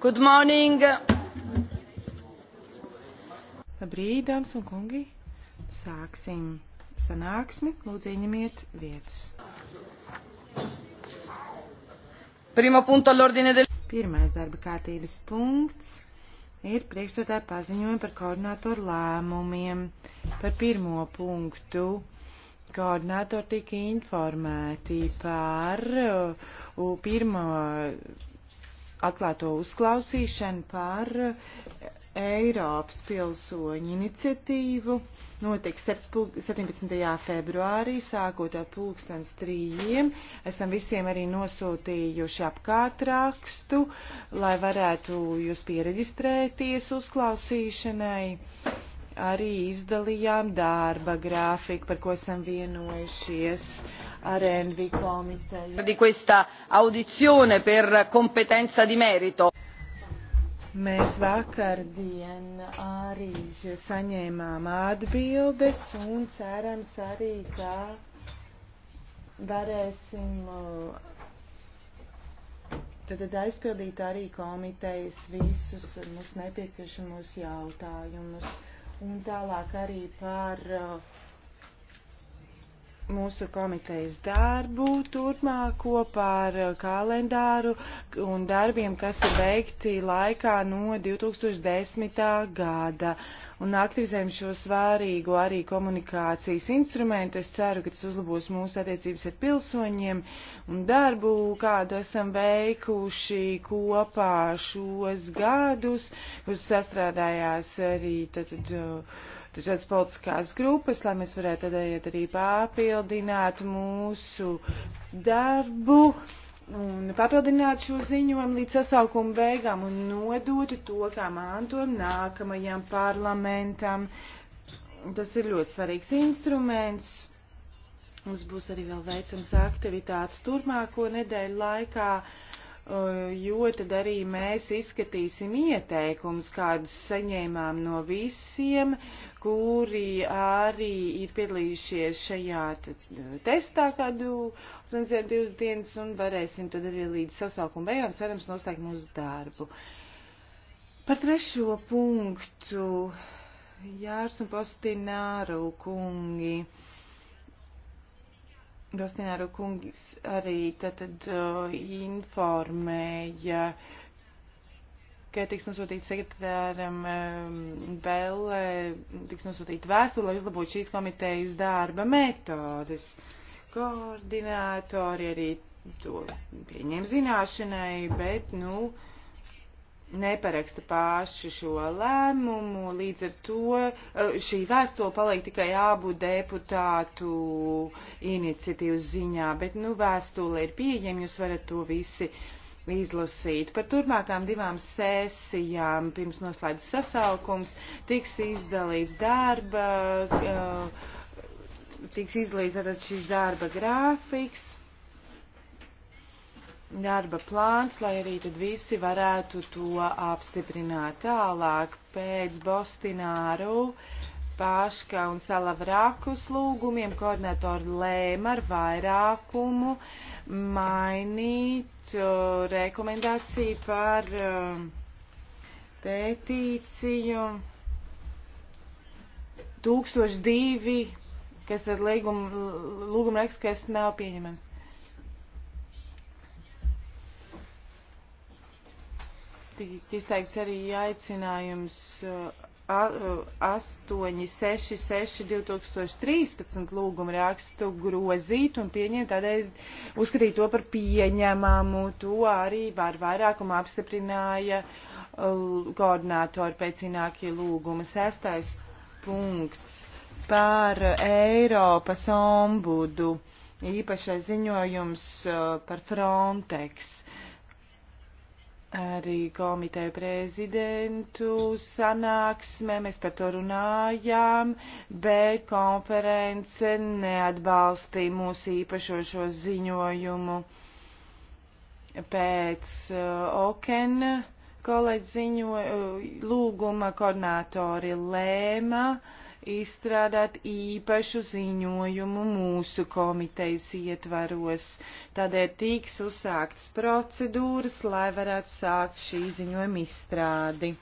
Good morning. Labrīt, dāmas un kungi. Sāksim sanāksmi. Lūdzu, ieņemiet vietas. Primo punto all'ordine del... Pirmais darba kārtības punkts ir priekšsotāja paziņojumi par koordinātoru lēmumiem. Par pirmo punktu Koordinātori tika informēti par uh, pirmo atklāto uzklausīšanu par Eiropas pilsoņu iniciatīvu. Notiks 17. februārī, sākot ar pulkstens trījiem. Esam visiem arī nosūtījuši apkārtrakstu, lai varētu jūs pieregistrēties uzklausīšanai arī izdalījām darba grāfiku, par ko esam vienojušies ar Envi komiteju. Di questa audizione per competenza di merito. Mēs vakardien arī saņēmām atbildes un cerams arī, ka varēsim uh, tad, tad aizpildīt arī komitejas visus mums nepieciešamos jautājumus un tālāk arī par uh, mūsu komitejas darbu turpmāk kopā ar kalendāru un darbiem, kas ir veikti laikā no 2010. gada. Un aktivizējam šo svārīgo arī komunikācijas instrumentu. Es ceru, ka tas uzlabos mūsu attiecības ar pilsoņiem un darbu, kādu esam veikuši kopā šos gadus, kurus sastrādājās arī tad, tad, dažādas politiskās grupas, lai mēs varētu tādējādi arī papildināt mūsu darbu un papildināt šo ziņojumu līdz sasaukuma beigām un nodotu to kā mantojumu nākamajam parlamentam. Tas ir ļoti svarīgs instruments. Mums būs arī vēl veicams aktivitātes turpmāko nedēļu laikā jo tad arī mēs izskatīsim ieteikumus, kādus saņēmām no visiem kuri arī ir piedalījušies šajā testā kādu organizēt divas dienas un varēsim tad arī līdz sasaukuma beigām cerams noslēgt mūsu darbu. Par trešo punktu Jārs un Postināru kungi. Postināru kungs arī tad, tad informēja. Uh, ka tiks nosūtīta sekretāram vēl, um, eh, tiks nosūtīta vēstule, lai uzlabotu šīs komitejas darba metodes. Koordinātori arī to pieņem zināšanai, bet, nu, neparaksta paši šo lēmumu, līdz ar to eh, šī vēstule paliek tikai abu deputātu iniciatīvas ziņā, bet, nu, vēstule ir pieejama, jūs varat to visi uh, izlasīt. Par turpmākām divām sesijām pirms noslēdz sasaukums tiks izdalīts darba, uh, tiks izlīdzēts šis darba grāfiks darba plāns, lai arī tad visi varētu to apstiprināt tālāk pēc Bostināru. Uh, Paška un Salavrakus lūgumiem koordinatori lēma ar vairākumu mainīt uh, rekomendāciju par uh, pētīciju 1002, kas tad līguma, lūguma raksts, kas nav pieņemams. Tik izteikts arī aicinājums uh, 866-2013 lūgumu rakstu grozīt un pieņemt, tādēļ uzskatīt to par pieņemamu. To arī var vairākumu apstiprināja uh, koordinātori pēc cinākie lūguma. Sestais punkts par Eiropas ombudu īpašais ziņojums uh, par Frontex. Uh, arī komiteja prezidentu sanāksmē, mēs par to runājām, bet konference neatbalstīja mūsu īpašo šo ziņojumu pēc uh, Oken kolēģi ziņo, uh, lūguma koordinātori lēma uh, izstrādāt īpašu ziņojumu mūsu komitejas ietvaros. Tādēļ tiks uzsāktas procedūras, lai varētu sākt šī ziņojuma izstrādi.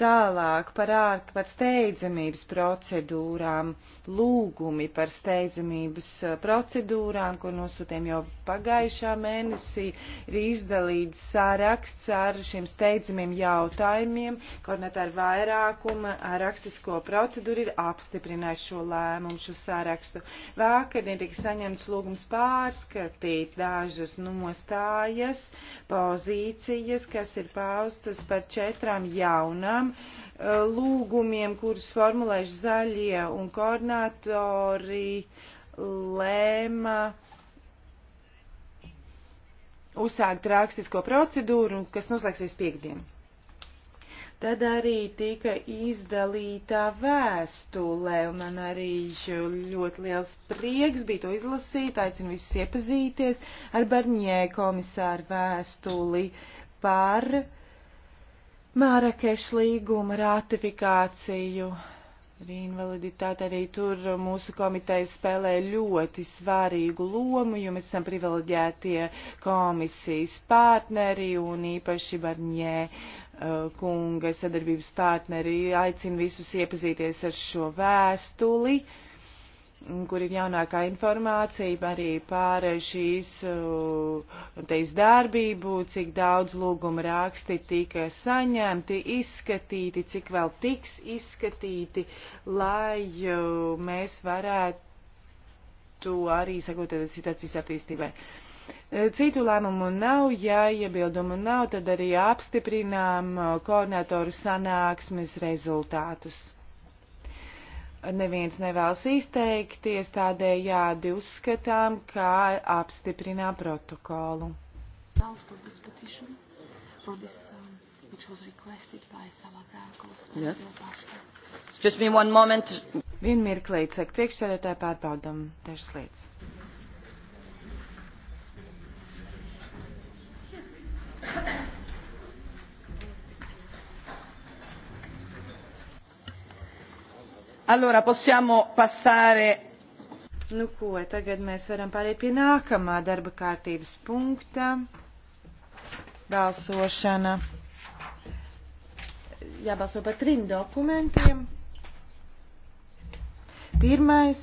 Tālāk par, ārk, par steidzamības procedūrām, lūgumi par steidzamības procedūrām, ko nosūtījām jau pagājušā mēnesī, ir izdalīts saraksts ar šiem steidzamiem jautājumiem, koordinētā ar vairākuma rakstisko procedūru ir apstiprinājis šo lēmumu, šo sarakstu. Vakardien tika saņemts lūgums pārskatīt dažas nostājas, pozīcijas, kas ir paustas par četrām jaunām tiem eh, lūgumiem, kurus formulējuši zaļie un koordinātori lēma uzsākt rakstisko procedūru, kas noslēgsies piekdien. Tad arī tika izdalīta vēstule, un man arī ļoti liels prieks bija to izlasīt, aicinu visus iepazīties ar Barņē komisāru vēstuli par uh, Mārakeša līguma ratifikāciju. Arī invaliditāte arī tur mūsu komiteja spēlē ļoti svarīgu lomu, jo mēs esam privileģētie komisijas partneri un īpaši Barņē uh, kunga sadarbības partneri. Aicinu visus iepazīties ar šo vēstuli. Uh, kur ir jaunākā informācija arī par šīs uh, teiz, darbību, cik daudz lūguma raksti tika saņemti, izskatīti, cik vēl tiks izskatīti, lai uh, mēs varētu arī sakot situācijas attīstībai. Uh, citu lēmumu nav, ja iebildumu nav, tad arī apstiprinām koordinatoru sanāksmes rezultātus neviens nevēlas izteikties, tādējādi uzskatām, kā apstiprinā protokolu. Um, yes. Vienu mirklīt, saka priekšsēdētāji, pārbaudam dažas lietas. Thank you. Allora possiamo passare. Nu ko, tagad mēs varam pāriet pie nākamā darba kārtības punkta. Balsošana. Jābalso par trim dokumentiem. Pirmais.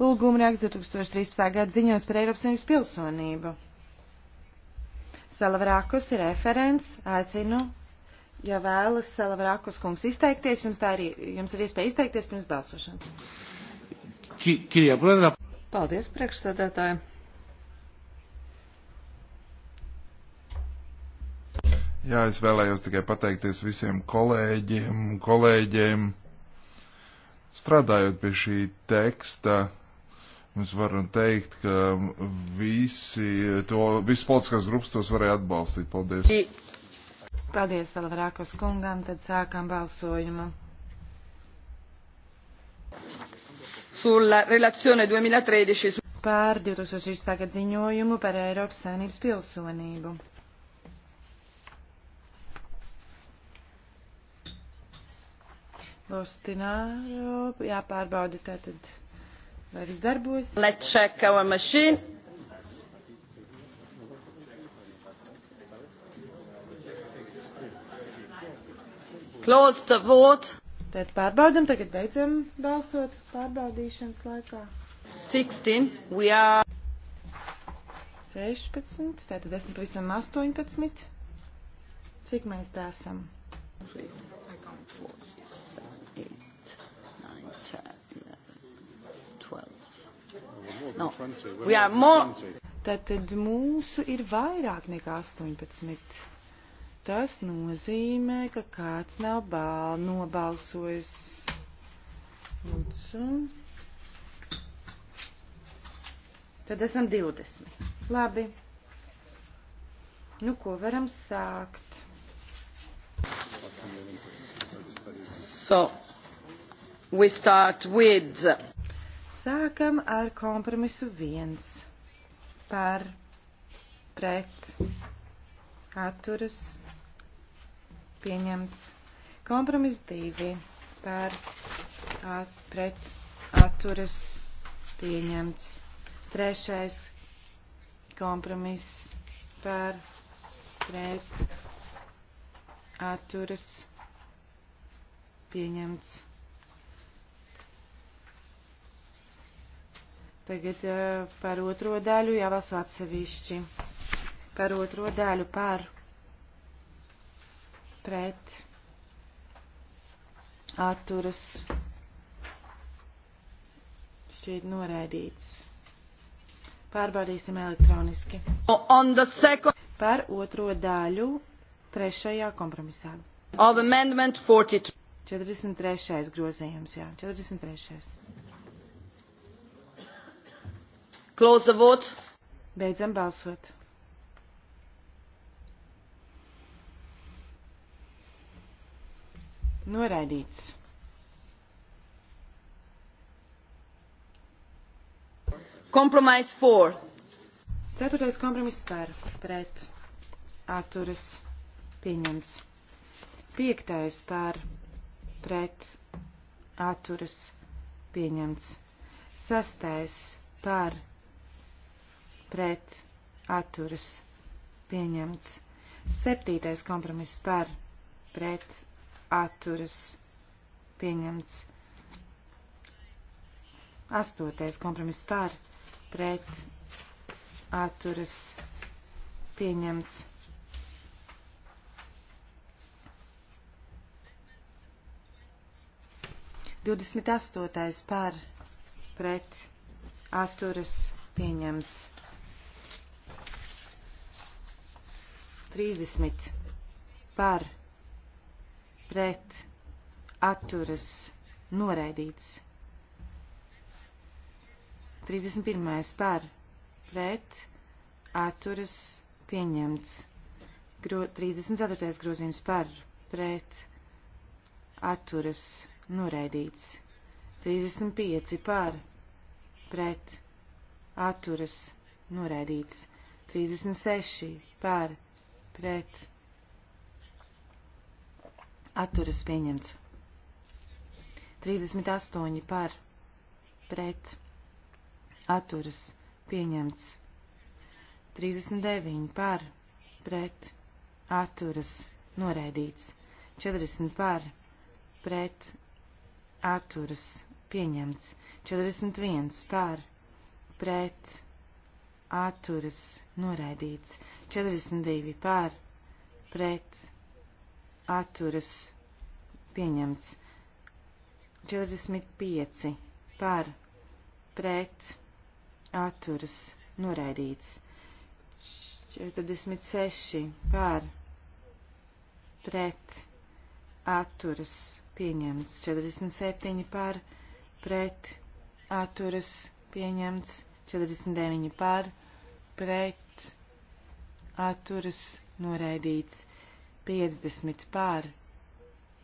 Lūguma raksts 2013. gada ziņojums par Eiropas Savienības pilsonību. Salavrākus ir referents, aicinu Ja vēlas Salavrākos eh, kungs izteikties, jums, ir, jums ir iespēja izteikties pirms balsošanas. Paldies, priekšsēdētāji. Jā, es vēlējos tikai pateikties visiem kolēģiem, kolēģiem. Strādājot pie šī teksta, Mēs varam teikt, ka visi, to, visas politiskās grupas tos varēja atbalstīt. Paldies! Paldies Alvarākos kungam, tad sākam balsojumu. Sulla relazione 2013 su... Pār 2006. gada ziņojumu par Eiropas saimnības pilsonību. Bostināro jāpārbauda tātad, vai viss darbojas. Let's check our machine. Close the vote. Tad pārbaudam, tagad beidzam balsot pārbaudīšanas laikā. 16. We are. 16. Tātad esam pavisam 18. Cik mēs tā esam? 3, 4, 6, 7, 8, 9, 10, 11, 12. No. We are more. Tātad mūsu ir vairāk nekā 18 tas nozīmē, ka kāds nav bāl, nobalsojis. Lūdzu. Tad esam 20. Labi. Nu, ko varam sākt? So, we start with. Sākam ar kompromisu viens par pret atturas pieņemts. Kompromis 2 par at, pret atturas pieņemts. Trešais kompromis par pret atturas pieņemts. Tagad par otro daļu jābalso atsevišķi. Par otro daļu par pret atturas šķiet noraidīts. Pārbaudīsim elektroniski. Par otro daļu trešajā kompromisā. Of amendment 42. 43. grozījums, jā, 43. Close the vote. Beidzam balsot. Noraidīts. Compromise 4. Ceturtais kompromiss par pret atturas pieņemts. Piektais par pret atturas pieņemts. Sastais par pret atturas pieņemts. Septītais kompromiss par pret atturas pieņemts. Astotais kompromiss par pret atturas pieņemts. Divdesmit astotais par pret atturas pieņemts. 30 par pret atturas noraidīts. 31. par pret atturas pieņemts. Gro, 34. grozījums par pret atturas noraidīts. 35. par pret atturas noraidīts. 36. par pret atturas atturas pieņemts. 38 par pret atturas pieņemts. 39 par pret atturas noraidīts. 40 par pret atturas pieņemts. 41 par pret atturas noraidīts. 42 par pret atturas atturas pieņemts. 45 par pret atturas noraidīts. 46 par pret atturas pieņemts. 47 par pret atturas pieņemts. 49 par pret atturas noraidīts. 50 pār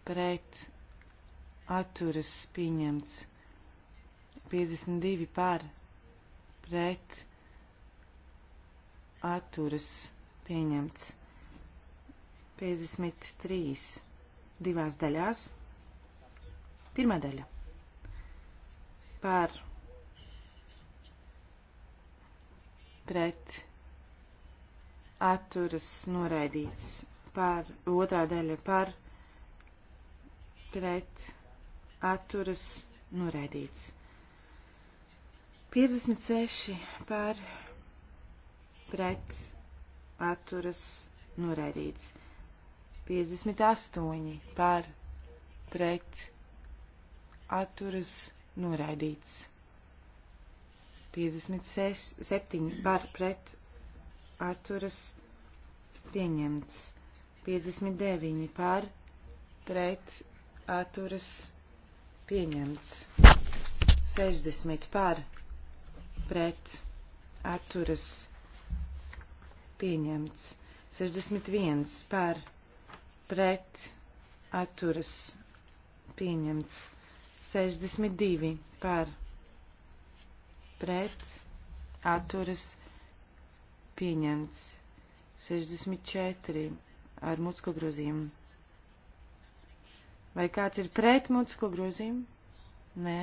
pret atturas pieņemts, 52 pār pret atturas pieņemts, 53 divās daļās. Pirmā daļa par pret atturas noraidīts par otrā daļa par pret atturas noraidīts. 56 par pret atturas noraidīts. 58 par pret atturas noraidīts. 56 7 par pret atturas pieņemts. 59 par pret atturas pieņemts. 60 par pret atturas pieņemts. 61 par pret atturas pieņemts. 62 par pret atturas pieņemts. 64 ar mutisko grozījumu. Vai kāds ir pret mutisko grozījumu? Nē.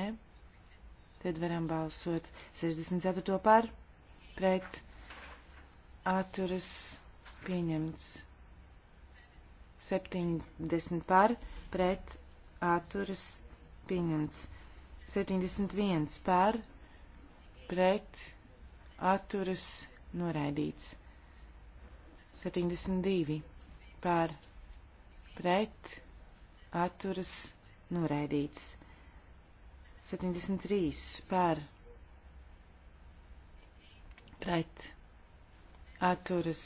Tad varam balsot 64. par, pret, atturas, pieņemts. 70 par, pret, atturas, pieņemts. 71 par, pret, atturas, noraidīts. 72 par pret atturas noraidīts. 73 par pret atturas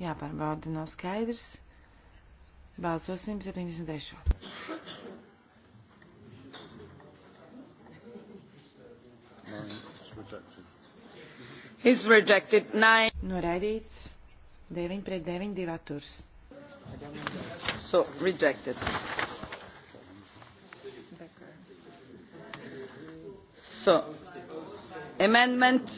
jāpārbauda nav skaidrs. Balsosim 73. He's rejected nine. Noraidīts. 9 pret 9, 2 atturs. So, rejected. So, amendment.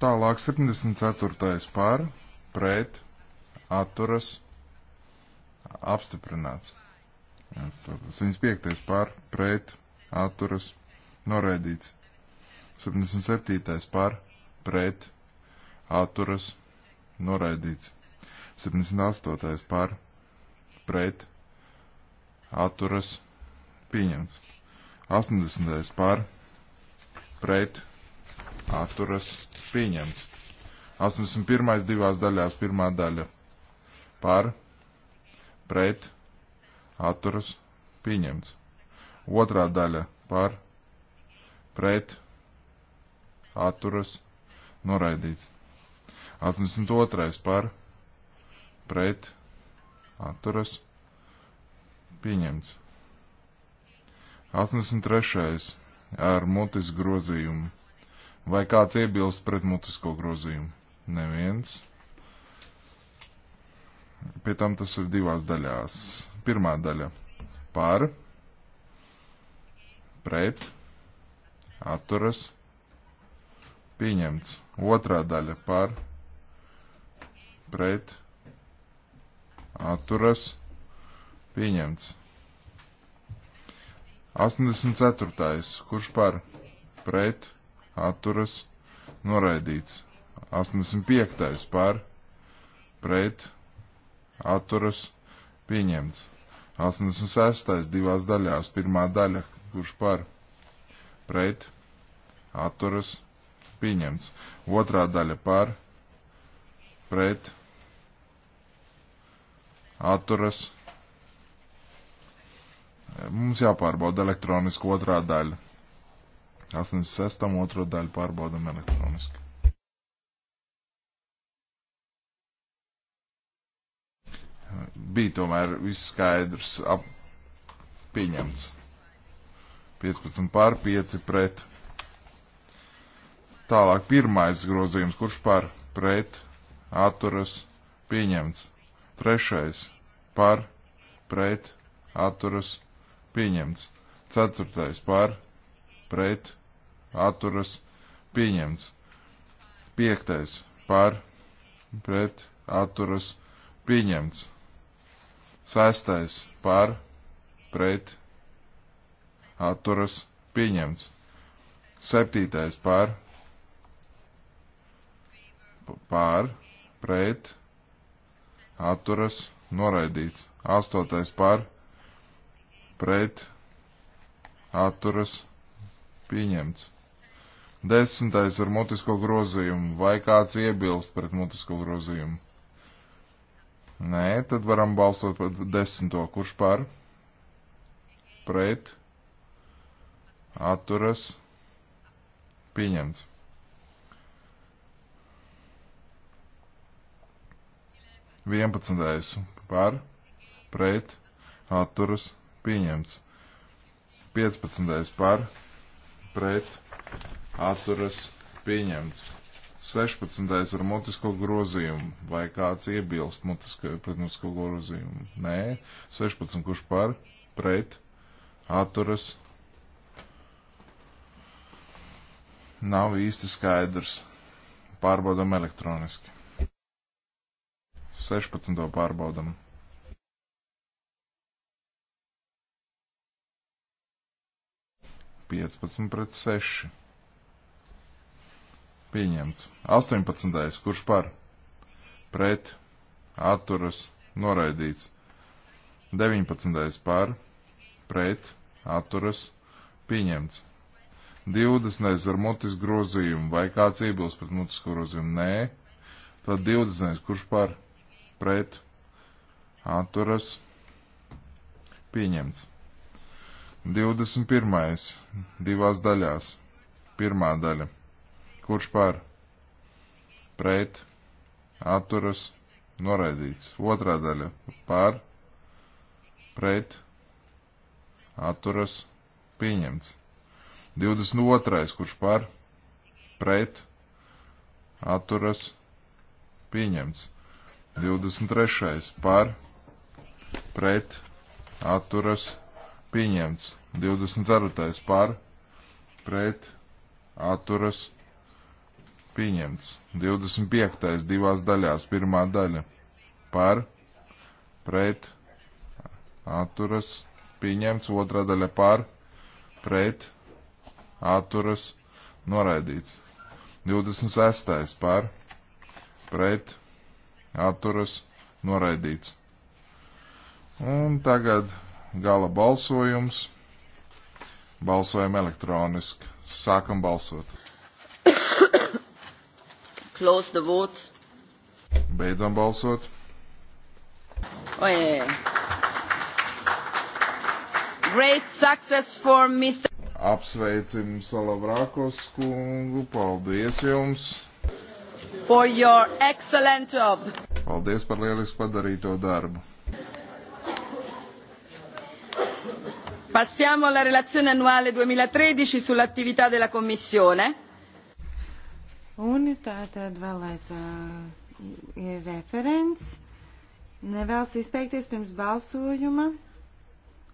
Tālāk 74. pār, pret, atturas, apstiprināts. 75. pār, pret, atturas, noraidīts. 77. pār, pret, atturas, noraidīts. 78. par pret atturas pieņemts. 80. par pret atturas pieņemts. 81. divās daļās pirmā daļa par pret atturas pieņemts. Otrā daļa par pret atturas noraidīts. 82. par pret atturas pieņemts. 83. ar mutis grozījumu. Vai kāds iebilst pret mutisko grozījumu? Neviens. Pie tam tas ir divās daļās. Pirmā daļa par, pret, atturas, pieņemts. Otrā daļa par, pret pret atturas pieņemts. 84. kurš par pret atturas noraidīts. 85. par pret atturas pieņemts. 86. divās daļās, pirmā daļa, kurš par pret atturas pieņemts. Otrā daļa par pret atturas. Mums jāpārbauda elektroniski otrā daļa. 86. otro daļu pārbaudam elektroniski. Bija tomēr viss skaidrs, ap, pieņemts. 15 pār 5 pret. Tālāk pirmais grozījums, kurš pār pret atturas pieņemts. Trešais par pret atturas pieņemts. Ceturtais par pret atturas pieņemts. Piektais par pret atturas pieņemts. Sestais par pret atturas pieņemts. Septītais par pār pret atturas, noraidīts. 8. par, pret, atturas, pieņemts. 10. ar mutisko grozījumu. Vai kāds iebilst pret mutisko grozījumu? Nē, tad varam balsot par 10. Kurš par? Pret, atturas, pieņemts. 11. par, pret, atturas, pieņemts. 15. par, pret, atturas, pieņemts. 16. ar mutisko grozījumu. Vai kāds iebilst mutisko, pret mutisko grozījumu? Nē. 16. kurš par, pret, atturas. Nav īsti skaidrs. Pārbaudam elektroniski. 16. pārbaudam. Piecpadsmit pret seši. Pieņemts. 18. Kurš par? Pret. Atturas. Noraidīts. 19. par. Pret. Atturas. Pieņemts. 20. ar mutis grozījumu. Vai kāds iebilst pret mutis grozījumu? Nē. Tad 20. kurš par? pret atturas pieņemts. 21. divās daļās. Pirmā daļa. Kurš par pret atturas noraidīts. Otrā daļa par pret atturas pieņemts. 22. kurš par pret atturas pieņemts. 23. par pret atturas pieņemts. 24. par pret atturas pieņemts. 25. divās daļās. Pirmā daļa par pret atturas pieņemts. Otrā daļa par pret atturas noraidīts. 26. par pret atturas atturas noraidīts. Un tagad gala balsojums. Balsojam elektroniski. Sākam balsot. Close the vote. Beidzam balsot. Oje. Great success for Mr. Apsveicim Salavrākos kungu. Paldies jums for your excellent job. Paldies par lielisku padarīto darbu. Passiamo alla relazione annuale 2013 sull'attività della Commissione. Un tātad vēl aiz uh, ir referents. Nevēlas izteikties pirms balsojuma.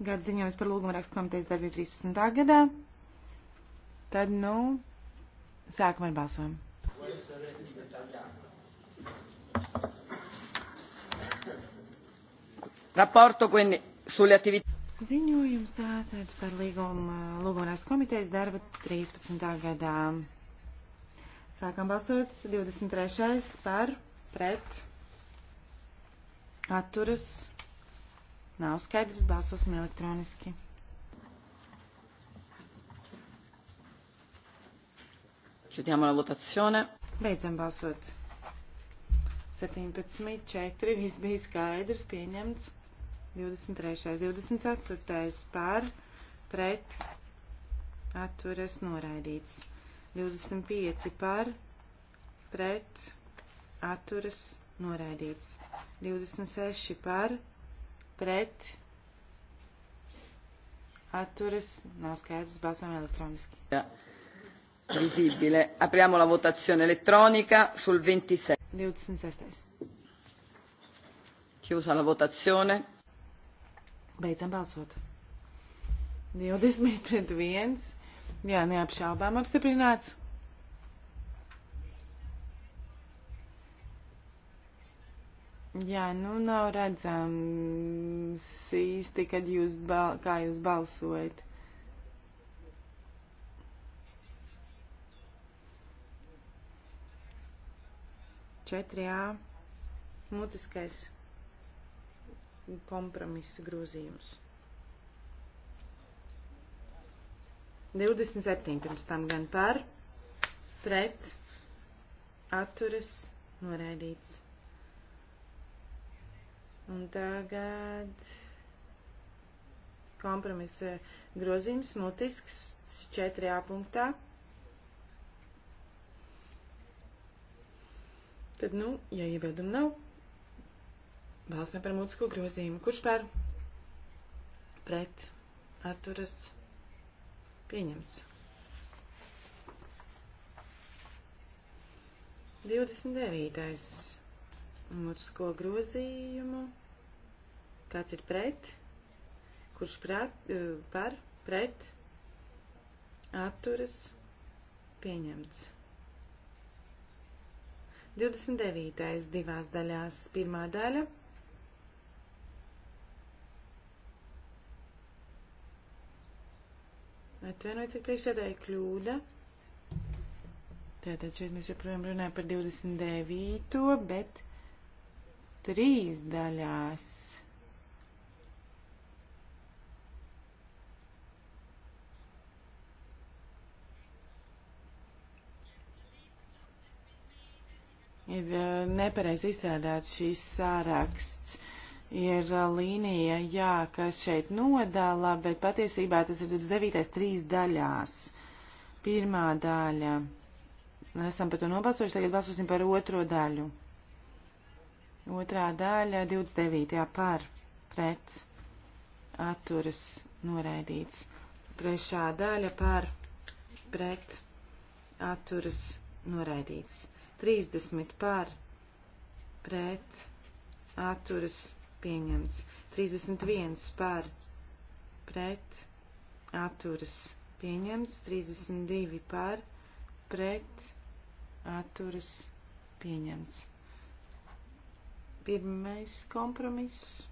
Gada ziņojums par lūgumu rakstu komitejas darbību 13. gadā. Tad, nu, sākam ar balsojumu. Ziņojums tātad par līguma eh, lūgumās komitejas darba 13. gadā. Sākam balsot 23. par pret atturas. Nav skaidrs, balsosim elektroniski. Chiudiamo la votazione. Beidzam balsot. 17, 4, viss bija skaidrs, pieņemts. 23. 24. par pret atturas noraidīts. 25 par pret atturas noraidīts. 26 par pret atturas nav skaidrs balsām elektroniski. Jā. Visibile. Apriamo la votazione elettronica sul 26. 26. Chiusa la votazione Beidzam balsot. 20 pret 1. Jā, neapšaubām apstiprināts. Jā, nu nav redzams īsti, kad jūs, bal, kā jūs balsojat. Četri, jā. Mutiskais kompromisa grozījums. 27 pirms tam gan par, pret, atturas, noraidīts. Un tagad kompromisa grozījums mutisks 4a punktā. Tad, nu, ja iebildumi nav, Balsojam par mūtisko grozījumu. Kurš par? Pret. Atturas. Pieņemts. 29. Mūtisko grozījumu. Kāds ir pret? Kurš prat, eh, par? Pret. Atturas. Pieņemts. 29. divās daļās. Pirmā daļa Atvainojiet, ka priekšsēdēja kļūda. Tātad šeit mēs joprojām runājam par 29. bet trīs daļās. ir nepareizi izstrādāts šīs sāraksts ir uh, līnija, jā, kas šeit nodala, bet patiesībā tas ir 29. trīs daļās. Pirmā daļa. Esam par to nobalsojuši, tagad balsosim par otro daļu. Otrā daļa 29. par pret atturas noraidīts. Trešā daļa par pret atturas noraidīts. 30 par pret atturas noraidīts pieņemts. 31 par pret atturas pieņemts. 32 par pret atturas pieņemts. Pirmais kompromiss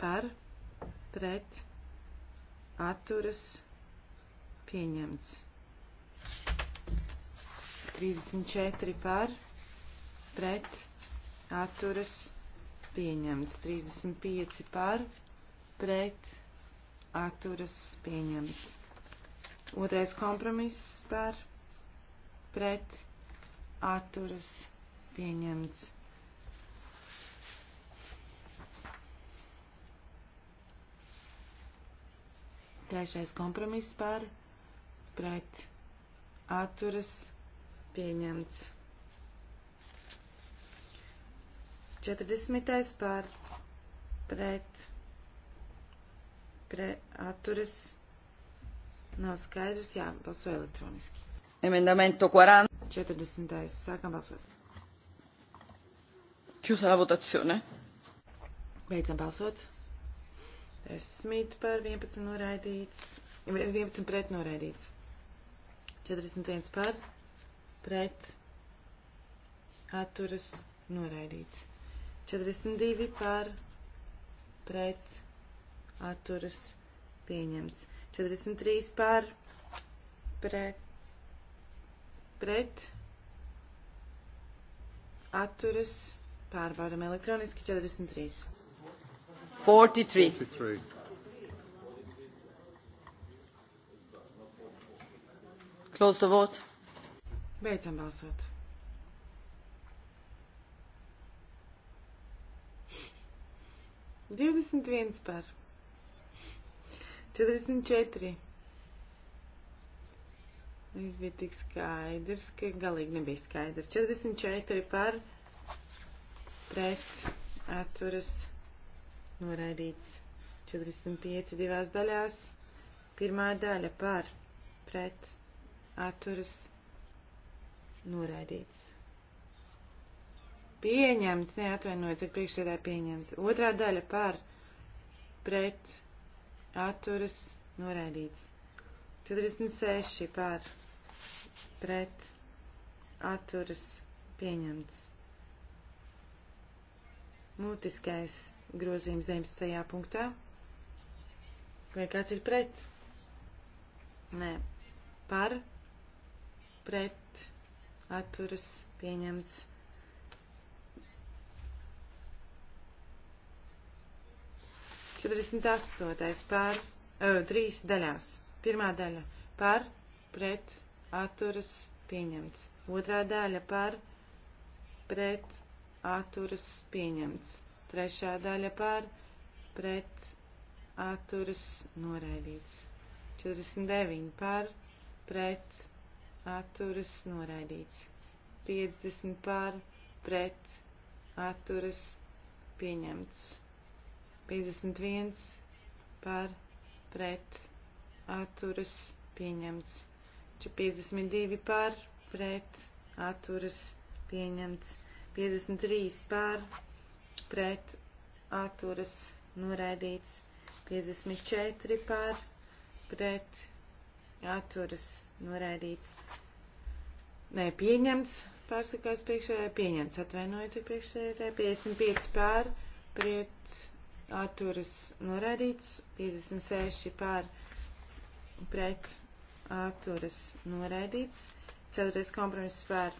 par pret atturas pieņemts. 34 par pret atturas pieņemts atturas pieņemts. 35 par pret atturas pieņemts. Otrais kompromiss par pret atturas pieņemts. Trešais kompromiss par pret atturas pieņemts. 40. pār pret pre, atturas nav skaidrs, jābalso elektroniski. Emendamento 40. 40. Sākam balsot. Chiusa la votazione. Beidzam balsot. 10 par 11 noraidīts. 11 pret noraidīts. 41 par pret atturas noraidīts. 42 par pret atturas pieņemts. 43 par pret, pret atturas pārbaudam elektroniski 43. 43. 43. Close the vote. Beidzam balsot. 21 par. 44. Viss bija tik skaidrs, ka galīgi nebija skaidrs. 44 par pret atturas noraidīts. 45 divās daļās. Pirmā daļa par pret atturas noraidīts pieņemts, neatvainojiet, cik priekšsēdē pieņemts. Otrā daļa par, pret, atturas, noraidīts. 46 par, pret, atturas, pieņemts. Mūtiskais grozījums 19. punktā. Vai kāds ir pret? Nē. Par, pret, atturas, pieņemts. 48. pār, uh, 3 daļās. Pirmā daļa par, pret, atturas, pieņemts. Otrā daļa par, pret, atturas, pieņemts. Trešā daļa par, pret, atturas, noraidīts. 49 par, pret, atturas, noraidīts. 50 par, pret, atturas, pieņemts. 51 par pret atturas pieņemts. 52 par pret atturas pieņemts. 53 par pret atturas noraidīts. 54 par pret atturas noraidīts. Nē, pieņemts, pārsakās priekšējā, pieņemts, atvainojiet, priekšējā, 55 pār, pret atturas norādīts, 56 pār pret atturas norādīts, 4. kompromiss pār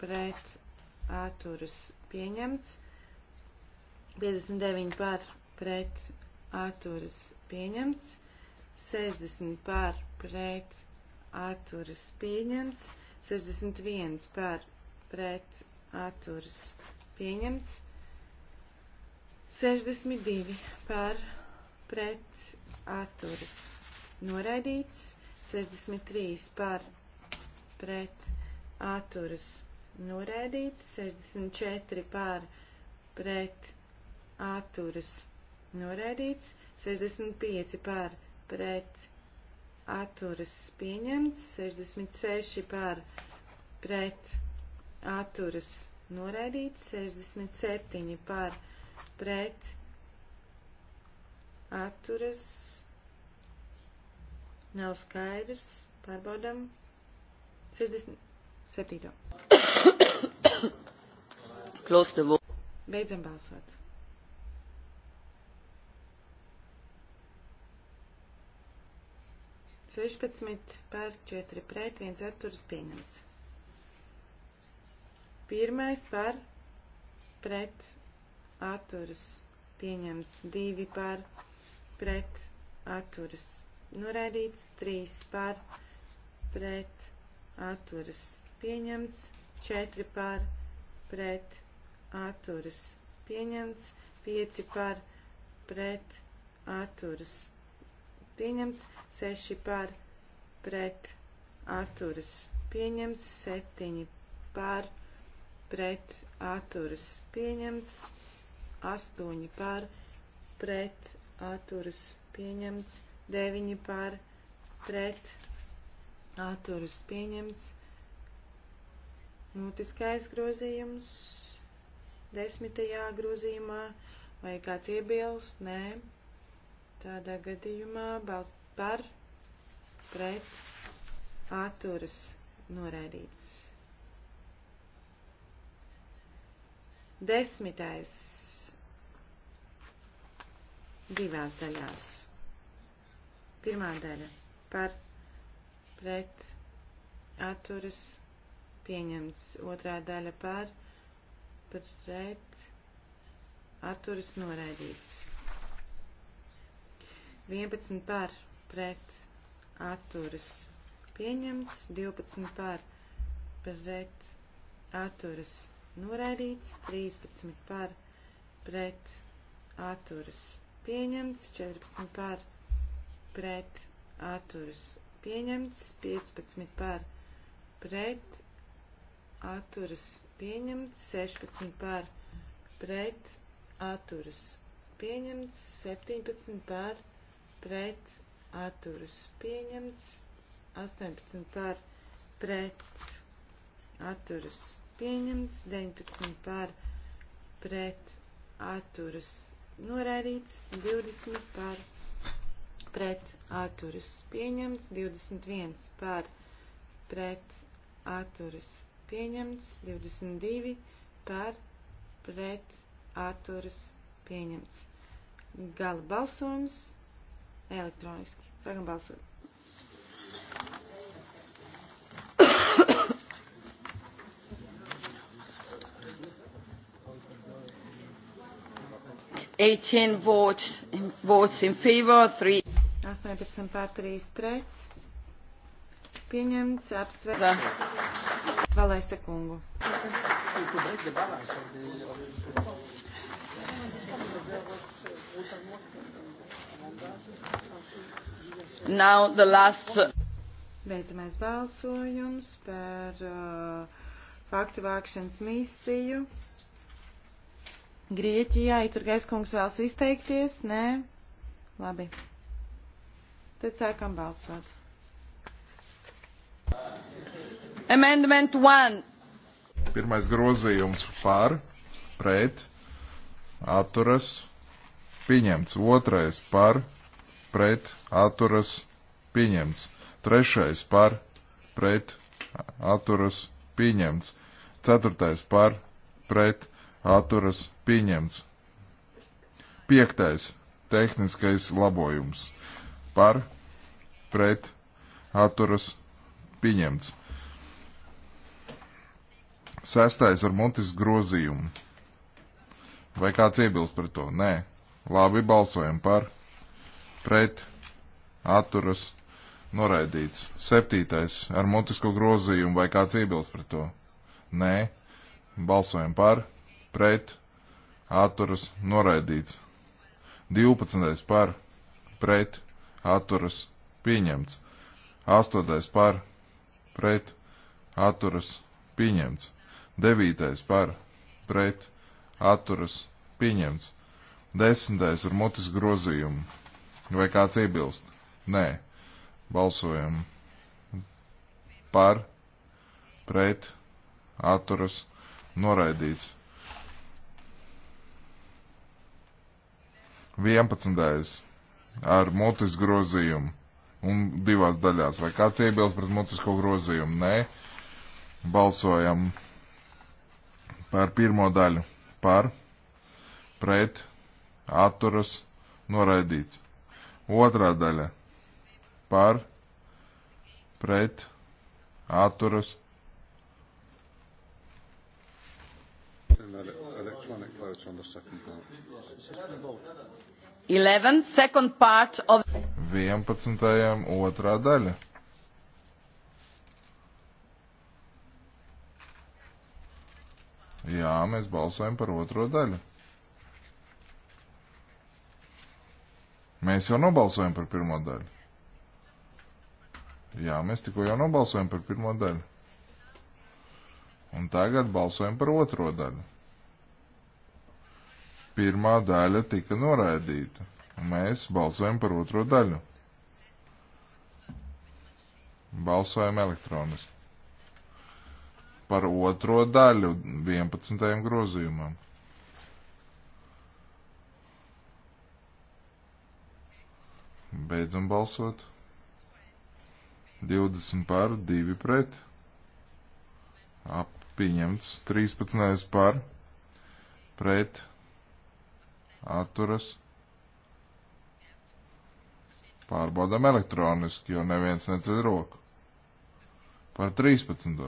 pret atturas pieņemts, 59 pār pret atturas pieņemts, 60 pār pret atturas pieņemts, 61 pār pret atturas pieņemts, 62 par pret atturas noraidīts, 63 par pret atturas noraidīts, 64 par pret atturas noraidīts, 65 par pret atturas pieņemts, 66 par pret atturas noraidīts, 67 par pret pret atturas nav skaidrs. Pārbaudam. 67. Klostavu. Beidzam balsot. Sešpadsmit pār četri pret, viens atturas pieņemts. Pirmais par pret atturas pieņemts, 2 par pret atturas noraidīts, 3 par pret atturas pieņemts, 4 par pret atturas pieņemts, 5 par pret atturas pieņemts, 6 par pret atturas pieņemts, 7 par pret atturas pieņemts, 8 par pret atturas pieņemts, 9 par pret atturas pieņemts, mutiskais grozījums 10. grozījumā vai kāds iebilst, nē, tādā gadījumā balsts par pret atturas noraidīts. Desmitais divās daļās. Pirmā daļa par pret atturas pieņemts, otrā daļa par pret atturas noraidīts. 11 par pret atturas pieņemts, 12 par pret atturas noraidīts, 13 par pret atturas pieņemts, 14 par pret atturas pieņemts, 15 par pret atturas pieņemts, 16 par pret atturas pieņemts, 17 par pret atturas pieņemts, 18 par pret atturas pieņemts, 19 par pret atturas pieņemts noraidīts, 20 par pret atturas pieņemts, 21 par pret atturas pieņemts, 22 par pret atturas pieņemts. Gala balsojums elektroniski. Sākam balsot. 18 votes, votes in favor, 3. 18 pār 3 pret. Pieņemts, apsver. Valēsa kungu. Now the last. Beidzamais balsojums par uh, faktu vākšanas misiju. Grieķijā, Iturgais kungs vēlas izteikties? Nē? Labi. Tad sākam balsot. Amendment 1. Pirmais grozījums par, pret, atturas, pieņemts. Otrais par, pret, atturas, pieņemts. Trešais par, pret, atturas, pieņemts. Ceturtais par, pret, atturas pieņemts. Piektais tehniskais labojums par pret atturas pieņemts. Sestais ar mutisku grozījumu. Vai kāds iebilst pret to? Nē. Labi, balsojam par pret atturas noraidīts. Septītais ar mutisku grozījumu. Vai kāds iebilst pret to? Nē. Balsojam par pret atturas noraidīts. 12. par pret atturas pieņemts. 8. par pret atturas pieņemts. 9. par pret atturas pieņemts. 10. ar mutis grozījumu. Vai kāds iebilst? Nē. Balsojam par pret atturas noraidīts. 11. ar mutis grozījumu un divās daļās. Vai kāds iebilst pret mutisko grozījumu? Nē. Balsojam par pirmo daļu. Par, pret, atturas, noraidīts. Otrā daļa. Par, pret, atturas. Electronic vote on the second part. Second vote. 11. second part of. 11. otrā daļa. Jā, mēs balsojam par otro daļu. Mēs jau nobalsojam par pirmo daļu. Jā, mēs tikko jau nobalsojam par pirmo daļu. Un tagad balsojam par otro daļu. Pirmā daļa tika noraidīta. Mēs balsojam par otro daļu. Balsojam elektroniski. Par otro daļu 11. grozījumam. Beidzam balsot. 20 par, 2 pret. Apieņemts. 13 par, pret atturas. Pārbaudam elektroniski, jo neviens neceļ roku. Par 13.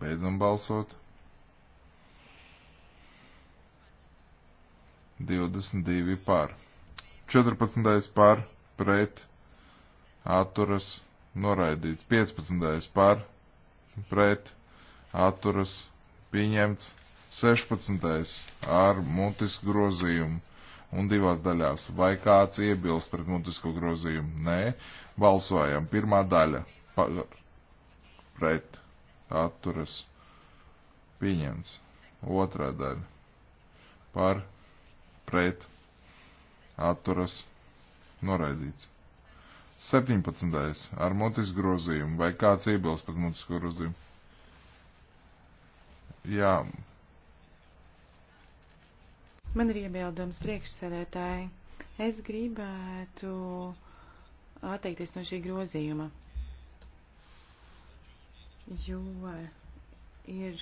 Beidzam balsot. 22 par. 14. par, pret, atturas, noraidīts. 15. par, pret, atturas, pieņemts. 16. ar mutisku grozījumu un divās daļās. Vai kāds iebilst pret mutisko grozījumu? Nē. Balsojam. Pirmā daļa. Pa, pret. Atturas. Pieņems. Otrā daļa. Par. Pret. Atturas. Noraidīts. 17. ar mutisku grozījumu. Vai kāds iebilst pret mutisko grozījumu? Jā, Man ir iebildums priekšsēdētāji. Es gribētu atteikties no šī grozījuma, jo ir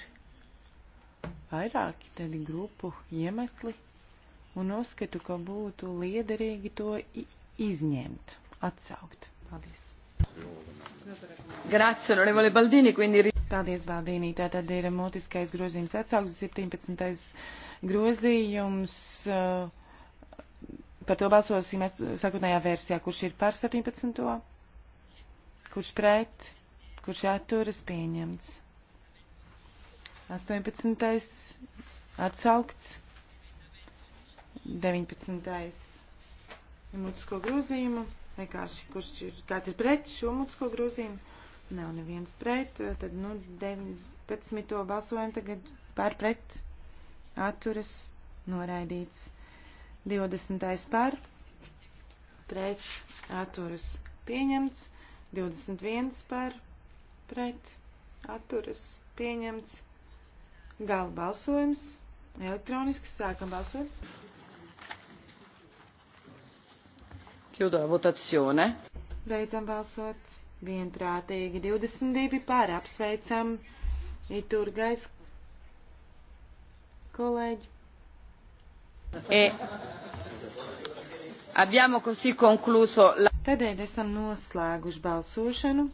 vairāki tādi grupu iemesli, un uzskatu, ka būtu liederīgi to izņemt, atsaukt. Paldies. Grazie, onorevole Baldini, quindi... Paldies, Baldini. Tātad ir motiskais grozījums atsaukts 17 grozījums. Eh, par to balsosim sākotnējā versijā, kurš ir par 17. Kurš pret, kurš atturas pieņemts. 18. atsaukts. 19. mutisko grozījumu. Vienkārši, kurš ir, kāds ir pret šo mutisko grozījumu? Nav neviens pret. Tad, nu, 19. balsojam tagad pār pret atturas noraidīts. 20. par pret atturas pieņemts. 21. par pret atturas pieņemts. Gala balsojums elektroniski sākam balsot. Chiudo la votazione. Beidzam balsot vienprātīgi. 22 pār apsveicam Iturgais Kolēģi. E. Abbiamo così concluso la... Tādēļ esam noslēguši balsošanu.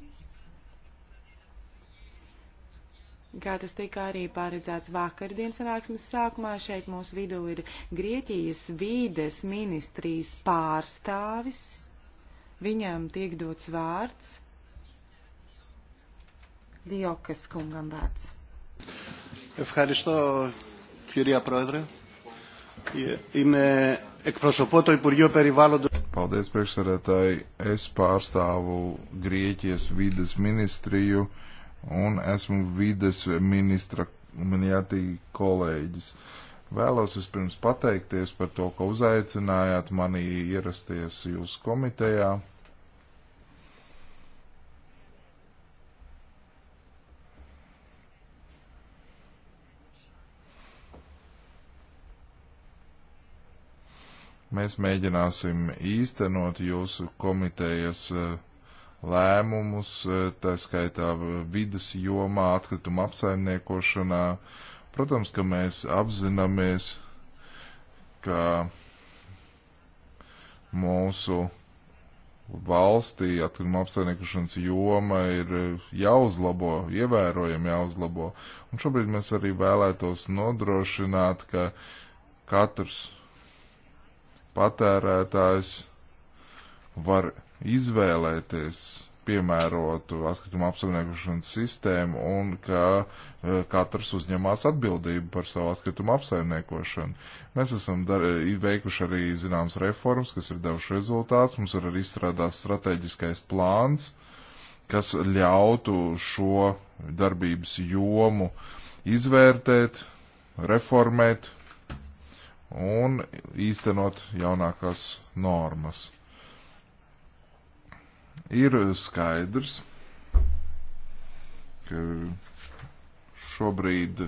Kā tas tika arī paredzēts vakardienas sanāksmes sākumā, šeit mūsu vidū ir Grieķijas vīdes ministrijas pārstāvis. Viņam tiek dots vārds. Diokas kungam vārds. Ευχαριστώ κυρία Πρόεδρε. Είμαι εκπροσωπώ το Υπουργείο Περιβάλλοντος. Paldies, priekšsarētāji. Es pārstāvu Grieķijas vides ministriju un esmu vides ministra minētī kolēģis. Vēlos vispirms pateikties par to, ka uzaicinājāt mani ierasties jūsu komitejā. Mēs mēģināsim īstenot jūsu komitejas e, lēmumus, e, tā skaitā e, vidas jomā, atkrituma apsaimniekošanā. Protams, ka mēs apzināmies, ka mūsu valstī atkrituma apsaimniekošanas joma ir jāuzlabo, ievērojami jāuzlabo. Un šobrīd mēs arī vēlētos nodrošināt, ka katrs patērētājs var izvēlēties piemērotu atkritumu apsaimniekošanas sistēmu un ka e, katrs uzņemās atbildību par savu atkritumu apsaimniekošanu. Mēs esam dar, veikuši arī zināmas reformas, kas ir devuši rezultāts. Mums ir arī izstrādās strateģiskais plāns, kas ļautu šo darbības jomu izvērtēt, reformēt, un īstenot jaunākās normas. Ir skaidrs, ka šobrīd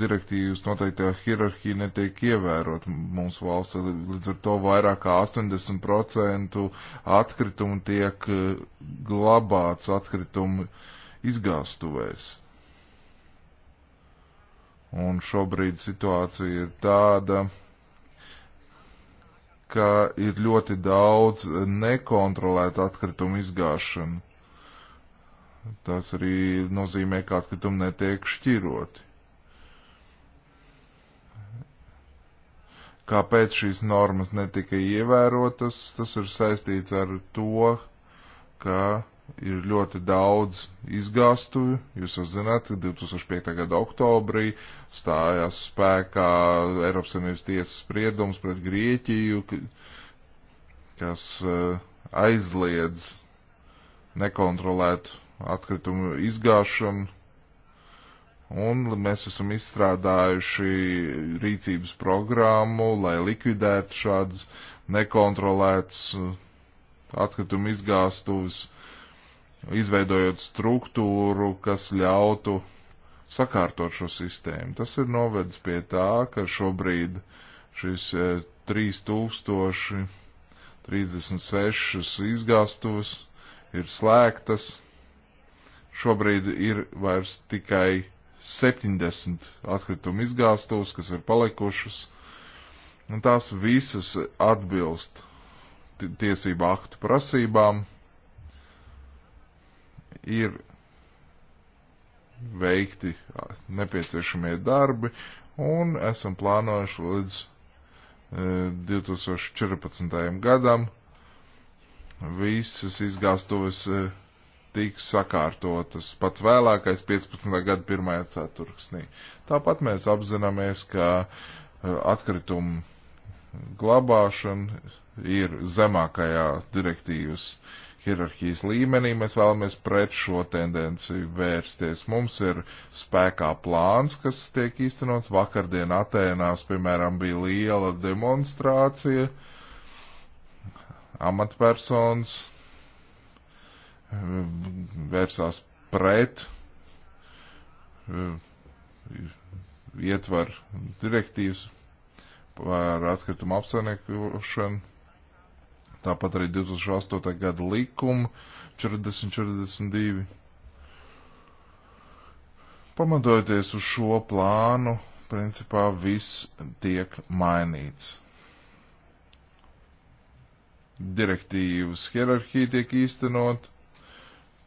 direktīvas noteiktā hierarhija netiek ievērot mūsu valstī. Līdz ar to vairāk kā 80% atkritumu tiek glabāts atkritumu izgāstuvēs. Un šobrīd situācija ir tāda, ka ir ļoti daudz nekontrolēta atkrituma izgāšana. Tas arī nozīmē, ka atkritumi netiek šķiroti. Kāpēc šīs normas netika ievērotas, tas ir saistīts ar to, ka ir ļoti daudz izgāstuvi. Jūs jau zināt, 2005. gada oktobrī stājās spēkā Eiropas Savienības tiesas spriedums pret Grieķiju, kas eh, aizliedz nekontrolētu atkritumu izgāšanu. Un mēs esam izstrādājuši rīcības programmu, lai likvidētu šādas nekontrolētas eh, atkritumu izgāstuvis izveidojot struktūru, kas ļautu sakārtot šo sistēmu. Tas ir novedis pie tā, ka šobrīd šis 3036 e, izgāstuves ir slēgtas. Šobrīd ir vairs tikai 70 atkritumu izgāstuves, kas ir palikušas, un tās visas atbilst tiesību aktu prasībām ir veikti nepieciešamie darbi un esam plānojuši līdz 2014. E, gadam visas izgāstuves e, tiks sakārtotas pats vēlākais 15. gada 1. ceturksnī. Tāpat mēs apzināmies, ka e, atkritumu glabāšana ir zemākajā direktīvas uh, hierarhijas līmenī mēs vēlamies pret šo tendenciju vērsties. Mums ir spēkā plāns, kas tiek īstenots. Vakardien Atēnās, piemēram, bija liela demonstrācija amatpersonas mm, vērsās pret mm, ietvaru direktīvas par atkritumu apsainiekošanu tāpat arī 2008. gada likuma 4042. Pamatojoties uz šo plānu, principā viss tiek mainīts. Direktīvas hierarhija tiek īstenot,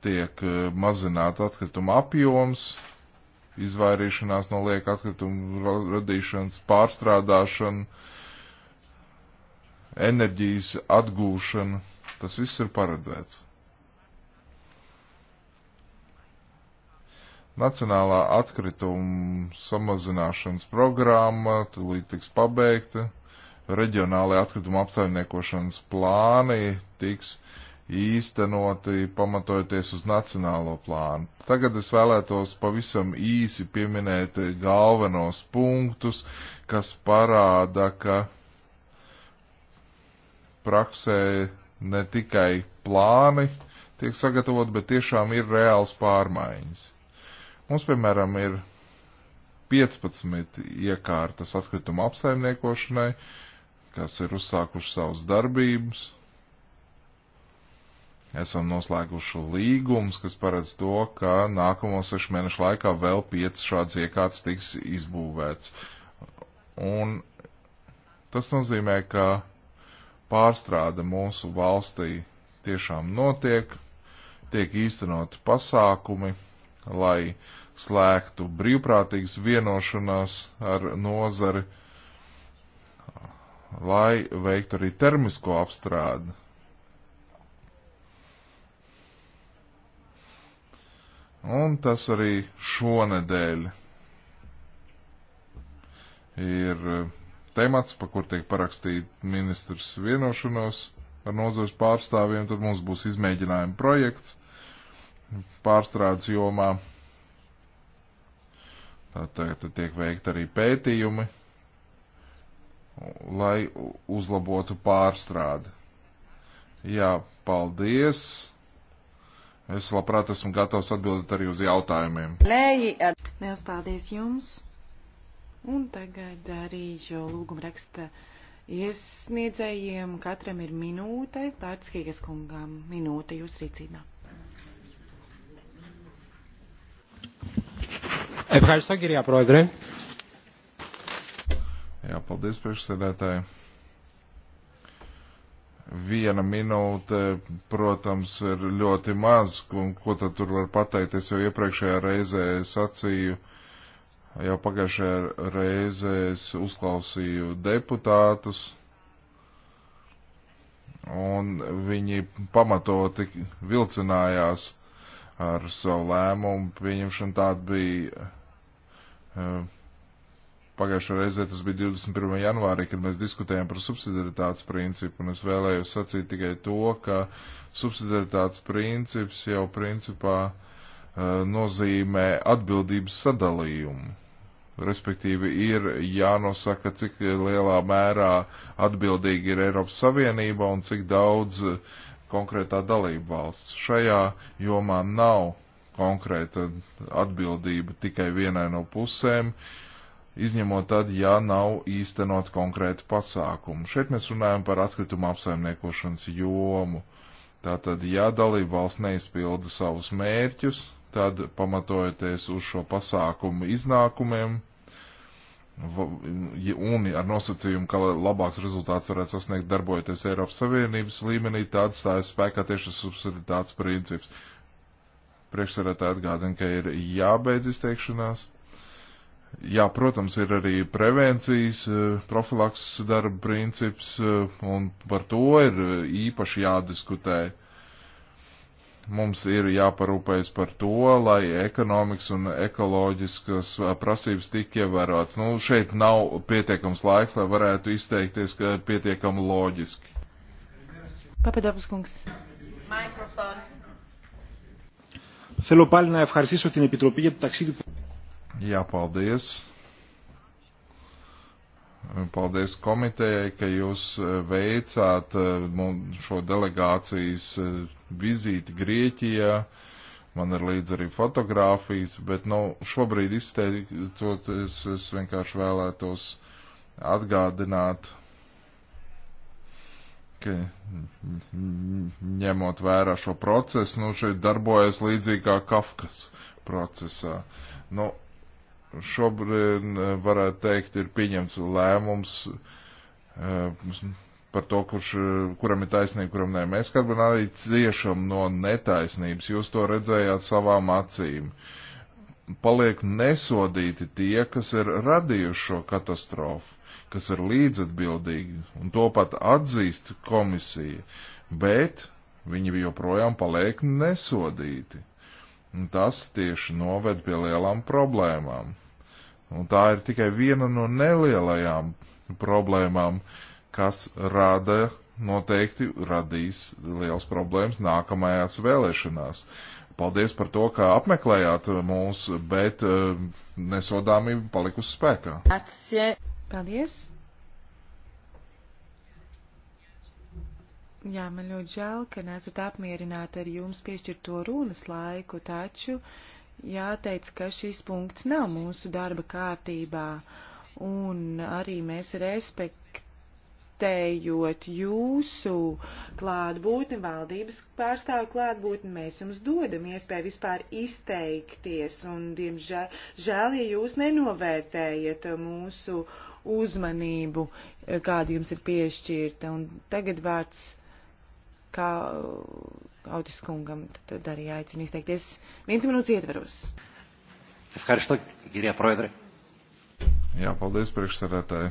tiek eh, mazināta atkrituma apjoms, izvairīšanās no lieka atkritumu radīšanas, pārstrādāšana, uh, enerģijas atgūšana, tas viss ir paredzēts. Nacionālā atkrituma samazināšanas programma tūlīt tiks pabeigta, reģionālajā atkrituma apsaimniekošanas plāni tiks īstenoti pamatojoties uz nacionālo plānu. Tagad es vēlētos pavisam īsi pieminēt galvenos punktus, kas parāda, ka praksē ne tikai plāni tiek sagatavot, bet tiešām ir reāls pārmaiņas. Mums, piemēram, ir 15 iekārtas atkrituma apsaimniekošanai, kas ir uzsākuši savus darbības. Esam noslēguši līgums, kas paredz to, ka nākamo sešu mēnešu laikā vēl 5 šādas iekārtas tiks izbūvēts. Un tas nozīmē, ka pārstrāde mūsu valstī tiešām notiek, tiek īstenot pasākumi, lai slēgtu brīvprātīgas vienošanās ar nozari, lai veiktu arī termisko apstrādi. Un tas arī šonedēļ ir temats, pa kur tiek parakstīt ministrs vienošanos ar nozars pārstāvjiem, tad mums būs izmēģinājuma projekts pārstrādes jomā. Tad tiek veikti arī pētījumi, lai uzlabotu pārstrādi. Jā, paldies! Es labprāt esmu gatavs atbildēt arī uz jautājumiem. Lēji, at... Liels paldies jums! Un tagad arī lūguma raksta iesniedzējiem katram ir minūte, Tārtskīgas kungām minūte jūs rīcībā. Ευχαριστώ κυρία Πρόεδρε. Jā, paldies priekšsēdētāji. Viena minūte, protams, ir ļoti maz, un ko tad tur var pateikt, es jau iepriekšējā reizē sacīju. Uh, Jau pagājušajā reizē es uzklausīju deputātus, un viņi pamatoti vilcinājās ar savu lēmumu pieņemšanu. Tāda bija eh, pagājušajā reizē, tas bija 21. janvārī, kad mēs diskutējām par subsidiaritātes principu, un es vēlējos sacīt tikai to, ka subsidiaritātes princips jau principā eh, nozīmē atbildības sadalījumu. Respektīvi ir jānosaka, cik lielā mērā atbildīgi ir Eiropas Savienība un cik daudz eh, konkrētā dalība valsts. Šajā jomā nav konkrēta atbildība tikai vienai no pusēm, izņemot tad, ja nav īstenot konkrēti pasākumi. Šeit mēs runājam par atkrituma apsaimniekošanas jomu. Tātad, ja dalība valsts neizpilda savus mērķus, tad pamatojoties uz šo pasākumu iznākumiem un ar nosacījumu, ka labāks rezultāts varētu sasniegt darbojoties Eiropas Savienības līmenī, tad stājas spēkā tieši subsiditāts princips. Priekšsarētāji atgādina, ka ir jābeidz izteikšanās. Jā, protams, ir arī prevencijas, eh, profilaks darba princips, eh, un par to ir eh, īpaši jādiskutē. Mums ir jāparūpējas par to, lai ekonomikas un ekoloģiskas uh, prasības tik ievērots. Nu, šeit nav pietiekams laiks, lai varētu izteikties pietiekami loģiski. Papadopoulos kungs. Microphone. Θέλω πάλι να ευχαριστήσω την Επιτροπή για το ταξίδι που... Για παλδίες. Paldies komitejai, ka jūs e, veicāt e, šo delegācijas e, vizīti Grieķijā. Man ir līdz arī fotogrāfijas, bet nu, šobrīd izteicoties, es vienkārši vēlētos atgādināt, ka ņemot vērā šo procesu, nu šeit darbojas līdzīgi kā Kafkas procesā. Nu, šobrīd, eh, varētu teikt, ir pieņemts lēmums eh, par to, kurš, kuram ir taisnība, kuram nē. Mēs kādreiz arī ciešam no netaisnības, jūs to redzējāt savām acīm. Paliek nesodīti tie, kas ir radījuši šo katastrofu, kas ir līdzatbildīgi, un to pat atzīst komisija, bet viņi joprojām paliek nesodīti. Un tas tieši noved pie lielām problēmām. Un tā ir tikai viena no nelielajām problēmām, kas rada noteikti radīs liels problēmas nākamajās vēlēšanās. Paldies par to, ka apmeklējāt mūs, bet eh, nesodāmība palikusi spēkā. Atsie. Paldies. Jā, man ļoti žēl, ka nesat apmierināti ar jums piešķirto runas laiku, taču uh, jāteic, ka šis punkts nav mūsu darba kārtībā, un arī mēs respektējot jūsu klātbūtni, valdības pārstāvu klātbūtni, mēs jums dodam iespēju vispār izteikties, un, diemžēl, žēl, ja jūs nenovērtējat mūsu uzmanību, kāda jums ir piešķirta, un tagad vārds kā Autis kungam, tad, tad arī aicinu izteikties viens minūtes ietveros. Jā, paldies priekšsarētāji.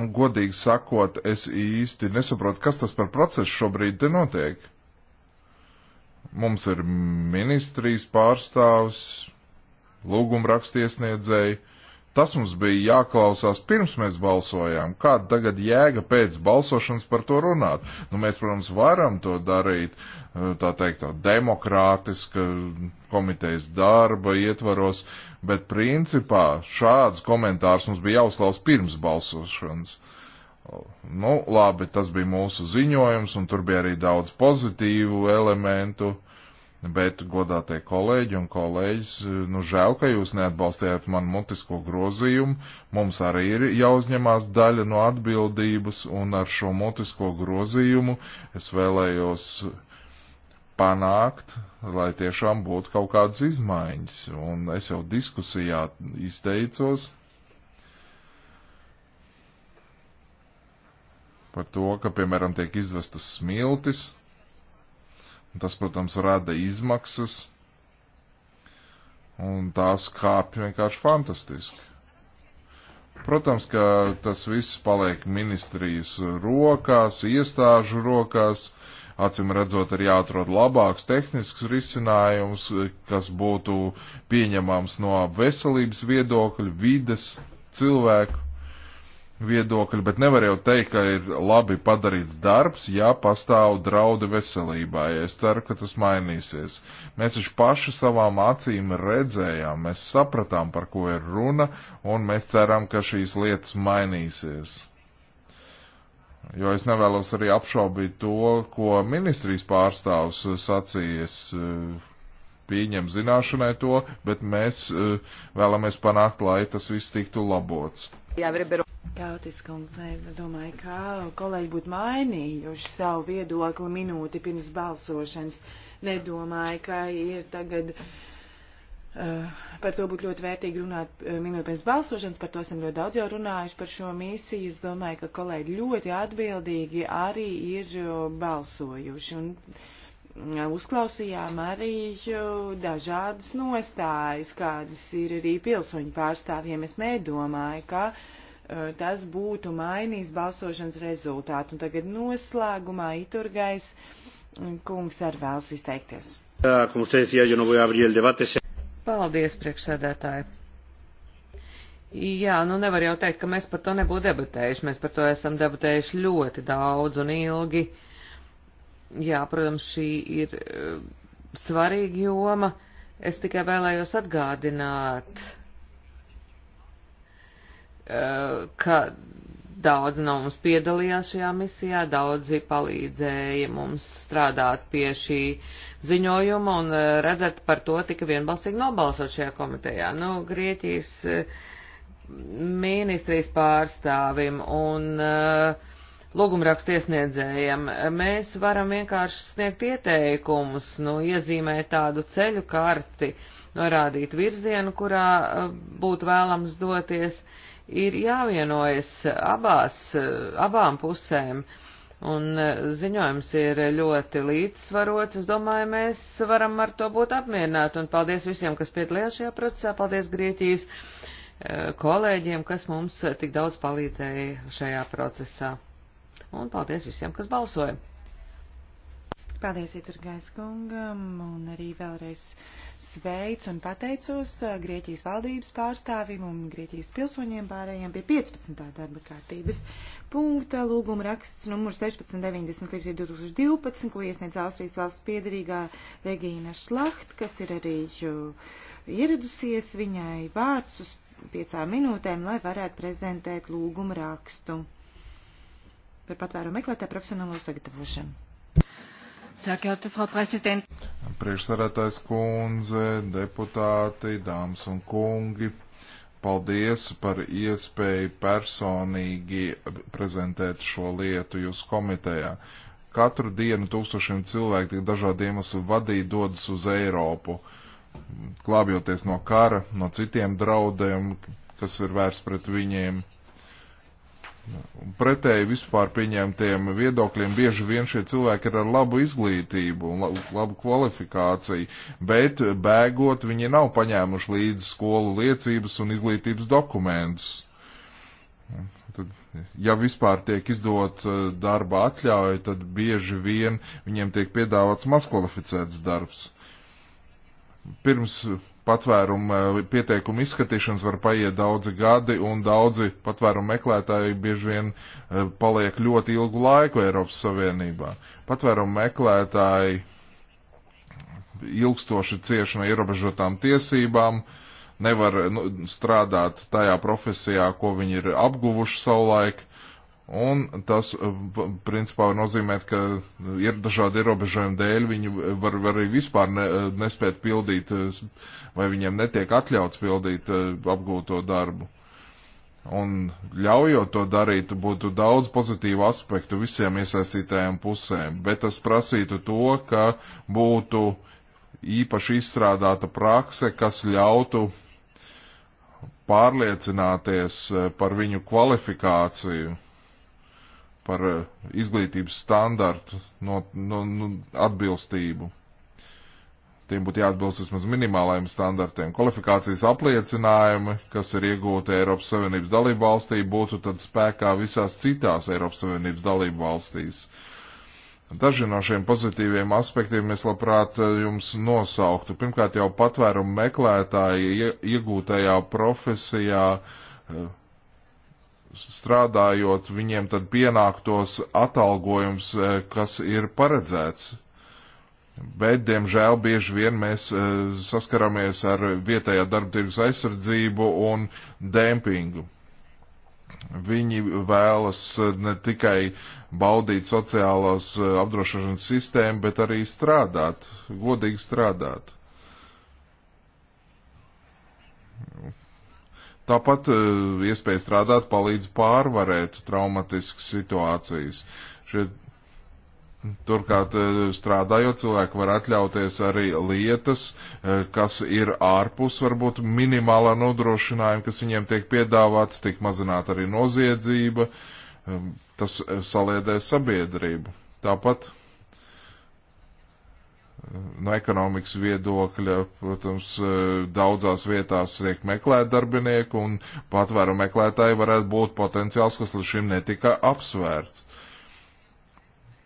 Un godīgi sakot, es īsti nesaprotu, kas tas par procesu šobrīd te notiek. Mums ir ministrijas pārstāvs, lūgumrakstiesniedzēji Tas mums bija jāklausās pirms mēs balsojām. Kāda tagad jēga pēc balsošanas par to runāt? Nu, mēs, protams, varam to darīt, eh, tā teikt, tā demokrātiska komitejas darba ietvaros, bet principā šāds komentārs mums bija jāuzklaus pirms balsošanas. Nu, labi, tas bija mūsu ziņojums, un tur bija arī daudz pozitīvu elementu. Bet, godātie kolēģi un kolēģis, nu žēl, ka jūs neatbalstījāt man mutisko grozījumu. Mums arī ir jāuzņemās daļa no atbildības, un ar šo mutisko grozījumu es vēlējos panākt, lai tiešām būtu kaut kādas izmaiņas. Un es jau diskusijā izteicos par to, ka, piemēram, tiek izvestas smiltis Tas, protams, rada izmaksas, un tās kāpj vienkārši fantastiski. Protams, ka tas viss paliek ministrijas rokās, iestāžu rokās, acim redzot, ir jāatrod labāks tehnisks risinājums, kas būtu pieņemams no veselības viedokļa, vides, cilvēku viedokļi, bet nevar jau teikt, ka ir labi padarīts darbs, ja pastāv draudi veselībai. Es ceru, ka tas mainīsies. Mēs taču paši savām acīm redzējām, mēs sapratām, par ko ir runa, un mēs ceram, ka šīs lietas mainīsies. Jo es nevēlos arī apšaubīt to, ko ministrijas pārstāvs sacīja. Es eh, pieņem zināšanai to, bet mēs eh, vēlamies panākt, lai tas viss tiktu labots. Jā, Vrebero. Tautis kundze, domāju, kā kolēģi būtu mainījuši savu viedokli minūti pirms balsošanas. Nedomāju, ka ir tagad. Uh, par to būtu ļoti vērtīgi runāt uh, minūti pirms balsošanas, par to esam ļoti daudz jau runājuši par šo misiju. Es domāju, ka kolēģi ļoti atbildīgi arī ir uh, balsojuši. Un, uh, uzklausījām arī dažādas nostājas, kādas ir arī pilsoņu pārstāvjiem. Es nedomāju, ka e, tas būtu mainījis balsošanas rezultātu. Un tagad noslēgumā Iturgais e, kungs ar vēlas izteikties. Paldies, priekšsēdētāji. Jā, nu nevar jau teikt, ka mēs par to nebūtu debatējuši. Mēs par to esam debatējuši ļoti daudz un ilgi. Uh, Jā, protams, šī ir eh, svarīga joma. Es tikai vēlējos atgādināt, eh, ka daudz no mums piedalījās šajā misijā, daudzi palīdzēja mums strādāt pie šī ziņojuma un eh, redzēt par to tika vienbalsīgi nobalsot šajā komitejā. Nu, Grieķijas ministrijas pārstāvim un uh, lūgumrakstu iesniedzējiem. Mēs varam vienkārši sniegt ieteikumus, nu, iezīmēt tādu ceļu karti, norādīt virzienu, kurā eh, būtu vēlams doties. Ir jāvienojas abās, eh, abām pusēm, un eh, ziņojums ir ļoti līdzsvarots. Es domāju, mēs varam ar to būt apmierināti, un paldies visiem, kas piedalījās šajā procesā. Paldies Grieķijas kolēģiem, kas mums tik daudz palīdzēja šajā procesā un paldies visiem, kas balsoja. Paldies, Iturgais kungam, un arī vēlreiz sveicu un pateicos uh, Grieķijas valdības pārstāvim un Grieķijas pilsoņiem pārējiem pie 15. darba kārtības punkta lūguma raksts numur 1690-2012, ko iesniedz Austrijas valsts piedarīgā Regīna Šlacht, kas ir arī ieradusies viņai vārds uz piecām minūtēm, lai varētu prezentēt lūgumu rakstu par patvēru meklētē profesionālo sagatavošanu. Sākot, Frau Prezident. Priekšsarētājs kundze, deputāti, dāmas un kungi, paldies par iespēju personīgi prezentēt šo lietu jūsu komitejā. Katru dienu tūkstošiem cilvēku tik dažādu iemeslu vadīja dodas uz Eiropu, glābjoties no kara, no citiem draudiem, kas ir vērsts pret viņiem Pretēji vispār pieņemtiem viedokļiem bieži vien šie cilvēki ir ar labu izglītību un labu kvalifikāciju, bet bēgot viņi nav paņēmuši līdzi skolu liecības un izglītības dokumentus. Tad, ja vispār tiek izdot eh, darba atļauja, tad bieži vien viņiem tiek piedāvāts mazkvalificēts darbs. Pirms patvērumu eh, pieteikumu izskatīšanas var paiet daudzi gadi, un daudzi patvērumu meklētāji bieži vien eh, paliek ļoti ilgu laiku Eiropas Savienībā. Patvērumu meklētāji ilgstoši cieši no ierobežotām tiesībām, nevar nu, strādāt tajā profesijā, ko viņi ir apguvuši savulaik, Un tas, eh, principā, nozīmē, ka eh, ir dažādi ierobežojumi dēļ, viņi var, var arī vispār ne, eh, nespēt pildīt, vai viņiem netiek atļauts pildīt apgūto darbu. Un ļaujot to darīt, būtu daudz pozitīvu aspektu visiem iesaistītajām pusēm, bet tas prasītu to, ka būtu īpaši izstrādāta prakse, kas ļautu pārliecināties par viņu kvalifikāciju par eh, izglītības standartu no, no, no nu, atbilstību. Tiem būtu jāatbilst vismaz minimālajiem standartiem. Kvalifikācijas apliecinājumi, kas ir iegūti Eiropas Savienības dalību valstī, būtu tad spēkā visās citās Eiropas Savienības dalību valstīs. Daži no šiem pozitīviem aspektiem es labprāt eh, jums nosauktu. Pirmkārt jau patvērumu meklētāji iegūtajā profesijā uh, strādājot, viņiem tad pienāktos atalgojums, e, kas ir paredzēts. Bet, diemžēl, bieži vien mēs e, saskaramies ar vietējā darba tirgus aizsardzību un dempingu. Viņi vēlas e, ne tikai baudīt sociālās apdrošināšanas sistēmu, bet arī strādāt, godīgi strādāt Tāpat eh, iespēja strādāt palīdz pārvarēt traumatiskas situācijas. Šeit Turklāt eh, strādājot, cilvēki var atļauties arī lietas, eh, kas ir ārpus varbūt minimālā nodrošinājuma, kas viņiem tiek piedāvāts, tiek mazināt arī noziedzība, tas saliedē sabiedrību. Tāpat no ekonomikas viedokļa, protams, e, daudzās vietās tiek meklēt darbinieku un patvēru meklētāji varētu būt potenciāls, kas līdz šim netika apsvērts.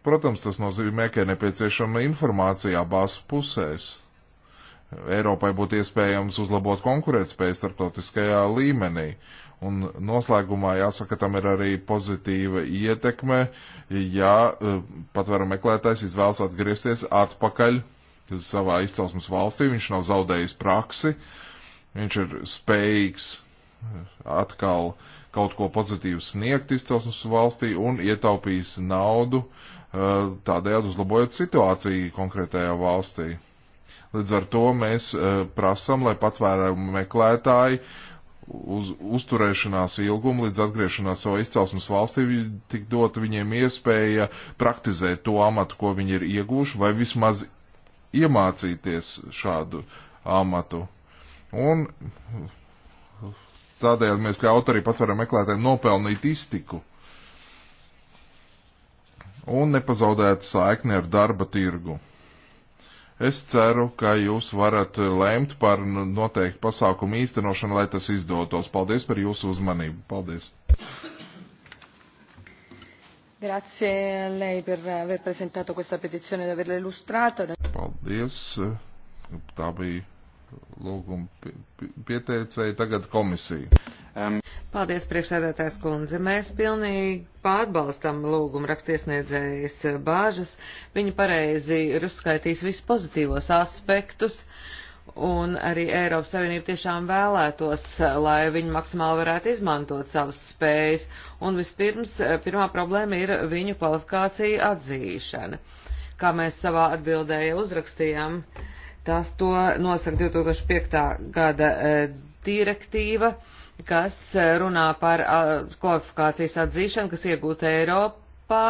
Protams, tas nozīmē, ka ir nepieciešama informācija abās pusēs. Eiropai būtu iespējams uzlabot konkurētspēju starptautiskajā līmenī. Uh, Un noslēgumā jāsaka, tam ir arī pozitīva ietekme, ja e, patvēru meklētājs izvēlas atgriezties atpakaļ savā izcelsmes valstī, viņš nav zaudējis praksi, viņš ir spējīgs atkal kaut ko pozitīvu sniegt izcelsmes valstī un ietaupījis naudu, e, tādējādi uzlabojot situāciju konkrētajā valstī. Līdz ar to mēs e, prasam, lai patvērumu meklētāji uz, uzturēšanās ilgumu līdz atgriešanās savā izcelsmes valstī, tik dot viņiem iespēja praktizēt to amatu, ko viņi ir iegūši, vai vismaz iemācīties šādu amatu. Un tādēļ mēs ļaut arī patvaram meklētājiem nopelnīt iztiku un nepazaudēt saikni ar darba tirgu. Es ceru, ka jūs varat lēmt par noteiktu pasākumu īstenošanu, lai tas izdotos. Paldies par jūsu uzmanību. Paldies. Grazie lei per aver presentato questa petizione ed averla illustrata. Paldies. Tā bija lūguma pieteicēja tagad komisija. Um... Paldies, priekšsēdētājs kundze. Mēs pilnīgi pārbalstam lūgumu rakstiesniedzējas bāžas. Viņa pareizi ir uzskaitījis visus pozitīvos aspektus. Un arī Eiropas Savienība tiešām vēlētos, lai viņi maksimāli varētu izmantot savas spējas. Un vispirms, pirmā problēma ir viņu kvalifikācija atzīšana. Kā mēs savā atbildēja uzrakstījām, tas to nosaka 2005. gada eh, direktīva. Uh, kas eh, runā par kvalifikācijas atzīšanu, kas iegūta Eiropā,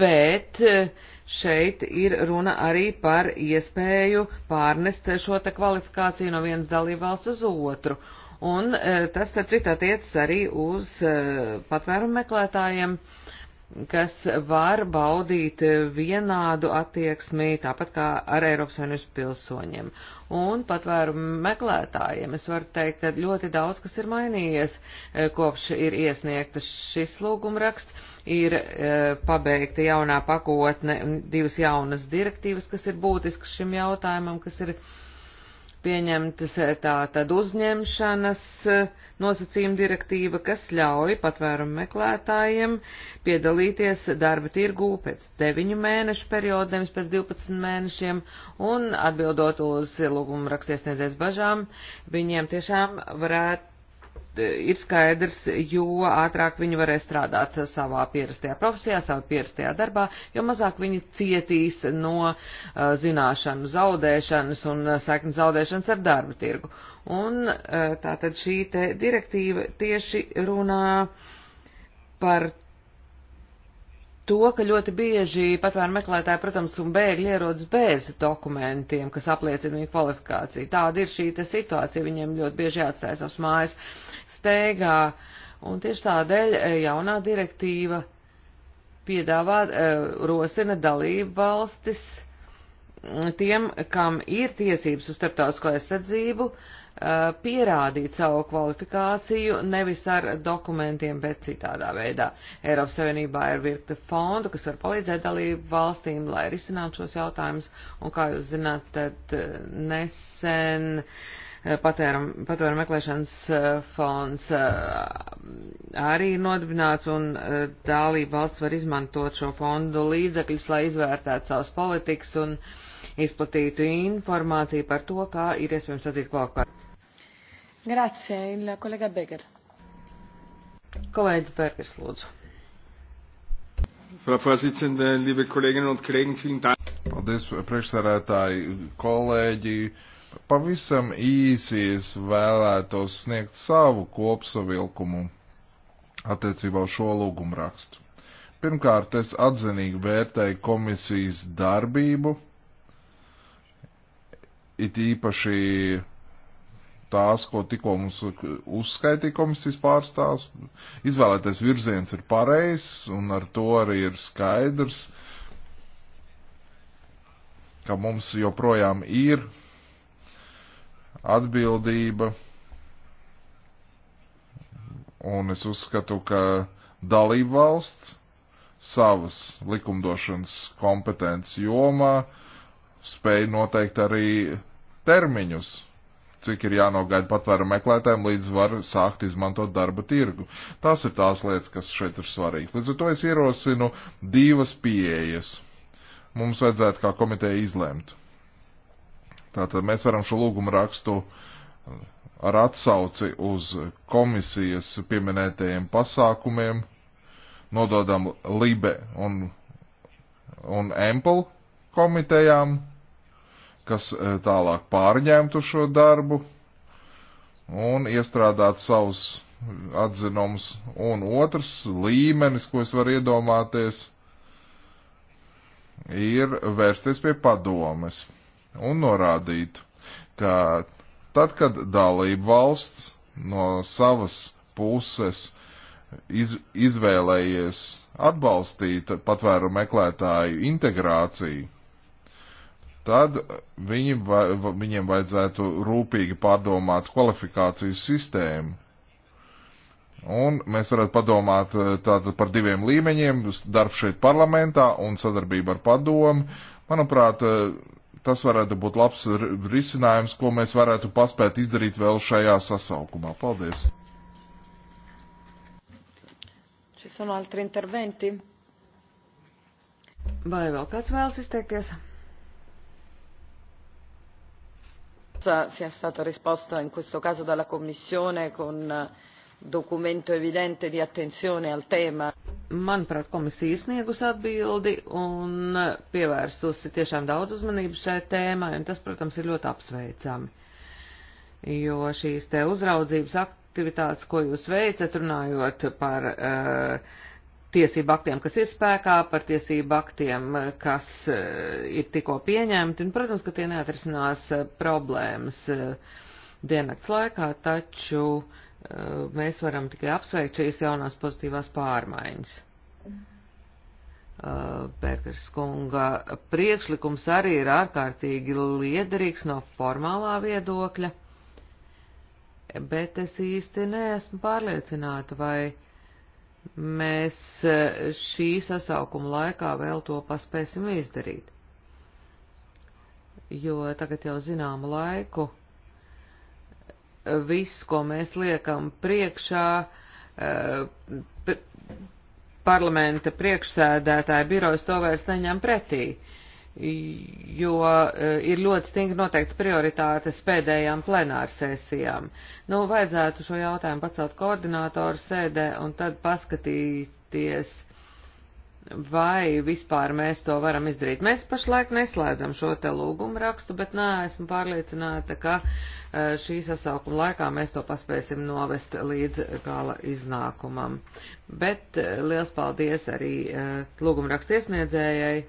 bet eh, šeit ir runa arī par iespēju pārnest šo te kvalifikāciju no vienas dalībvalsts uz otru. Un eh, tas, starp citu, attiecas arī uz patvērumu meklētājiem. Uh, kas var baudīt vienādu attieksmi, tāpat kā ar Eiropas Savienības pilsoņiem. Un patvērumu meklētājiem es varu teikt, ka ļoti daudz kas ir mainījies, eh, kopš ir iesniegtas šis lūgumraksts, ir eh, pabeigta jaunā pakotne, divas jaunas direktīvas, kas ir būtiskas šim jautājumam, kas ir pieņemtas eh, tā tad uzņemšanas eh, nosacījuma direktīva, kas ļauj patvērumu meklētājiem piedalīties darba tirgū pēc 9 mēnešu perioda, nevis pēc 12 mēnešiem, un atbildot uz lūgumu rakstiesniedzēs bažām, viņiem tiešām varētu ir skaidrs, jo ātrāk viņi varēs strādāt savā pierastajā profesijā, savā pierastajā darbā, jo mazāk viņi cietīs no uh, zināšanu zaudēšanas un uh, saknes zaudēšanas ar darba tirgu. Un uh, tātad šī te direktīva tieši runā par to, ka ļoti bieži patvēru meklētāji, protams, un bēgļi ierodas bez dokumentiem, kas apliecina viņu kvalifikāciju. Tāda ir šī situācija, viņiem ļoti bieži jāatstāj savas mājas steigā, un tieši tādēļ e, jaunā direktīva piedāvā, e, rosina dalību valstis tiem, kam ir tiesības uz starptautisko aizsardzību, uh, Uh, pierādīt savu kvalifikāciju nevis ar dokumentiem, bet citādā veidā. Eiropas Savienībā ir virkne fondu, kas var palīdzēt dalību valstīm, lai risinātu šos jautājumus, un kā jūs zināt, tad uh, nesen uh, patēru meklēšanas fonds arī ir nodibināts, un dalību valsts var izmantot šo fondu līdzekļus, lai izvērtētu savas politikas un izplatītu informāciju par to, kā ir iespējams atzīt kvalifikāciju. Grazie, il kolega Beger. Kolēģis Bergers, lūdzu. Frau Vorsitzende, liebe Kolleginnen und Kollegen, vielen Dank. Paldies, priekšsarētāji, kolēģi. Pavisam īsi es vēlētos sniegt savu kopsavilkumu attiecībā uz šo lūgumu rakstu. Pirmkārt, es atzinīgi vērtēju komisijas darbību, it īpaši tās, ko tikko mums uzskaitīja komisijas pārstāvs. Izvēlētais virziens ir pareizs un ar to arī ir skaidrs, ka mums joprojām ir atbildība. Un es uzskatu, ka dalību valsts savas likumdošanas kompetences jomā spēja noteikt arī termiņus cik ir jānogaida patvērumu meklētājiem, līdz var sākt izmantot darba tirgu. Tās ir tās lietas, kas šeit ir svarīgas. Līdz ar to es ierosinu divas pieejas. Mums vajadzētu kā komiteja izlemt. Tātad mēs varam šo lūgumu rakstu ar atsauci uz komisijas pieminētajiem pasākumiem, nododam LIBE un, un EMPL komitejām, kas e, tālāk pārņemtu šo darbu un iestrādāt savus atzinums. Un otrs līmenis, ko es varu iedomāties, ir vērsties pie padomes un norādīt, ka tad, kad dalība valsts no savas puses iz, izvēlējies atbalstīt patvēru meklētāju integrāciju, tad viņi, va, viņiem vajadzētu rūpīgi pārdomāt kvalifikāciju sistēmu. Un mēs varētu padomāt eh, tātad par diviem līmeņiem - darbs šeit parlamentā un sadarbība ar padomu. Manuprāt, eh, tas varētu būt labs risinājums, ko mēs varētu paspēt izdarīt vēl šajā sasaukumā. Paldies! Vai vēl kāds vēlas izteikties? sia stata risposta in questo caso dalla Commissione con eh, dokumento evidente di attenzione al tema. Manuprāt, komisija sniegus atbildi un pievērsusi tiešām daudz uzmanības šai tēmai, un tas, protams, ir ļoti apsveicami. Jo šīs te uzraudzības aktivitātes, ko jūs veicat, runājot par uh, tiesību aktiem, kas ir spēkā, par tiesību aktiem, kas eh, ir tikko pieņemti, un, protams, ka tie neatrisinās eh, problēmas eh, diennakts laikā, taču mēs varam tikai apsveikt šīs jaunās pozitīvās pārmaiņas. Bergers kunga priekšlikums arī ir ārkārtīgi liederīgs no formālā viedokļa, bet es īsti neesmu pārliecināta, vai mēs e, šī sasaukuma laikā vēl to paspēsim izdarīt. Jo tagad jau zināmu laiku e, viss, ko mēs liekam priekšā, e, parlamenta priekšsēdētāja birojas to vairs neņem pretī. Uh, jo e, ir ļoti stingri noteikts prioritātes pēdējām plenārsēsijām. Nu, vajadzētu šo jautājumu pacelt koordinātoru sēdē un tad paskatīties, vai vispār mēs to varam izdarīt. Mēs pašlaik neslēdzam šo te lūgumu rakstu, bet nē, esmu pārliecināta, ka e, šī sasaukuma laikā mēs to paspēsim novest līdz gala iznākumam. Bet e, liels paldies arī lūgumu rakstu iesniedzējai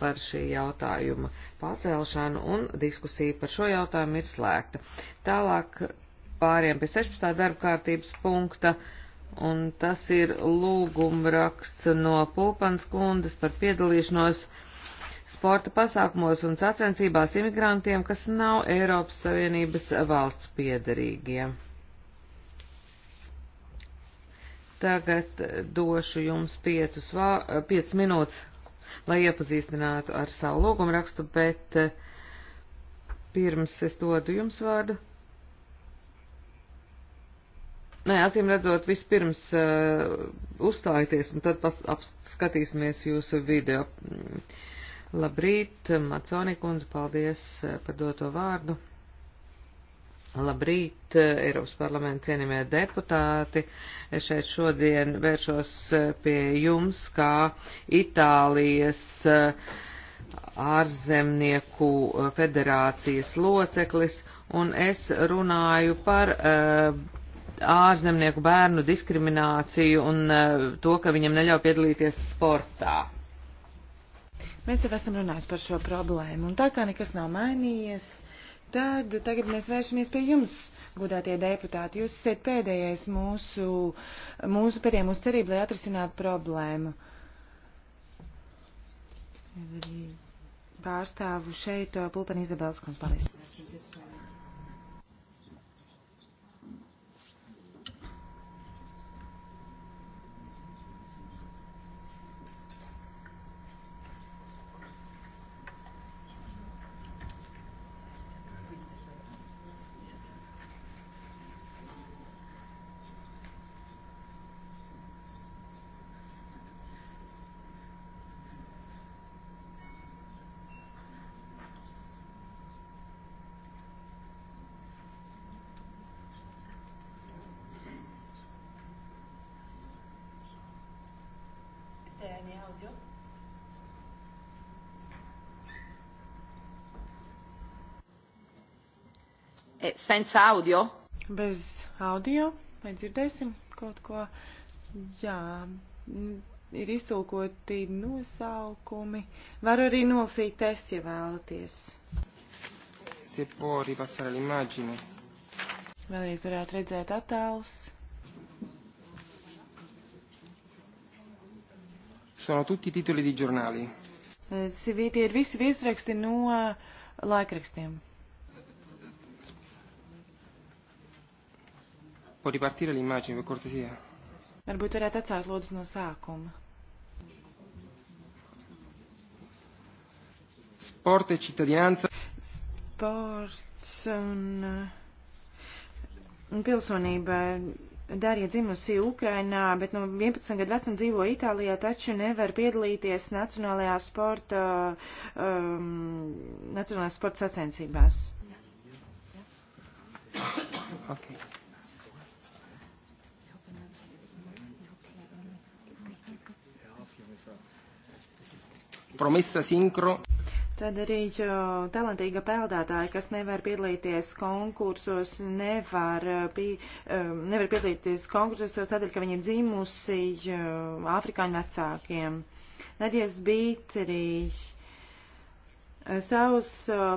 par šī jautājuma pacelšanu, un diskusija par šo jautājumu ir slēgta. Tālāk pāriem pie 16. darba kārtības punkta, un tas ir lūgumraksts no Pulpans kundas par piedalīšanos sporta pasākumos un sacensībās imigrantiem, kas nav Eiropas Savienības valsts piedarīgie. Tagad došu jums 5 minūtes lai iepazīstinātu ar savu lūgumu rakstu, bet eh, pirms es dodu jums vārdu. Nē, acīm redzot, vispirms uh, eh, uzstājieties un tad apskatīsimies jūsu video. Labrīt, Maconi kundze, paldies eh, par doto vārdu. Labrīt, eh, Eiropas parlamenta cienījamie deputāti. Es šeit šodien vēršos eh, pie jums kā Itālijas eh, ārzemnieku federācijas loceklis, un es runāju par ārzemnieku bērnu diskrimināciju un to, ka viņam neļauj piedalīties sportā. Mēs jau esam runājuši par šo problēmu, un tā kā nekas nav mainījies Tad tagad mēs vēršamies pie jums, godātie deputāti. Jūs esat pēdējais mūsu, mūsu pēdējā mūsu cerība, lai atrisinātu problēmu. Pārstāvu šeit uh, pulpeni Izabels Konspalīs. senza audio? Bez audio, vai dzirdēsim kaut ko? Jā, ir iztulkoti nosaukumi. Varu arī nolasīt es, ja vēlaties. Se può ripassare l'immagine. Vēlreiz varētu redzēt attēlus. Sono tutti titoli di giornali. Sivīti eh, ir visi viesraksti no eh, laikrakstiem. Può ripartire l'immagine, per cortesia? Varbūt varētu atcelt lūdzu no sākuma. Sporta e cittadinanza. Sports un, un pilsonība. Darīja dzimusi Ukrainā, bet no 11 gadu vecuma dzīvo Itālijā, taču nevar piedalīties nacionālajā sporta, um, nacionālajās sporta sacensībās. Okay. promessa sinkro. Tad arī jo, talantīga peldētāja, kas nevar piedalīties konkursos, nevar, eh, pie, eh, nevar piedalīties konkursos tādēļ, ka viņi ir dzimusi eh, afrikāņu vecākiem. Nadies Bīterī savus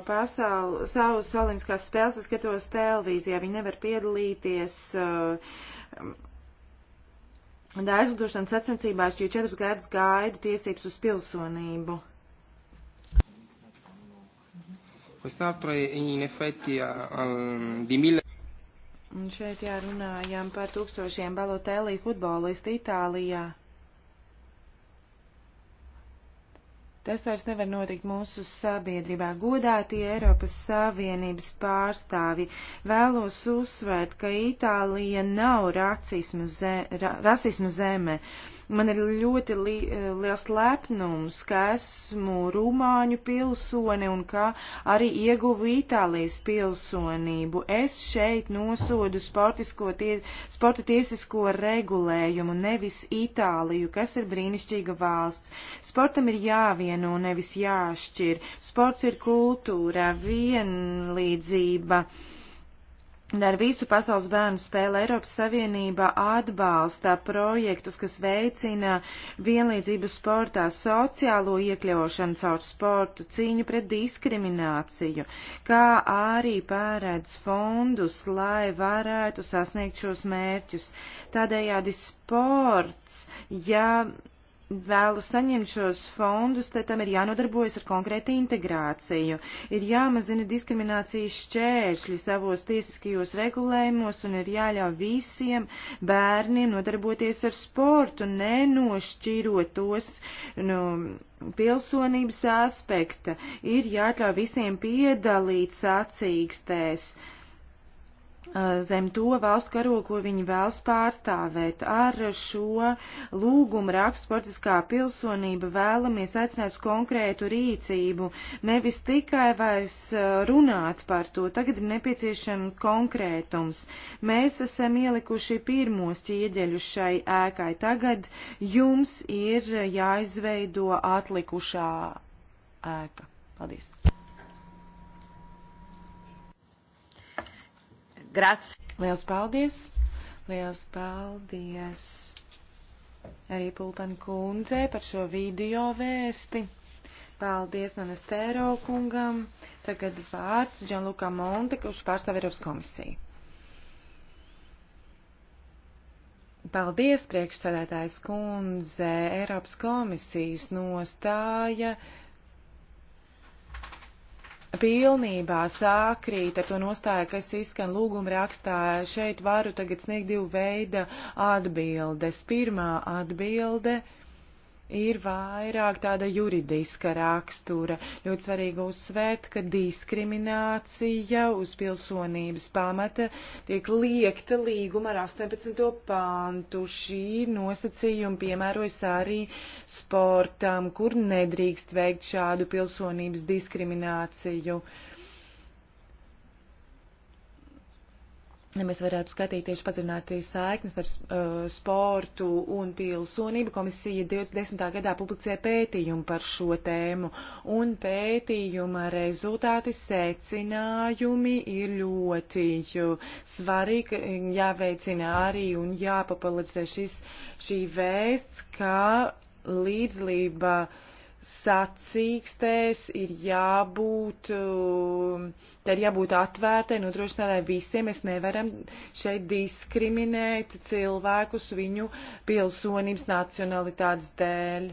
pasaules, savus olimpiskās spēles skatos televīzijā, viņi nevar piedalīties. Uh, Aizlidošanas sacensībās šī četrus gadus gaida tiesības uz pilsonību. Quest'altro è in effetti um, di mille. Un šeit jārunājam par tūkstošiem balotēlī futbolistu Itālijā. Tas vairs nevar notikt mūsu sabiedrībā. Godātie Eiropas Savienības pārstāvi vēlos uzsvērt, ka Itālija nav rasisma, ze ra rasisma zeme. Uh, Man ir ļoti li e, liels lepnums, ka esmu rumāņu pilsone un ka arī ieguvu Itālijas pilsonību. Es šeit nosodu tie sporta tiesisko regulējumu, nevis Itāliju, kas ir brīnišķīga valsts. Sportam ir jāvieno, nevis jāšķir. Sports ir kultūra, vienlīdzība. Uh, Ar visu pasaules bērnu spēli Eiropas Savienība atbalsta projektus, kas veicina vienlīdzību sportā, sociālo iekļaušanu caur sportu, cīņu pret diskrimināciju, kā arī pārēdz fondus, lai varētu sasniegt šos mērķus. Tādējādi sports, ja vēlas saņemt šos fondus, tad tam ir jānodarbojas ar konkrētu integrāciju. Ir jāmazina diskriminācijas šķēršļi savos tiesiskajos regulējumos un ir jāļauj visiem bērniem nodarboties ar sportu, nenošķirot tos nu, pilsonības aspekta. Ir jāļauj visiem piedalīt sacīkstēs. Uh, Uh, zem to valstu karogu, ko viņi vēlas pārstāvēt. Ar šo lūgumu rakstu sportiskā pilsonība vēlamies aicināt uz konkrētu rīcību, nevis tikai vairs uh, runāt par to. Tagad ir nepieciešams konkrētums. Mēs esam ielikuši pirmos ķieģeļus šai ēkai. Tagad jums ir jāizveido atlikušā ēka. Paldies! Grāts. Liels paldies! Liels paldies arī Pulpen kundzē par šo video vēsti. Paldies Monastēro kungam. Tagad vārds Džanlukā Monte, kurš pārstāv Eiropas komisiju. Paldies, priekšsēdētājs kundze, Eiropas komisijas nostāja. Uh, pilnībā sākrīt ar to nostāju, kas izskan lūguma rakstā. Šeit varu tagad sniegt divu veidu atbildes. Pirmā atbilde. Uh, ir vairāk tāda juridiska rakstura. Ļoti svarīgi uzsvērt, ka diskriminācija uz pilsonības pamata tiek liekta līguma ar 18. pantu. Šī nosacījuma piemērojas arī sportam, kur nedrīkst veikt šādu pilsonības diskrimināciju. Uh, Ja mēs varētu skatīt tieši padzināti saiknes ar uh, sportu un pilsonību. Komisija 2010. gadā publicēja pētījumu par šo tēmu, un pētījuma rezultāti secinājumi ir ļoti uh, svarīgi. Jāveicina arī un jāpapalizē šis, šī vēsts, ka līdzlība uh, sacīkstēs ir jābūt, um, tā ir jābūt atvērtai, nodrošinātai visiem. Mēs nevaram šeit diskriminēt cilvēkus viņu pilsonības nacionalitātes dēļ.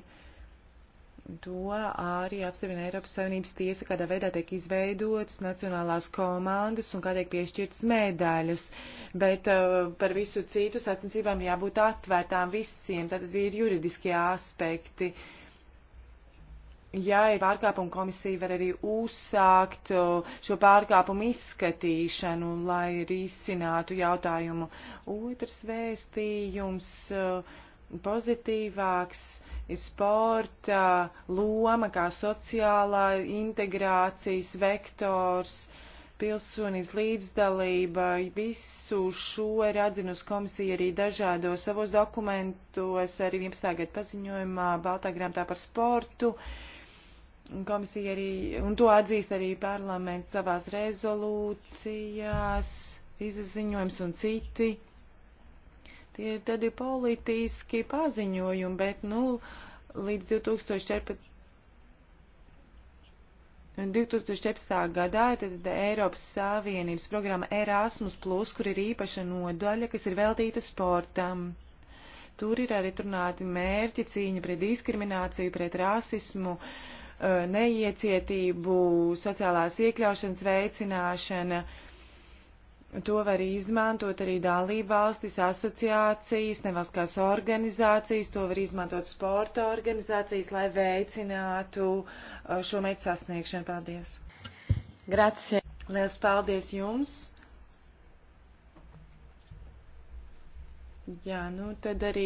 To arī apstiprina Eiropas Savienības tiesa, kādā veidā tiek izveidotas nacionālās komandas un kā tiek piešķirtas medaļas. Bet uh, par visu citu sacensībām jābūt atvērtām visiem. Tātad ir juridiskie aspekti. Uh, ja ir pārkāpuma komisija, var arī uzsākt šo pārkāpumu izskatīšanu, lai risinātu jautājumu. Otrs vēstījums pozitīvāks ir sporta loma kā sociālā integrācijas vektors, pilsonības līdzdalība. Visu šo ir atzinusi komisija arī dažādos savos dokumentos, arī 11. gadu paziņojumā Baltā grāmatā par sportu. Uh, Komisija arī, un to atzīst arī parlaments savās rezolūcijās, izziņojums un citi. Tie ir tādi politiski paziņojumi, bet, nu, līdz 2014. 2014. gadā ir tad Eiropas Savienības programma Erasmus, kur ir īpaša nodaļa, kas ir veltīta sportam. Tur ir arī runāti mērķi cīņa pret diskrimināciju, pret rasismu, uh, Uh, neiecietību, sociālās iekļaušanas veicināšana. To var izmantot arī dalībvalstis, asociācijas, nevalstiskās organizācijas, to var izmantot sporta organizācijas, lai veicinātu uh, šo mērķu sasniegšanu. Paldies! Grazie! Liels paldies jums! Jā, nu tad arī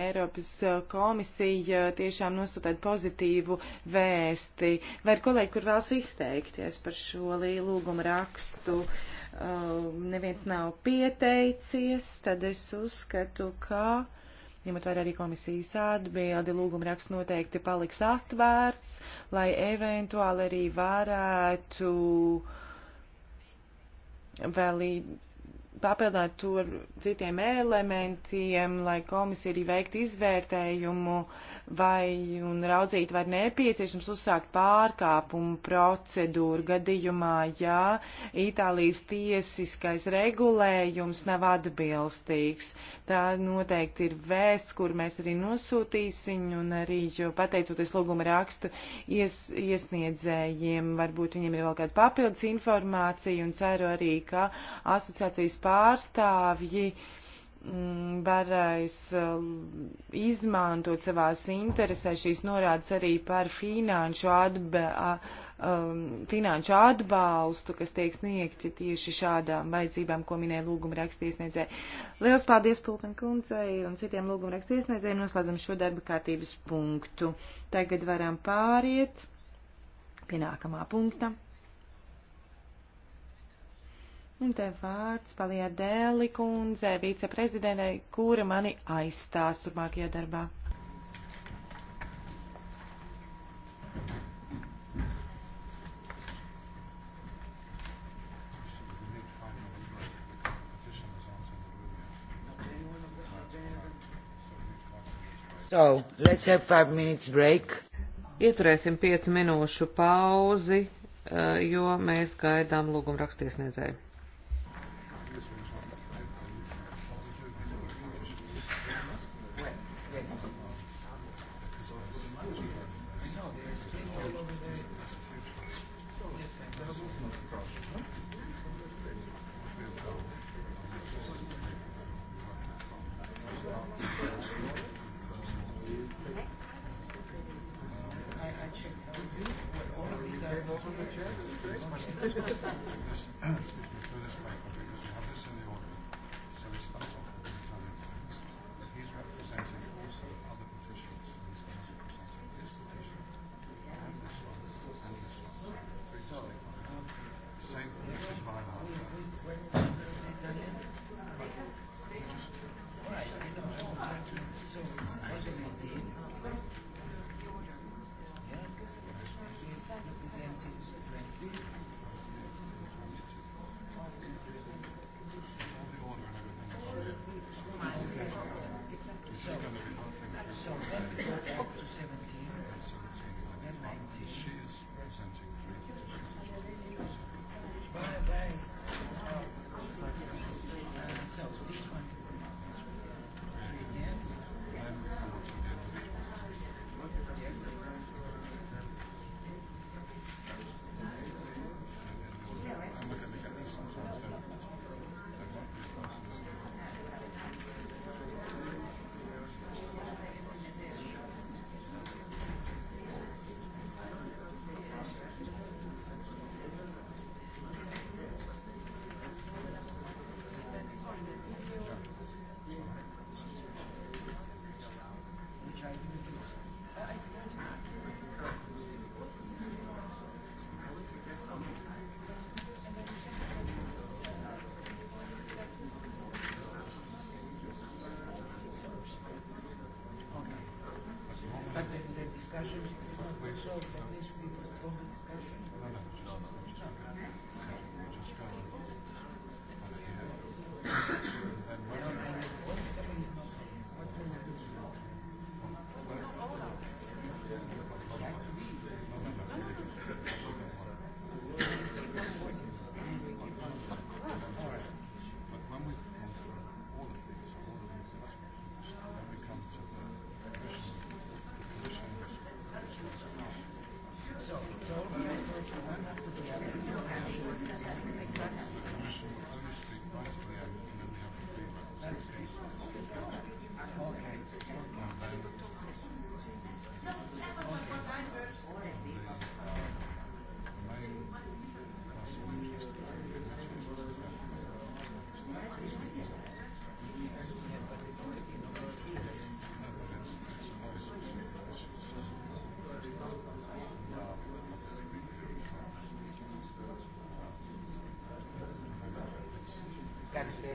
Eiropas eh, komisija eh, tiešām nosūtēt pozitīvu vēsti. Vai ir kolēģi, kur vēlas izteikties par šo lūgumu rakstu? Uh, neviens nav pieteicies, tad es uzskatu, ka, ņemot vērā arī komisijas atbildi, lūguma raksts noteikti paliks atvērts, lai eventuāli arī varētu vēl papildināt to ar citiem elementiem, lai komisija arī veiktu izvērtējumu uh, vai un raudzīt, vai nepieciešams uzsākt pārkāpumu procedūru gadījumā, ja Itālijas tiesiskais regulējums nav atbilstīgs. Tā noteikti ir vēsts, kur mēs arī nosūtīsim, un arī pateicoties lūguma rakstu ies, iesniedzējiem, varbūt viņiem ir vēl kāda papildus informācija, un ceru arī, ka asociācijas pārstāvji Mm, varēs um, izmantot savās interesēs šīs norādes arī par finanšu, atba, um, finanšu atbalstu, kas tiek sniegti tieši šādām vajadzībām, ko minēja lūguma rakstiesniedzēji. Liels paldies Pulpen kundzei un citiem lūguma rakstiesniedzējiem. Noslēdzam šo darba kārtības punktu. Tagad varam pāriet pie nākamā punkta. Un te vārds palijā Dēli kundze, viceprezidentei, kura mani aizstās turpmākajā darbā. So, let's have five minutes break. Ieturēsim piecu minūšu pauzi, eh, jo mēs gaidām lūgumu rakstiesniedzēju. скажи мне, желтый. Yeah.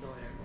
daughter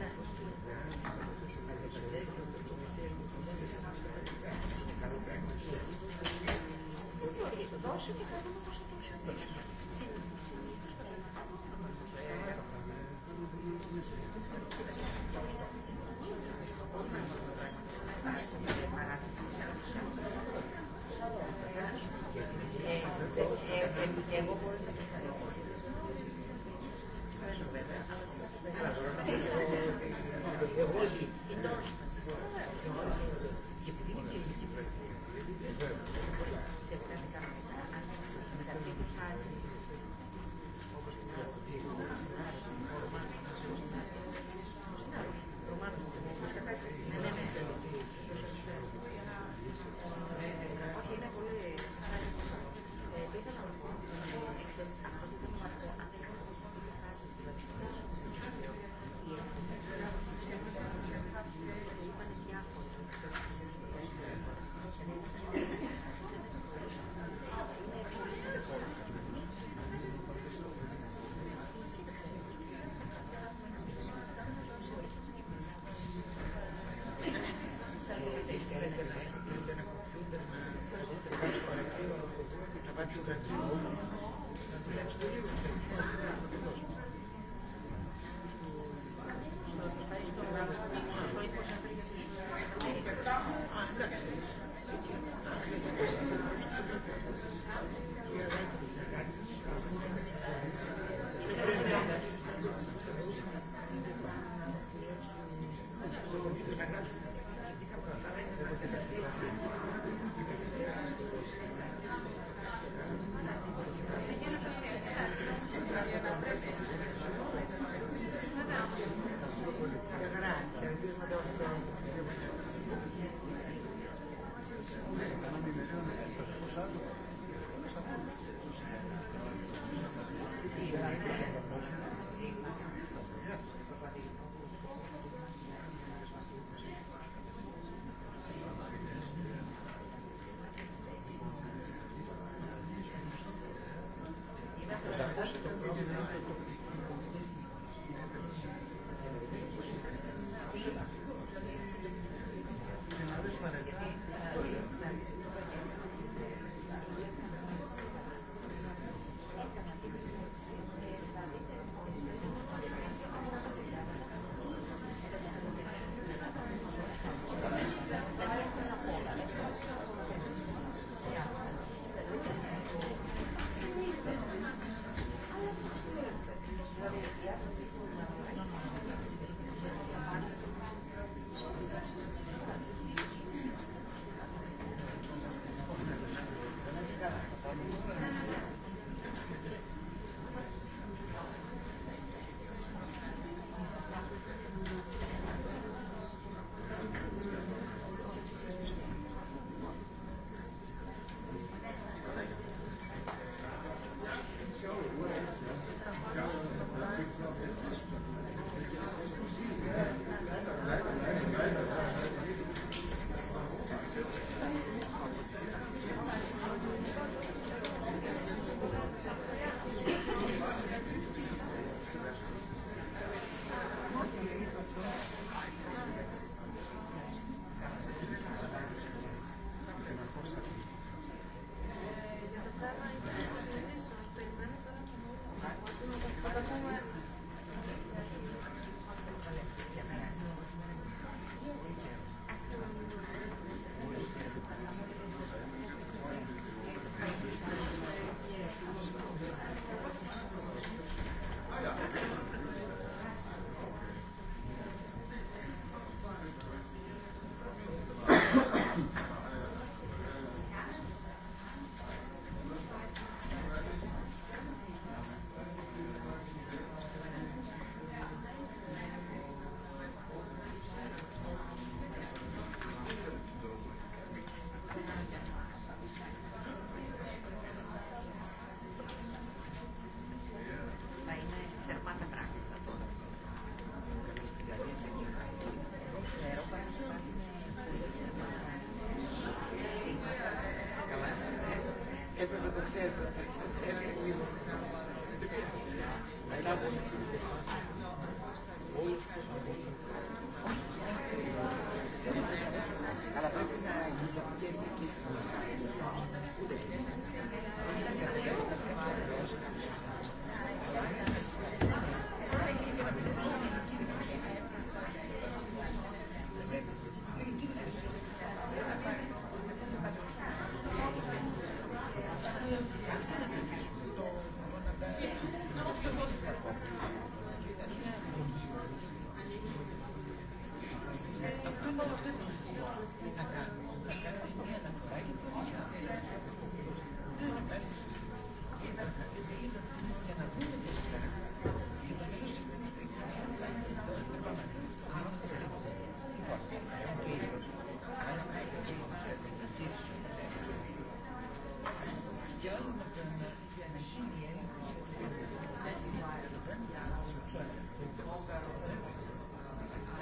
Gracias.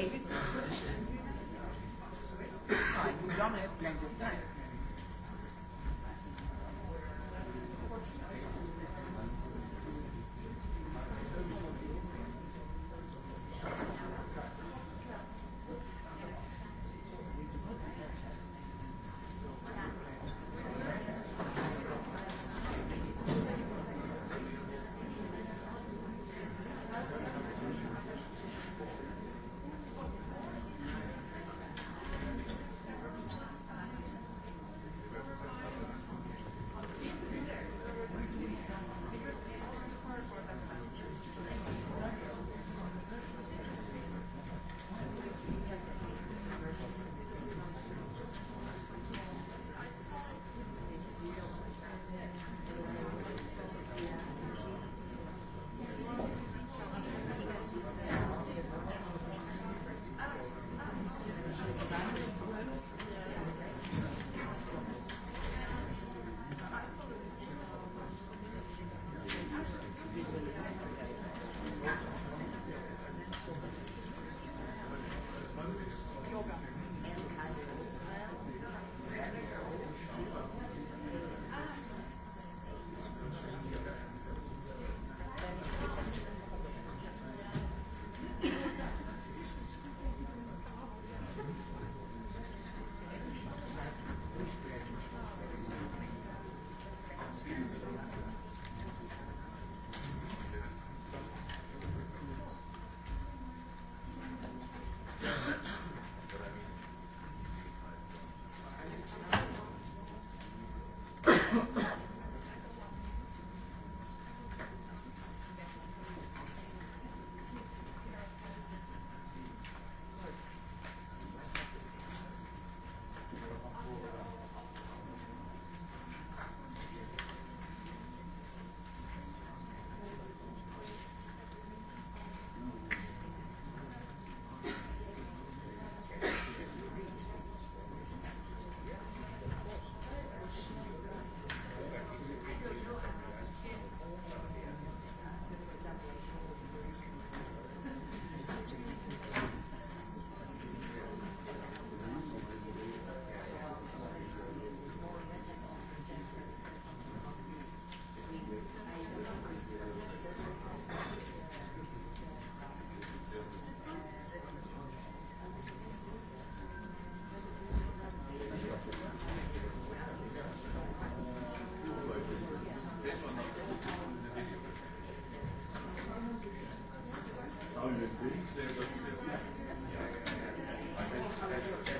David. Fine, we don't have plenty of time. Thank oh, you.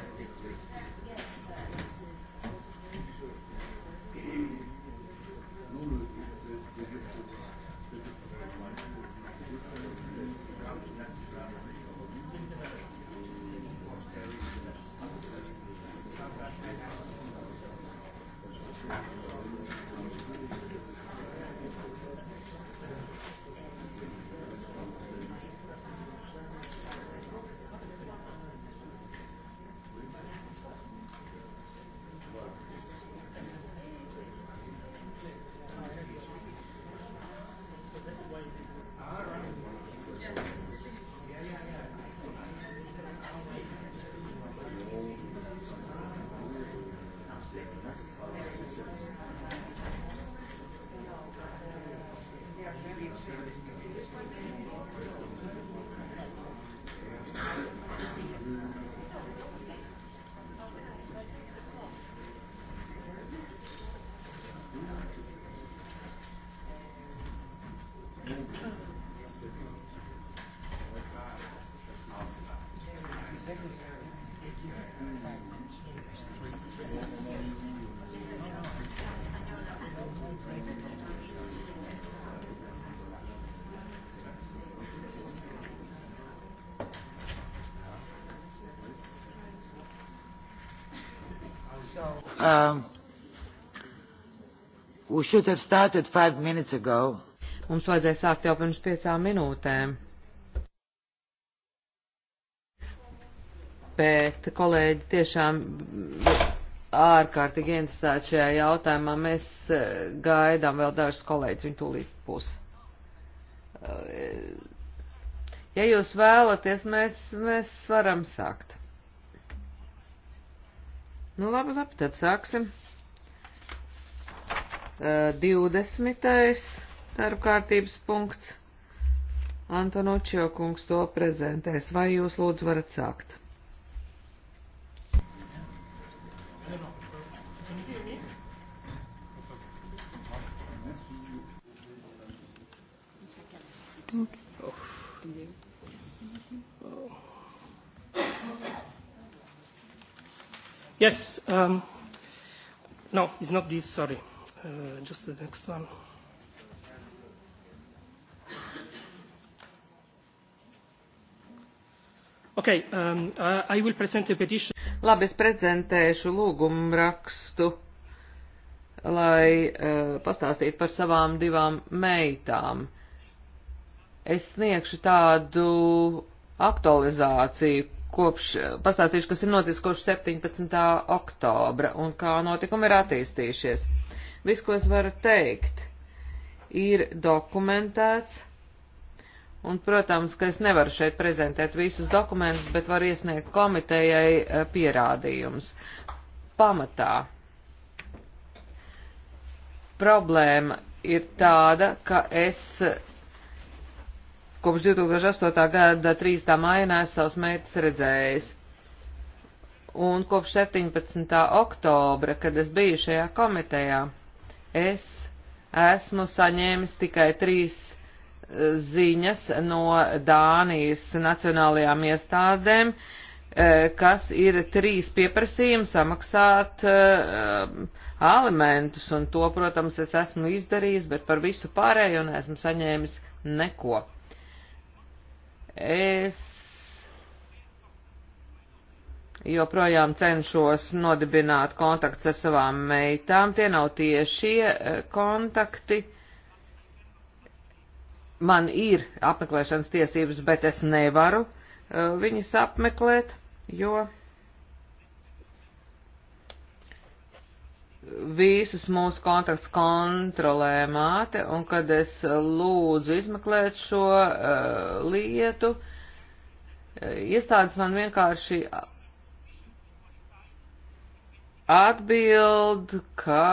Um, Mums vajadzēja sākt jau pirms piecām minūtēm. Bet kolēģi tiešām ārkārtīgi interesēti šajā jautājumā. Mēs eh, gaidām vēl dažus kolēģus, viņi tūlīt būs. Eh, ja jūs vēlaties, mēs, mēs varam sākt. Nu, labi, labi, tad sāksim. Uh, 20. darba kārtības punkts. Antonočio kungs to prezentēs. Vai jūs lūdzu varat sākt? Okay. Yes. Um, no, it's not this, sorry. Uh, just the next one. Okay, um, uh, I will present a petition. Labi, es prezentēšu lūgumu rakstu, lai uh, pastāstītu par savām divām meitām. Es sniegšu tādu aktualizāciju kopš, pastāstīšu, kas ir noticis kopš 17. oktobra un kā notikumi ir attīstījušies. Viss, ko es varu teikt, ir dokumentēts, un, protams, ka es nevaru šeit prezentēt visus dokumentus, bet varu iesniegt komitejai eh, pierādījumus. Pamatā problēma ir tāda, ka es kopš 2008. gada 3. maija nesu savus meitas redzējis. Un kopš 17. oktobra, kad es biju šajā komitejā, es esmu saņēmis tikai trīs eh, ziņas no Dānijas nacionālajām iestādēm, eh, kas ir trīs pieprasījumi samaksāt uh, alimentus, un to, protams, es esmu izdarījis, bet par visu pārējo neesmu saņēmis neko. Es joprojām cenšos nodibināt kontakts ar savām meitām. Tie nav tiešie eh, kontakti. Man ir apmeklēšanas tiesības, bet es nevaru eh, viņas apmeklēt, jo visus mūsu kontaktus kontrolē māte, un kad es lūdzu izmeklēt šo uh, lietu, eh, iestādes man vienkārši atbild, ka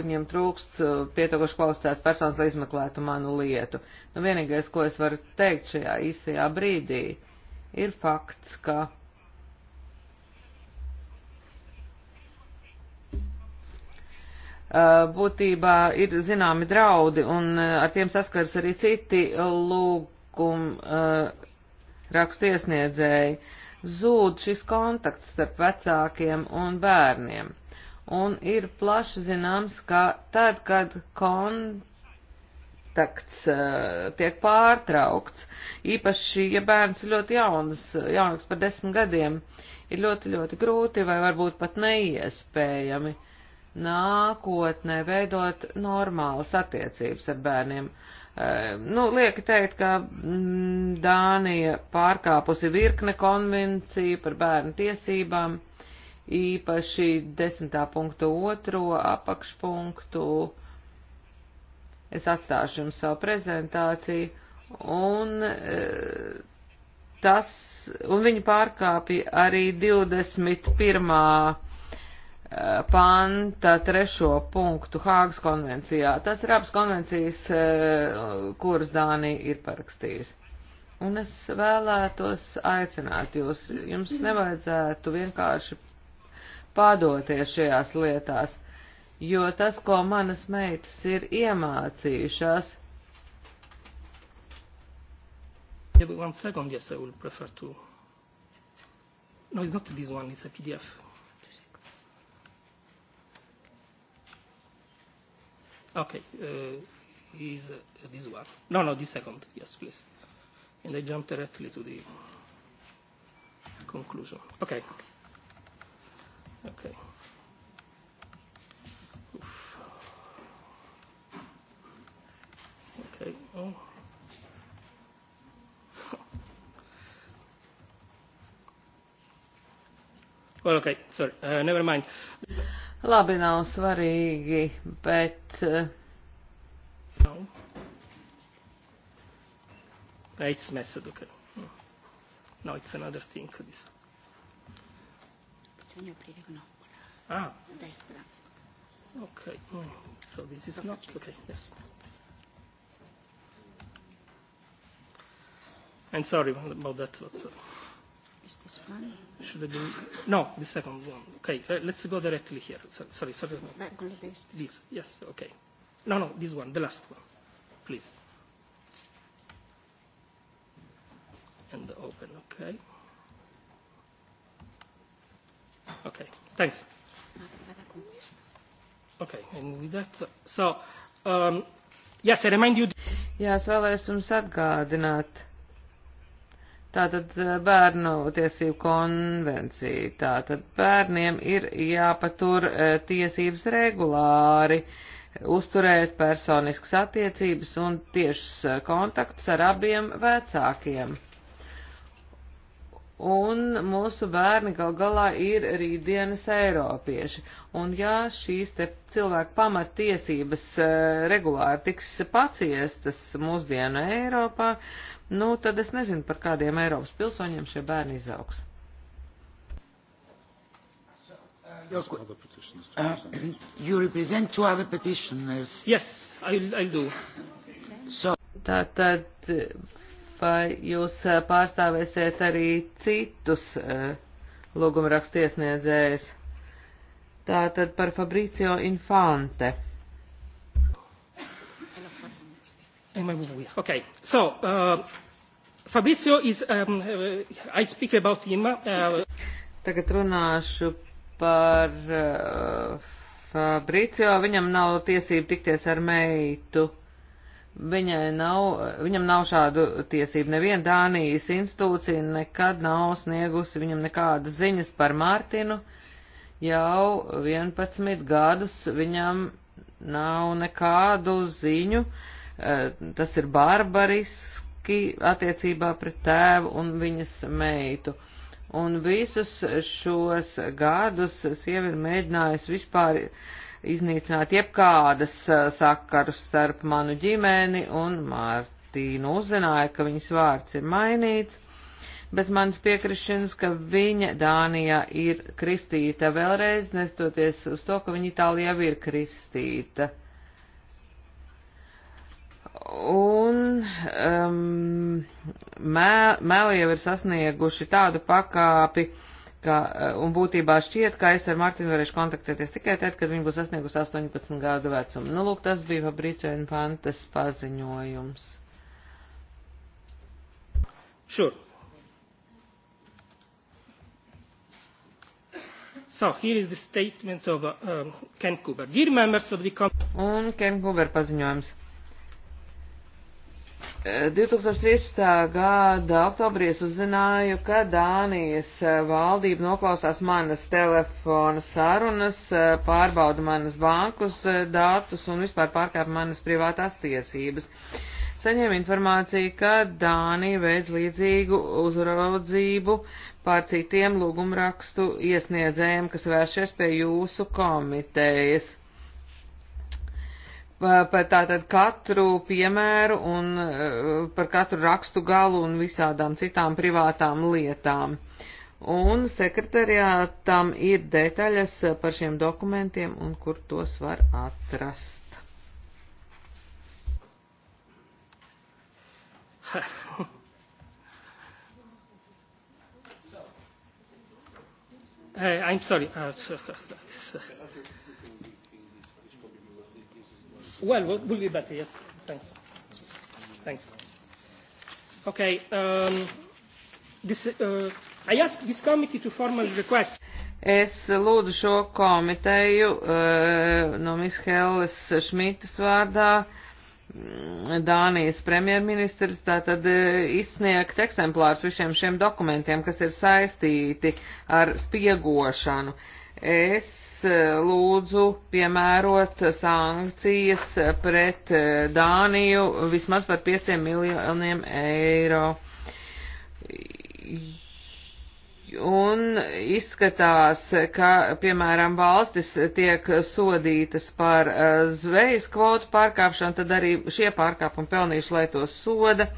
viņiem trūkst eh, pietiekoši kvalificēts personas, lai izmeklētu manu lietu. Nu, vienīgais, ko es varu teikt šajā īsajā brīdī, ir fakts, ka būtībā ir zināmi draudi, un ar tiem saskars arī citi lūguma rakstu iesniedzēji. Zūd šis kontakts starp vecākiem un bērniem, un ir plaši zināms, ka tad, kad kontakts tiek pārtraukts, īpaši, ja bērns ir ļoti jauns, jaunāks par desmit gadiem, ir ļoti, ļoti grūti vai varbūt pat neiespējami nākotnē veidot normālas attiecības ar bērniem. E, nu, lieki teikt, ka mm, Dānija pārkāpusi virkne konvenciju par bērnu tiesībām, īpaši 10.2. apakšpunktu. Es atstāšu jums savu prezentāciju, un, e, tas, un viņi pārkāpja arī 21 panta trešo punktu Hāgas konvencijā. Tas ir abas konvencijas, eh, kuras Dānija ir parakstījusi. Un es vēlētos aicināt jūs, jums nevajadzētu vienkārši padoties šajās lietās, jo tas, ko manas meitas ir iemācījušās, Yeah, but one second, yes, I will prefer to. No, it's not this one, it's a PDF. Okay, uh, is uh, this one? No, no, the second. Yes, please. And I jump directly to the conclusion. Okay. Okay. Oof. Okay. Oh. Well, okay, sorry, uh, never mind. Labi, nav svarīgi, bet. No. It's method, okay. No, nu. it's another thing. This. Bisogna aprire un opera. Ah. A destra. Okay. Mm. So this is not okay. Yes. And sorry about that. What's, uh, Is this one? Should have been no, the second one. Okay, uh, let's go directly here. So, sorry, sorry. This. this, yes, okay. No, no, this one, the last one, please. And open, okay. Okay, thanks. Okay, and with that, so um, yes, I remind you. Jā, es vēlējos jums atgādināt Tātad eh, bērnu tiesību konvencija. Tātad bērniem ir jāpatur eh, tiesības regulāri uzturēt personiskas attiecības un tiešas eh, kontaktus ar abiem vecākiem un mūsu bērni gal galā ir rītdienas eiropieši. Un ja šīs te cilvēku pamattiesības eh, regulāri tiks paciestas mūsdienu Eiropā, nu tad es nezinu, par kādiem Eiropas pilsoņiem šie bērni izaugs. Your, uh, you represent two other petitioners. Yes, I'll, I'll do. So. Tātad vai jūs eh, pārstāvēsiet arī citus eh, lūgumrakstu iesniedzējus? Tātad par Fabricio Infante. Okay, so uh, Fabrizio is, um, uh, I speak about him. Uh, Tagad runāšu par uh, Fabricio. Viņam nav tiesību tikties ar meitu. Viņai nav, viņam nav šādu tiesību. Neviena Dānijas institūcija nekad nav sniegusi viņam nekādas ziņas par Mārtinu. Jau 11 gadus viņam nav nekādu ziņu. Eh, tas ir barbariski attiecībā pret tēvu un viņas meitu. Un visus šos gadus sieviete mēģinājusi vispār uh, iznīcināt jebkādas eh, sakarus starp manu ģimeni un Mārtīnu. Uzzināja, ka viņas vārds ir mainīts, bez manas piekrišanas, ka viņa Dānijā ir kristīta vēlreiz, nestoties uz to, ka viņa Itālijā ir kristīta. Un um, ehm, mēli jau ir sasnieguši tādu pakāpi, uh, ka, eh, un būtībā šķiet, ka es ar Martinu varēšu kontaktēties tikai tad, kad viņa būs sasniegusi 18 gadu vecumu. Nu, lūk, tas bija Fabricio Infantes paziņojums. Sure. So, here is the statement of uh, um, Ken Cooper. Dear members of the... Un Ken Cooper paziņojums. 2013. gada oktobrī es uzzināju, ka Dānijas valdība noklausās manas telefona sarunas, pārbauda manas bankus datus un vispār pārkāp manas privātās tiesības. Saņēma informāciju, ka Dānija veids līdzīgu uzraudzību pār citiem lūgumrakstu iesniedzējiem, kas vēršies pie jūsu komitejas par tātad katru piemēru un eh, par katru rakstu galu un visādām citām privātām lietām. Un sekretariātam ir detaļas par šiem dokumentiem un kur tos var atrast. hey, I'm sorry. Uh, Well, well, will be better, yes. Thanks. Thanks. Okay. Um, this, uh, I ask this committee to formally request. Es lūdzu šo komiteju uh, no Miss Helles Šmitas vārdā, mm, Dānijas premjerministrs, tātad uh, izsniegt eksemplārus visiem šiem dokumentiem, kas ir saistīti ar spiegošanu. Uh, Es eh, lūdzu piemērot sankcijas pret eh, Dāniju vismaz par 5 miljoniem eiro. Un izskatās, ka, piemēram, valstis tiek sodītas par eh, zvejas kvotu pārkāpšanu, tad arī šie pārkāpumi pelnīšu, lai to soda.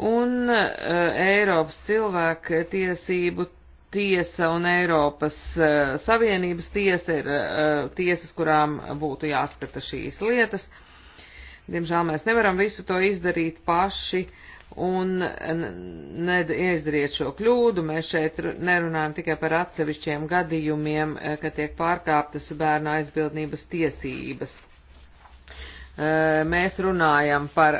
Un uh, Eiropas cilvēku tiesību tiesa un Eiropas uh, Savienības tiesa ir uh, tiesas, kurām būtu jāskata šīs lietas. Diemžēl mēs nevaram visu to izdarīt paši un neizdarīt šo kļūdu. Mēs šeit nerunājam tikai par atsevišķiem gadījumiem, eh, ka tiek pārkāptas bērna aizbildnības tiesības. Mēs runājam par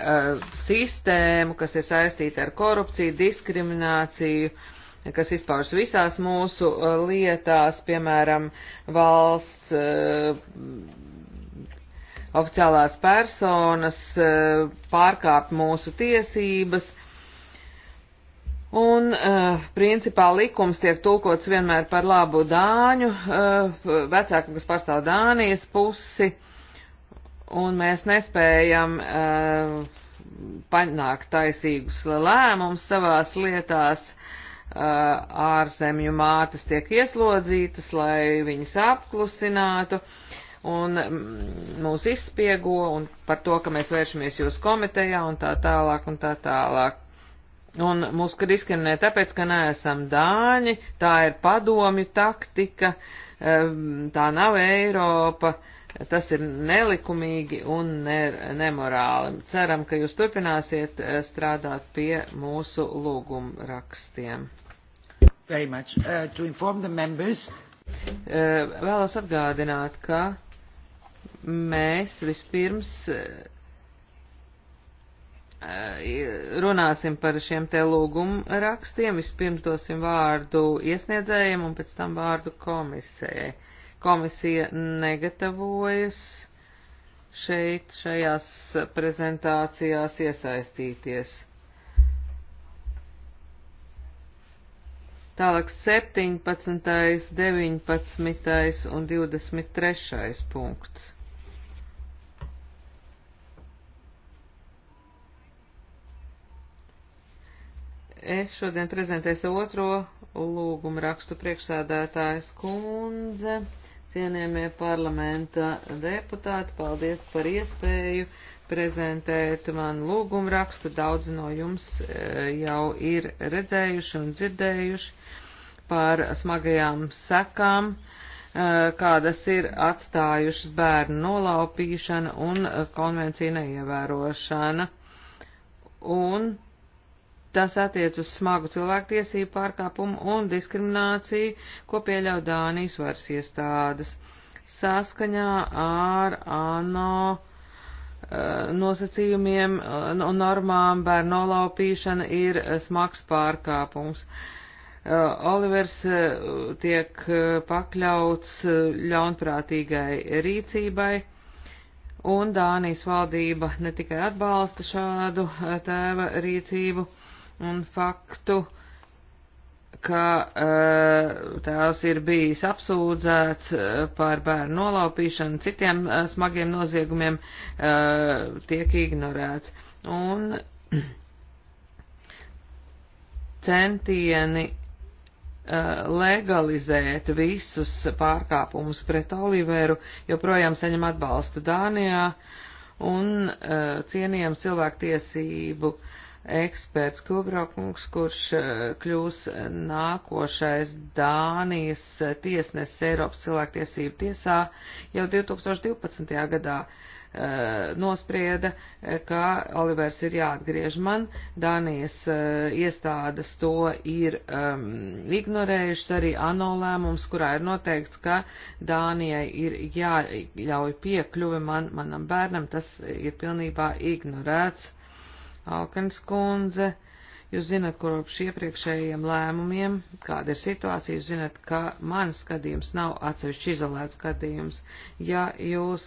sistēmu, kas ir saistīta ar korupciju, diskrimināciju, uh, kas izpaužas visās mūsu uh, lietās, piemēram, valsts uh, oficiālās personas uh, pārkāpt mūsu tiesības. Un, uh, principā, likums tiek tulkots vienmēr par labu dāņu, uh, vecākam, kas pārstāv Dānijas pusi, un mēs nespējam uh, panākt taisīgus lēmumus savās lietās, Uh, ārzemju mātes tiek ieslodzītas, lai viņas apklusinātu un mm, mūs izspiego un par to, ka mēs vēršamies jūs komitejā un tā tālāk un tā tālāk. Un mūs diskriminē tāpēc, ka neesam dāņi, tā ir padomju taktika, um, tā nav Eiropa. Uh, Tas ir nelikumīgi un ne, nemorāli. Ceram, ka jūs turpināsiet eh, strādāt pie mūsu lūguma rakstiem. Very much. Uh, to inform the members. Uh, vēlos atgādināt, ka mēs vispirms eh, runāsim par šiem te lūgumu rakstiem, vispirms dosim vārdu iesniedzējiem un pēc tam vārdu komisējai. Komisija negatavojas šeit, šajās prezentācijās iesaistīties. Tālāk 17., 19. un 23. punkts. Es šodien prezentēšu otro lūgumu rakstu priekšsādātājas kundze. Cienījamie parlamenta deputāti, paldies par iespēju prezentēt manu lūgumu rakstu. Daudzi no jums e, jau ir redzējuši un dzirdējuši par smagajām sekām, e, kādas ir atstājušas bērnu nolaupīšana un konvenciju neievērošana. Un Tas attiec uz smagu cilvēktiesību pārkāpumu un diskrimināciju, ko pieļauj Dānijas varas iestādes. Saskaņā ar ANO eh, nosacījumiem eh, un normām bērnu nolaupīšana ir eh, smags pārkāpums. Olivers tiek pakļauts ļaunprātīgai rīcībai, un Dānijas valdība ne tikai atbalsta šādu tēva rīcību, un faktu, ka eh, tās ir bijis apsūdzēts eh, par bērnu nolaupīšanu, citiem eh, smagiem noziegumiem tiek ignorēts. Un centieni legalizēt visus pārkāpumus pret Oliveru, joprojām saņem atbalstu Dānijā, un cienījam cilvēktiesību uh, eksperts Kubrokungs, kurš eh, kļūs nākošais Dānijas eh, tiesnesis Eiropas cilvēktiesību tiesā, jau 2012. gadā uh, nosprieda, ka Olivers ir jāatgriež man. Dānijas uh, iestādes to ir um, ignorējušas arī ANO lēmums, kurā ir noteikts, ka Dānijai ir jāļauj piekļuvi man, manam bērnam. Tas ir pilnībā ignorēts Alkans kundze. Jūs zinat, kopš iepriekšējiem lēmumiem, kāda ir situācija, jūs zinat, ka mans skatījums nav atsevišķi izolēts skatījums. Ja jūs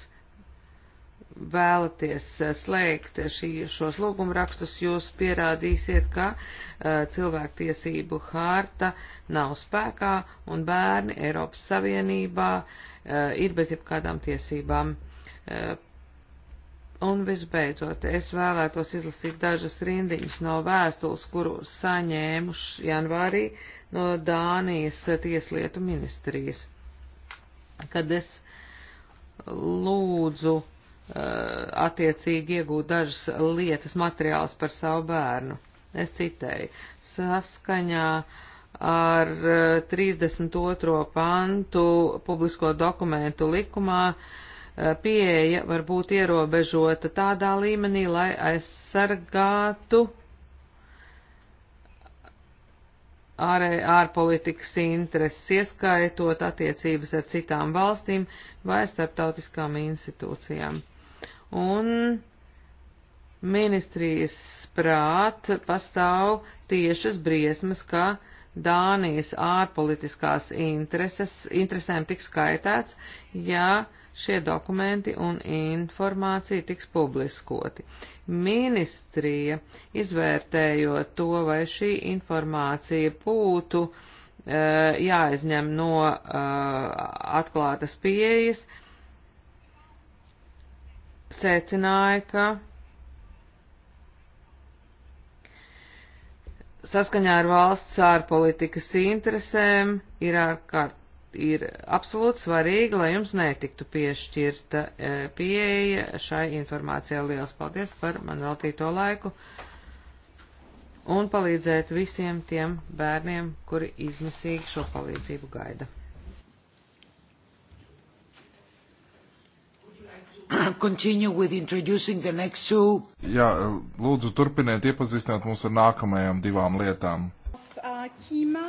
vēlaties eh, slēgt šī, šos lūgumrakstus, jūs pierādīsiet, ka uh, cilvēktiesību harta nav spēkā un bērni Eiropas Savienībā uh, ir bez jebkādām tiesībām. Uh, Un visbeidzot, es vēlētos izlasīt dažas rindiņas no vēstules, kuru saņēmu janvārī no Dānijas tieslietu ministrijas, kad es lūdzu uh, attiecīgi iegūt dažas lietas materiālus par savu bērnu. Es citēju, saskaņā ar 32. Eh, pantu publisko dokumentu likumā uh, Eh, pieeja var būt ierobežota tādā līmenī, lai aizsargātu ārē, ārpolitikas intereses, ieskaitot attiecības ar citām valstīm vai starptautiskām institūcijām. Un ministrijas prāt pastāv tiešas briesmas, ka Dānijas ārpolitiskās intereses, interesēm tik skaitāts, ja uh, šie dokumenti un informācija tiks publiskoti. Ministrija, izvērtējot to, vai šī informācija būtu e, jāizņem no e, atklātas pieejas, secināja, ka saskaņā ar valsts ārpolitikas interesēm ir ārkārt ir absolūti svarīgi, lai jums netiktu piešķirta e, pieeja šai informācijai. Lielas paldies par man veltīto laiku un palīdzēt visiem tiem bērniem, kuri izmisīgi šo palīdzību gaida. Jā, lūdzu turpiniet iepazīstināt mūs ar nākamajām divām lietām. Kīma.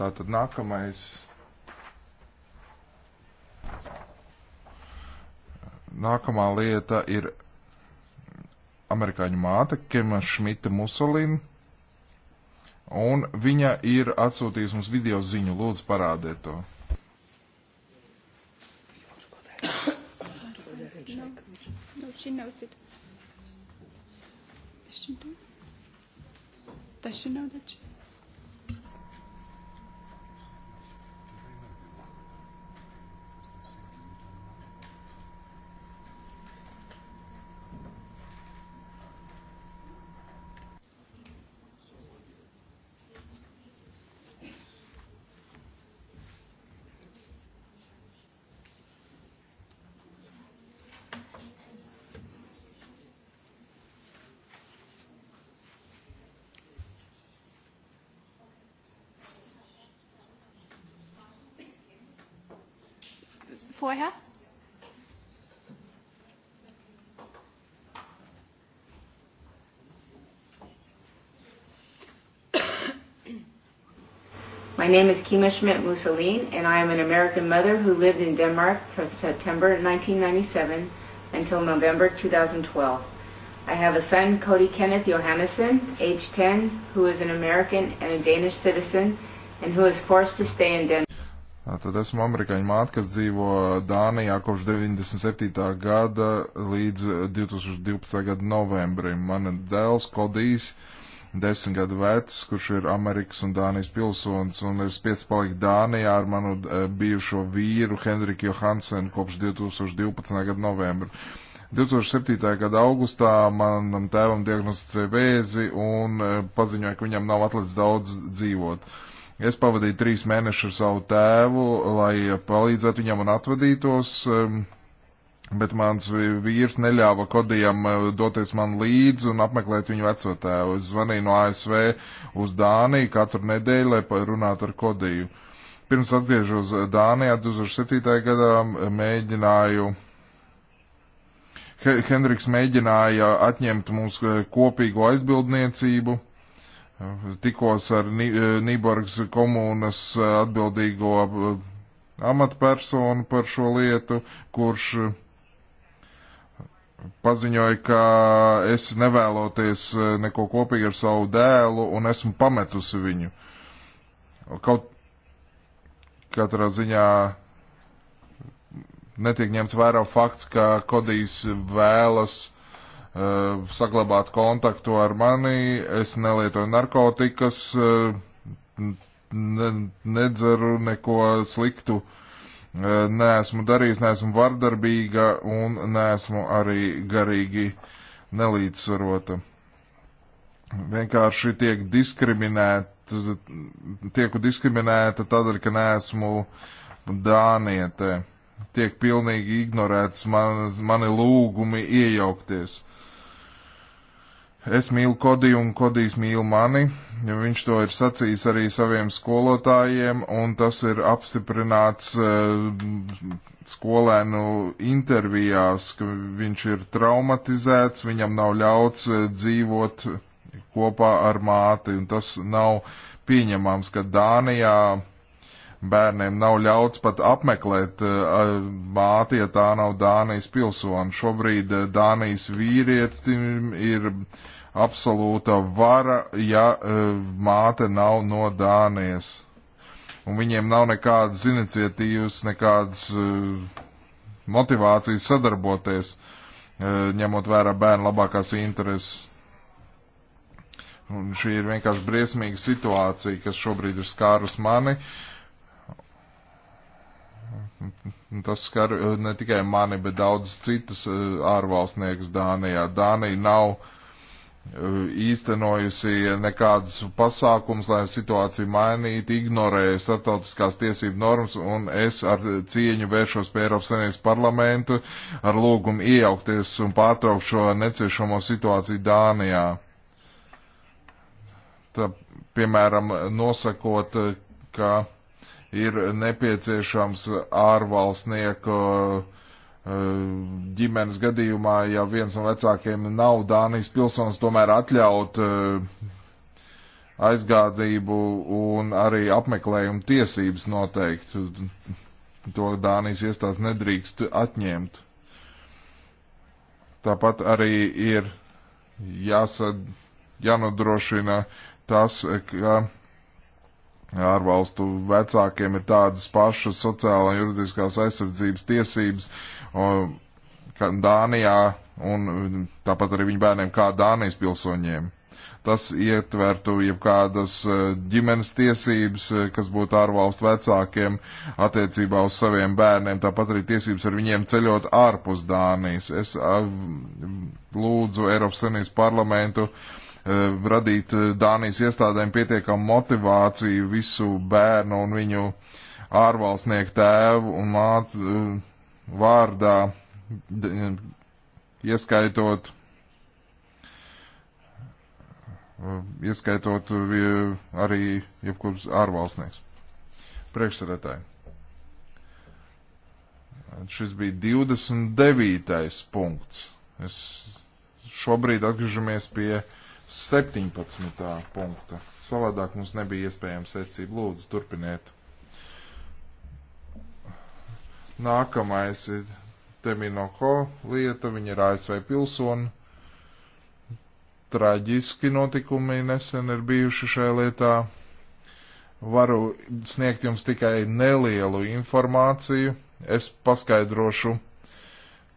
Tātad nākamais. Nākamā lieta ir amerikāņu māte Kema Šmita Musolina. Un viņa ir atsūtījusi mums video ziņu. Lūdzu, parādiet to. No, no, she knows it. Does she do? Does she know that she? vorher? My name is Kima Schmidt Mussolin, and I am an American mother who lived in Denmark from September 1997 until November 2012. I have a son, Cody Kenneth Johannesson, age 10, who is an American and a Danish citizen, and who is forced to stay in Denmark. Tad esmu amerikāņu māte, kas dzīvo Dānijā kopš 97. gada līdz 2012. gada novembrim. Mana dēls Kodijs, desmit gadu vecs, kurš ir Amerikas un Dānijas pilsonis, un ir spiests palikt Dānijā ar manu e, bijušo vīru Henriku Johansenu kopš 2012. gada novembra. 2007. gada augustā manam tēvam diagnosticēja vēzi un e, paziņoja, ka viņam nav atlicis daudz dzīvot. Uh, Es pavadīju trīs mēnešus ar savu tēvu, lai palīdzētu viņam un atvadītos, um, bet mans vīrs neļāva Kodijam uh, doties man līdzi un apmeklēt viņu vecotēvu. Es zvanīju no ASV uz Dāniju katru nedēļu, lai runātu ar Kodiju. Pirms atgriežos Dānijā 2007. gadā mēģināju Henriks mēģināja atņemt mums uh, kopīgo aizbildniecību. Tikos ar Nīborgas e, komunas e, atbildīgo e, amatpersonu par šo lietu, kurš paziņoja, ka es nevēloties neko kopīgi ar savu dēlu un esmu pametusi viņu. Kaut katrā ziņā netiek ņemts vērā fakts, ka Kodijs vēlas Eh, saglabāt kontaktu ar mani, es nelietoju narkotikas, eh, ne, nedzeru neko sliktu, eh, neesmu darījis, neesmu vardarbīga un neesmu arī garīgi nelīdzsvarota. Vienkārši tiek diskriminēta, tieku diskriminēta tādēļ, ka neesmu dānietē tiek pilnīgi ignorēts man, mani lūgumi iejaukties. Es mīlu Kodiju un Kodijs mīl mani, jo viņš to ir sacījis arī saviem skolotājiem, un tas ir apstiprināts uh, skolēnu intervijās, ka viņš ir traumatizēts, viņam nav ļauts uh, dzīvot kopā ar māti, un tas nav pieņemams, ka Dānijā bērniem nav ļauts pat apmeklēt eh, māti, ja tā nav Dānijas pilsona. Šobrīd eh, Dānijas vīrietim ir absolūta vara, ja eh, māte nav no Dānijas. Un viņiem nav nekādas iniciatīvas, nekādas motivācijas sadarboties, ņemot vērā bērnu labākās intereses. Un šī ir vienkārši briesmīga situācija, kas šobrīd ir skārus mani. Uh, Tas skar eh, ne tikai mani, bet daudz citus eh, ārvalstniekus Dānijā. Dānija nav eh, īstenojusi nekādus pasākums, lai situāciju mainītu, ignorēja startautiskās tiesību normas, un es ar cieņu vēršos pie Eiropas Savienības parlamentu ar lūgumu iejaukties un pārtraukt šo neciešamo situāciju Dānijā. Tā, piemēram, nosakot, ka ir nepieciešams ārvalstnieku eh, ģimenes gadījumā, ja viens no vecākiem nav Dānijas pilsonis, tomēr atļaut eh, aizgādību un arī apmeklējumu tiesības noteikti. To Dānijas iestādes nedrīkst atņemt. Tāpat arī ir jāsad, jānodrošina tas, ka ārvalstu vecākiem ir tādas pašas sociālā un juridiskās aizsardzības tiesības Dānijā un tāpat arī viņu bērniem kā Dānijas pilsoņiem. Tas ietvertu jebkādas e, ģimenes tiesības, e, kas būtu ārvalstu vecākiem attiecībā uz saviem bērniem, tāpat arī tiesības ar viņiem ceļot ārpus Dānijas. Es lūdzu Eiropas Savienības parlamentu uh, E, radīt e, Dānijas iestādēm pietiekamu motivāciju visu bērnu un viņu ārvalstnieku tēvu un mātu e, vārdā, ieskaitot, ieskaitot arī jebkurš ārvalstnieks. Priekšsēdētāji. Šis bija 29. punkts. Es šobrīd atgriežamies pie uh, 17. punkta. Savādāk mums nebija iespējams secība. Lūdzu, turpiniet. Nākamais ir Teminoko lieta, viņa ir ASV pilsona. Traģiski notikumi nesen ir bijuši šajā lietā. Varu sniegt jums tikai nelielu informāciju. Es paskaidrošu,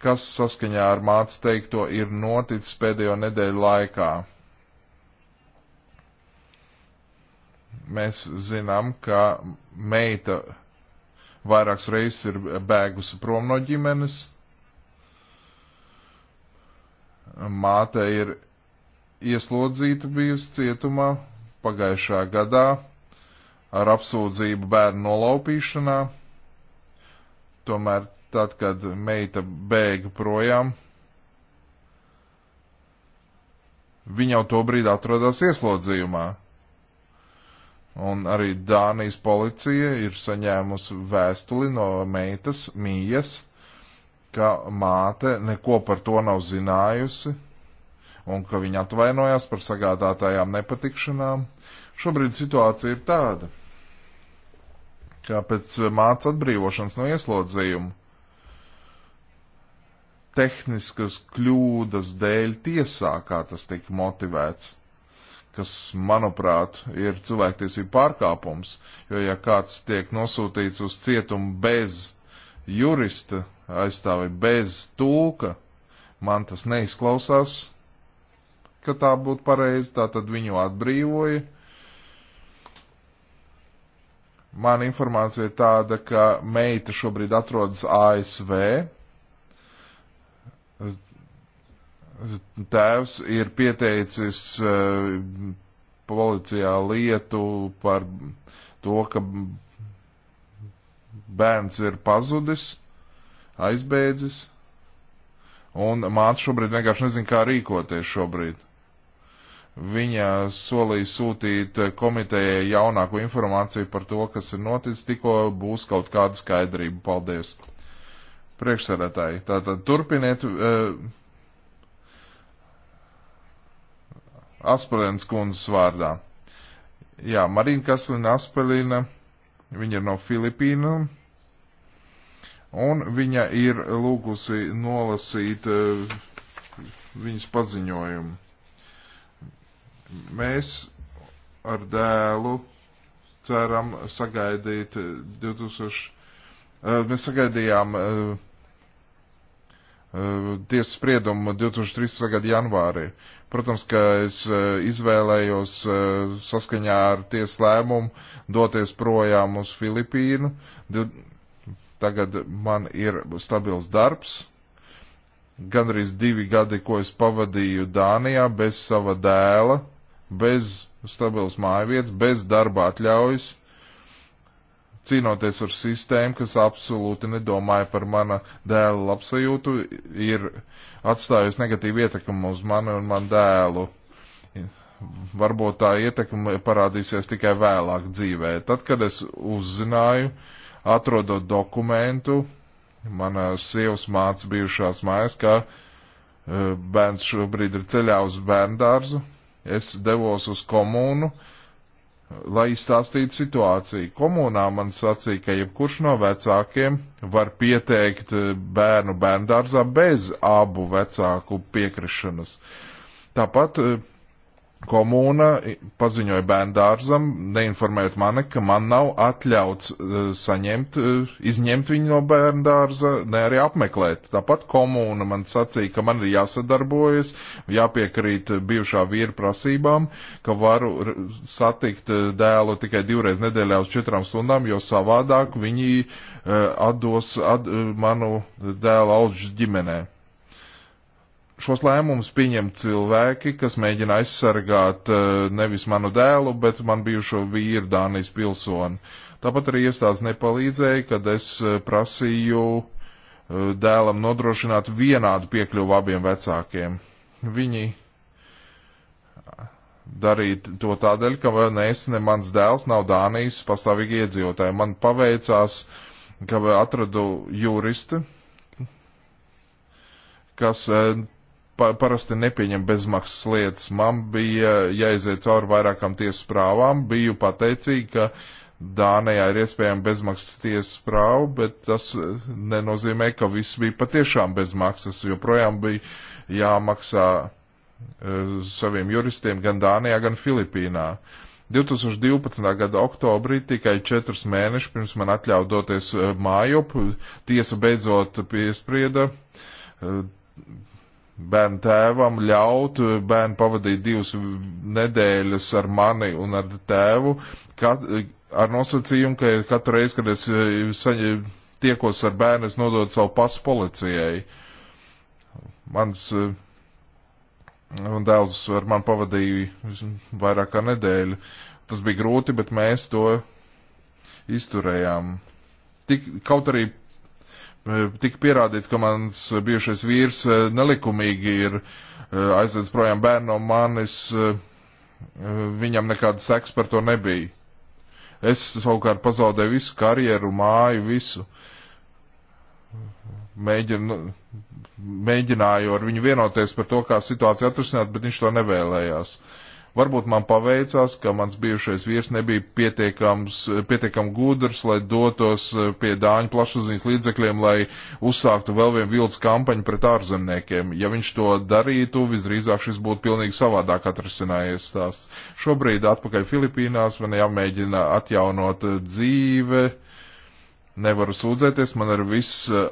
kas saskaņā ar mācu teikto ir noticis pēdējo nedēļu laikā. Mēs zinām, ka meita vairākas reizes ir bēgusi prom no ģimenes. Māte ir ieslodzīta bijusi cietumā pagājušā gadā ar apsūdzību bērnu nolaupīšanā. Tomēr tad, kad meita bēga projām, viņa jau to brīdi atrodas ieslodzījumā. Un arī Dānijas policija ir saņēmusi vēstuli no meitas Mijas, ka māte neko par to nav zinājusi un ka viņa atvainojās par sagādātajām nepatikšanām. Šobrīd situācija ir tāda, ka pēc māca atbrīvošanas no ieslodzījuma tehniskas kļūdas dēļ tiesā, kā tas tika motivēts kas, manuprāt, ir cilvēktiesība pārkāpums, jo ja kāds tiek nosūtīts uz cietumu bez jurista aizstāvi, bez tulka, man tas neizklausās, ka tā būtu pareizi, tā tad viņu atbrīvoja. Man informācija ir tāda, ka meita šobrīd atrodas ASV, tēvs ir pieteicis eh, policijā lietu par to, ka bērns ir pazudis, aizbēdzis, un māte šobrīd vienkārši nezin, kā rīkoties šobrīd. Viņa solīja sūtīt komitejai jaunāko informāciju par to, kas ir noticis, tikko būs kaut kāda skaidrība. Paldies! Priekšsēdētāji, tātad turpiniet. Uh, Aspelēns kundzes vārdā. Jā, Marina Kaslina Aspelīna, viņa ir no Filipīnu, un viņa ir lūgusi nolasīt uh, viņas paziņojumu. Mēs ar dēlu ceram sagaidīt eh, 2000, uh, mēs sagaidījām uh, Eh, tiesas spriedumu 2013. gada janvārī. Protams, ka es eh, izvēlējos eh, saskaņā ar tiesas lēmumu doties projām uz Filipīnu. Tagad man ir stabils darbs. Gandrīz divi gadi, ko es pavadīju Dānijā bez sava dēla, bez stabilas mājvietas, bez darba atļaujas cīnoties ar sistēmu, kas absolūti nedomāja par mana dēla labsajūtu, ir atstājusi negatīvu ietekmi uz mani un manu dēlu. Varbūt tā ietekme parādīsies tikai vēlāk dzīvē. Tad, kad es uzzināju, atrodot dokumentu, mana sievas māca bijušās mājas, ka eh, bērns šobrīd ir ceļā uz bērndārzu, es devos uz komūnu, uh, lai izstāstītu situāciju. Komunā man sacīja, ka jebkurš no vecākiem var pieteikt eh, bērnu bērndārzā bez abu vecāku piekrišanas. Tāpat eh, Komūna paziņoja bērndārzam, neinformējot mani, ka man nav atļauts uh, saņemt, uh, izņemt viņu no bērndārza, ne arī apmeklēt. Tāpat komūna man sacīja, ka man ir jāsadarbojas, jāpiekrīt bijušā vīra prasībām, ka varu satikt e, dēlu tikai divreiz nedēļā uz četrām stundām, jo savādāk viņi uh, atdos ad, manu dēlu audžu ģimenei šos lēmumus pieņem cilvēki, kas mēģina aizsargāt eh, nevis manu dēlu, bet man bijušo vīru Dānijas pilsoni. Tāpat arī iestādes nepalīdzēja, kad es eh, prasīju eh, dēlam nodrošināt vienādu piekļuvu abiem vecākiem. Viņi darīt to tādēļ, ka ne es, ne mans dēls nav Dānijas pastāvīgi iedzīvotāji. Man paveicās, ka atradu juristu, kas pa, parasti nepieņem bezmaksas lietas. Man bija jāiziet cauri vairākām tiesas prāvām, biju pateicīgi, ka Dānijā ir iespējama bezmaksas tiesas prāva, bet tas eh, nenozīmē, ka viss bija patiešām bezmaksas, jo projām bija jāmaksā uh, saviem juristiem gan Dānijā, gan Filipīnā. 2012. gada oktobrī, tikai četrus mēnešus pirms man atļauja doties eh, mājup, tiesa beidzot piesprieda uh, bērnu tēvam ļaut bērnu pavadīt divas nedēļas ar mani un ar tēvu, kat, ar nosacījumu, ka katru reizi, kad es saņem, tiekos ar bērnu, es nododu savu pasu policijai. Mans dēls ar mani pavadīja vairāk kā nedēļu. Tas bija grūti, bet mēs to izturējām. Tik, kaut arī Eh, Tik pierādīts, ka mans bijušais vīrs eh, nelikumīgi ir eh, aizvedis projām bērnu no manis, viņam nekāda seks par to nebija. Es savukārt pazaudēju visu karjeru, māju, visu. Mēģinu, mēģināju ar viņu vienoties par to, kā situācija atrisināt, bet viņš to nevēlējās. Uh, Varbūt man paveicās, ka mans bijušais vīrs nebija pietiekams, pietiekam gudrs, lai dotos eh, pie Dāņu plašsaziņas līdzekļiem, lai uzsāktu vēl vienu vilts kampaņu pret ārzemniekiem. Ja viņš to darītu, visdrīzāk šis būtu pilnīgi savādāk atrisinājies stāsts. Šobrīd atpakaļ Filipīnās man jāmēģina atjaunot dzīve. Nevaru sūdzēties, man ir viss eh,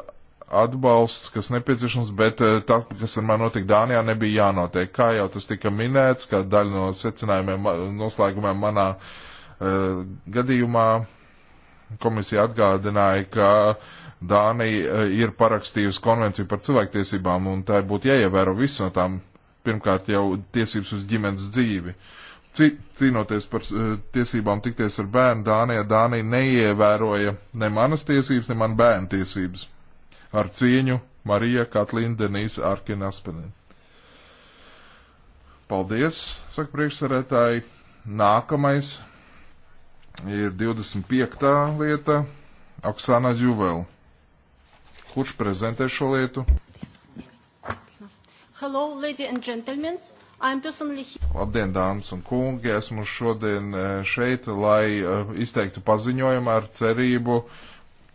atbalsts, kas nepieciešams, bet eh, tas, kas ar mani notika Dānijā, nebija jānotiek. Kā jau tas tika minēts, kā daļa no secinājumiem, noslēgumiem manā uh, gadījumā komisija atgādināja, ka Dānija eh, ir parakstījusi konvenciju par cilvēktiesībām, un tai būtu jāievēro viss no tām, pirmkārt jau tiesības uz ģimenes dzīvi. Cīnoties par uh, tiesībām tikties ar bērnu Dānijā, Dānija neievēroja ne manas tiesības, ne man bērnu tiesības Ar cieņu Marija Katlīna Denīsa Arkina Aspenē. Paldies, saka priekšsarētāji. Nākamais ir 25. lieta - Oksana Džuvel. Kurš prezentē šo lietu? Hello, ladies and gentlemen. Personally... Labdien, dāmas un kungi! Esmu šodien eh, šeit, lai eh, izteiktu paziņojumu ar cerību uh,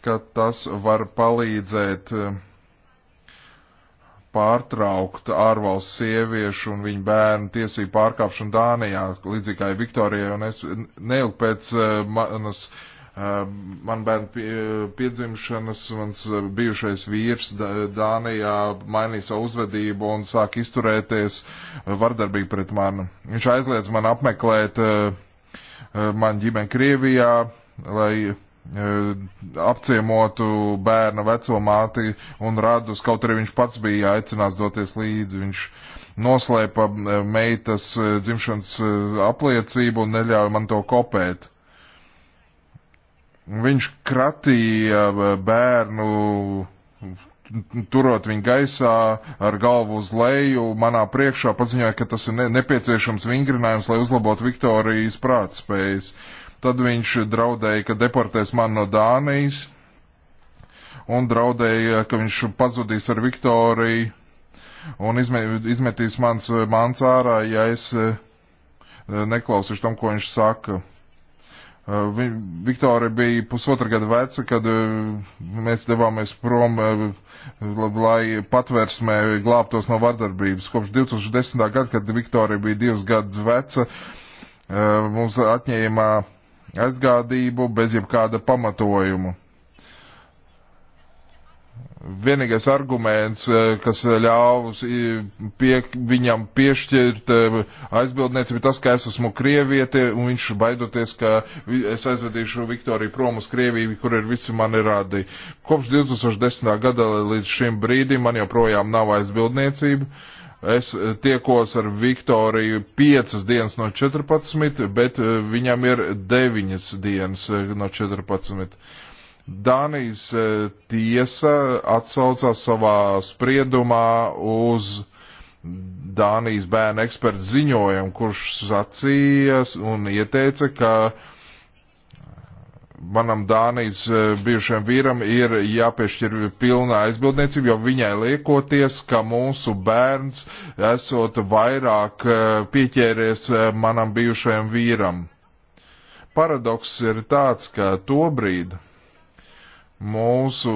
ka tas var palīdzēt eh, pārtraukt ārvalsts sieviešu un viņu bērnu tiesību pārkāpšanu Dānijā, līdzīgi kā Viktorijai, un es neilgi pēc eh, manas, eh, man bērnu piedzimšanas, mans bijušais vīrs Dānijā mainīja savu uzvedību un sāk izturēties vardarbīgi pret mani. Viņš aizliedz man apmeklēt man ģimeni Krievijā, lai E, apciemotu bērna veco māti un radus, kaut arī viņš pats bija aicināts doties līdzi. Viņš noslēpa e, meitas e, dzimšanas apliecību un neļāva man to kopēt. Viņš kratīja bērnu, turot viņu gaisā ar galvu uz leju, manā priekšā paziņoja, ka tas ir nepieciešams vingrinājums, lai uzlabotu Viktorijas prātspējas. spējas Tad viņš draudēja, ka deportēs mani no Dānijas un draudēja, ka viņš pazudīs ar Viktoriju un izme, izmetīs mans mans ārā, ja es e, neklausīšu tam, ko viņš saka. E, vi, Viktorija bija pusotra gada veca, kad e, mēs devāmies prom, lai patversmē glābtos no vardarbības. Kopš 2010. gada, kad Viktorija bija divas gadus veca, mums atņēma aizgādību bez jebkāda pamatojuma. Vienīgais arguments, eh, kas ļāvus pie, viņam piešķirt eh, aizbildnieci, bija tas, ka es esmu krieviete, un viņš baidoties, ka es aizvedīšu Viktoriju prom uz Krieviju, kur ir visi mani rādi. Kopš 2010. gada līdz šim brīdim man joprojām nav aizbildniecība. Uh, Es eh, tiekos ar Viktoriju 5 dienas no 14, bet eh, viņam ir 9 dienas eh, no 14. Dānijas tiesa atsaucās savā spriedumā uz Dānijas bērnu ekspertu ziņojumu, kurš sacīja un ieteica, ka manam Dānijas e, bijušajam vīram ir jāpiešķir pilna aizbildniecība, jo viņai liekoties, ka mūsu bērns esot vairāk e, pieķēries e, manam bijušajam vīram. Paradoks ir tāds, ka tobrīd mūsu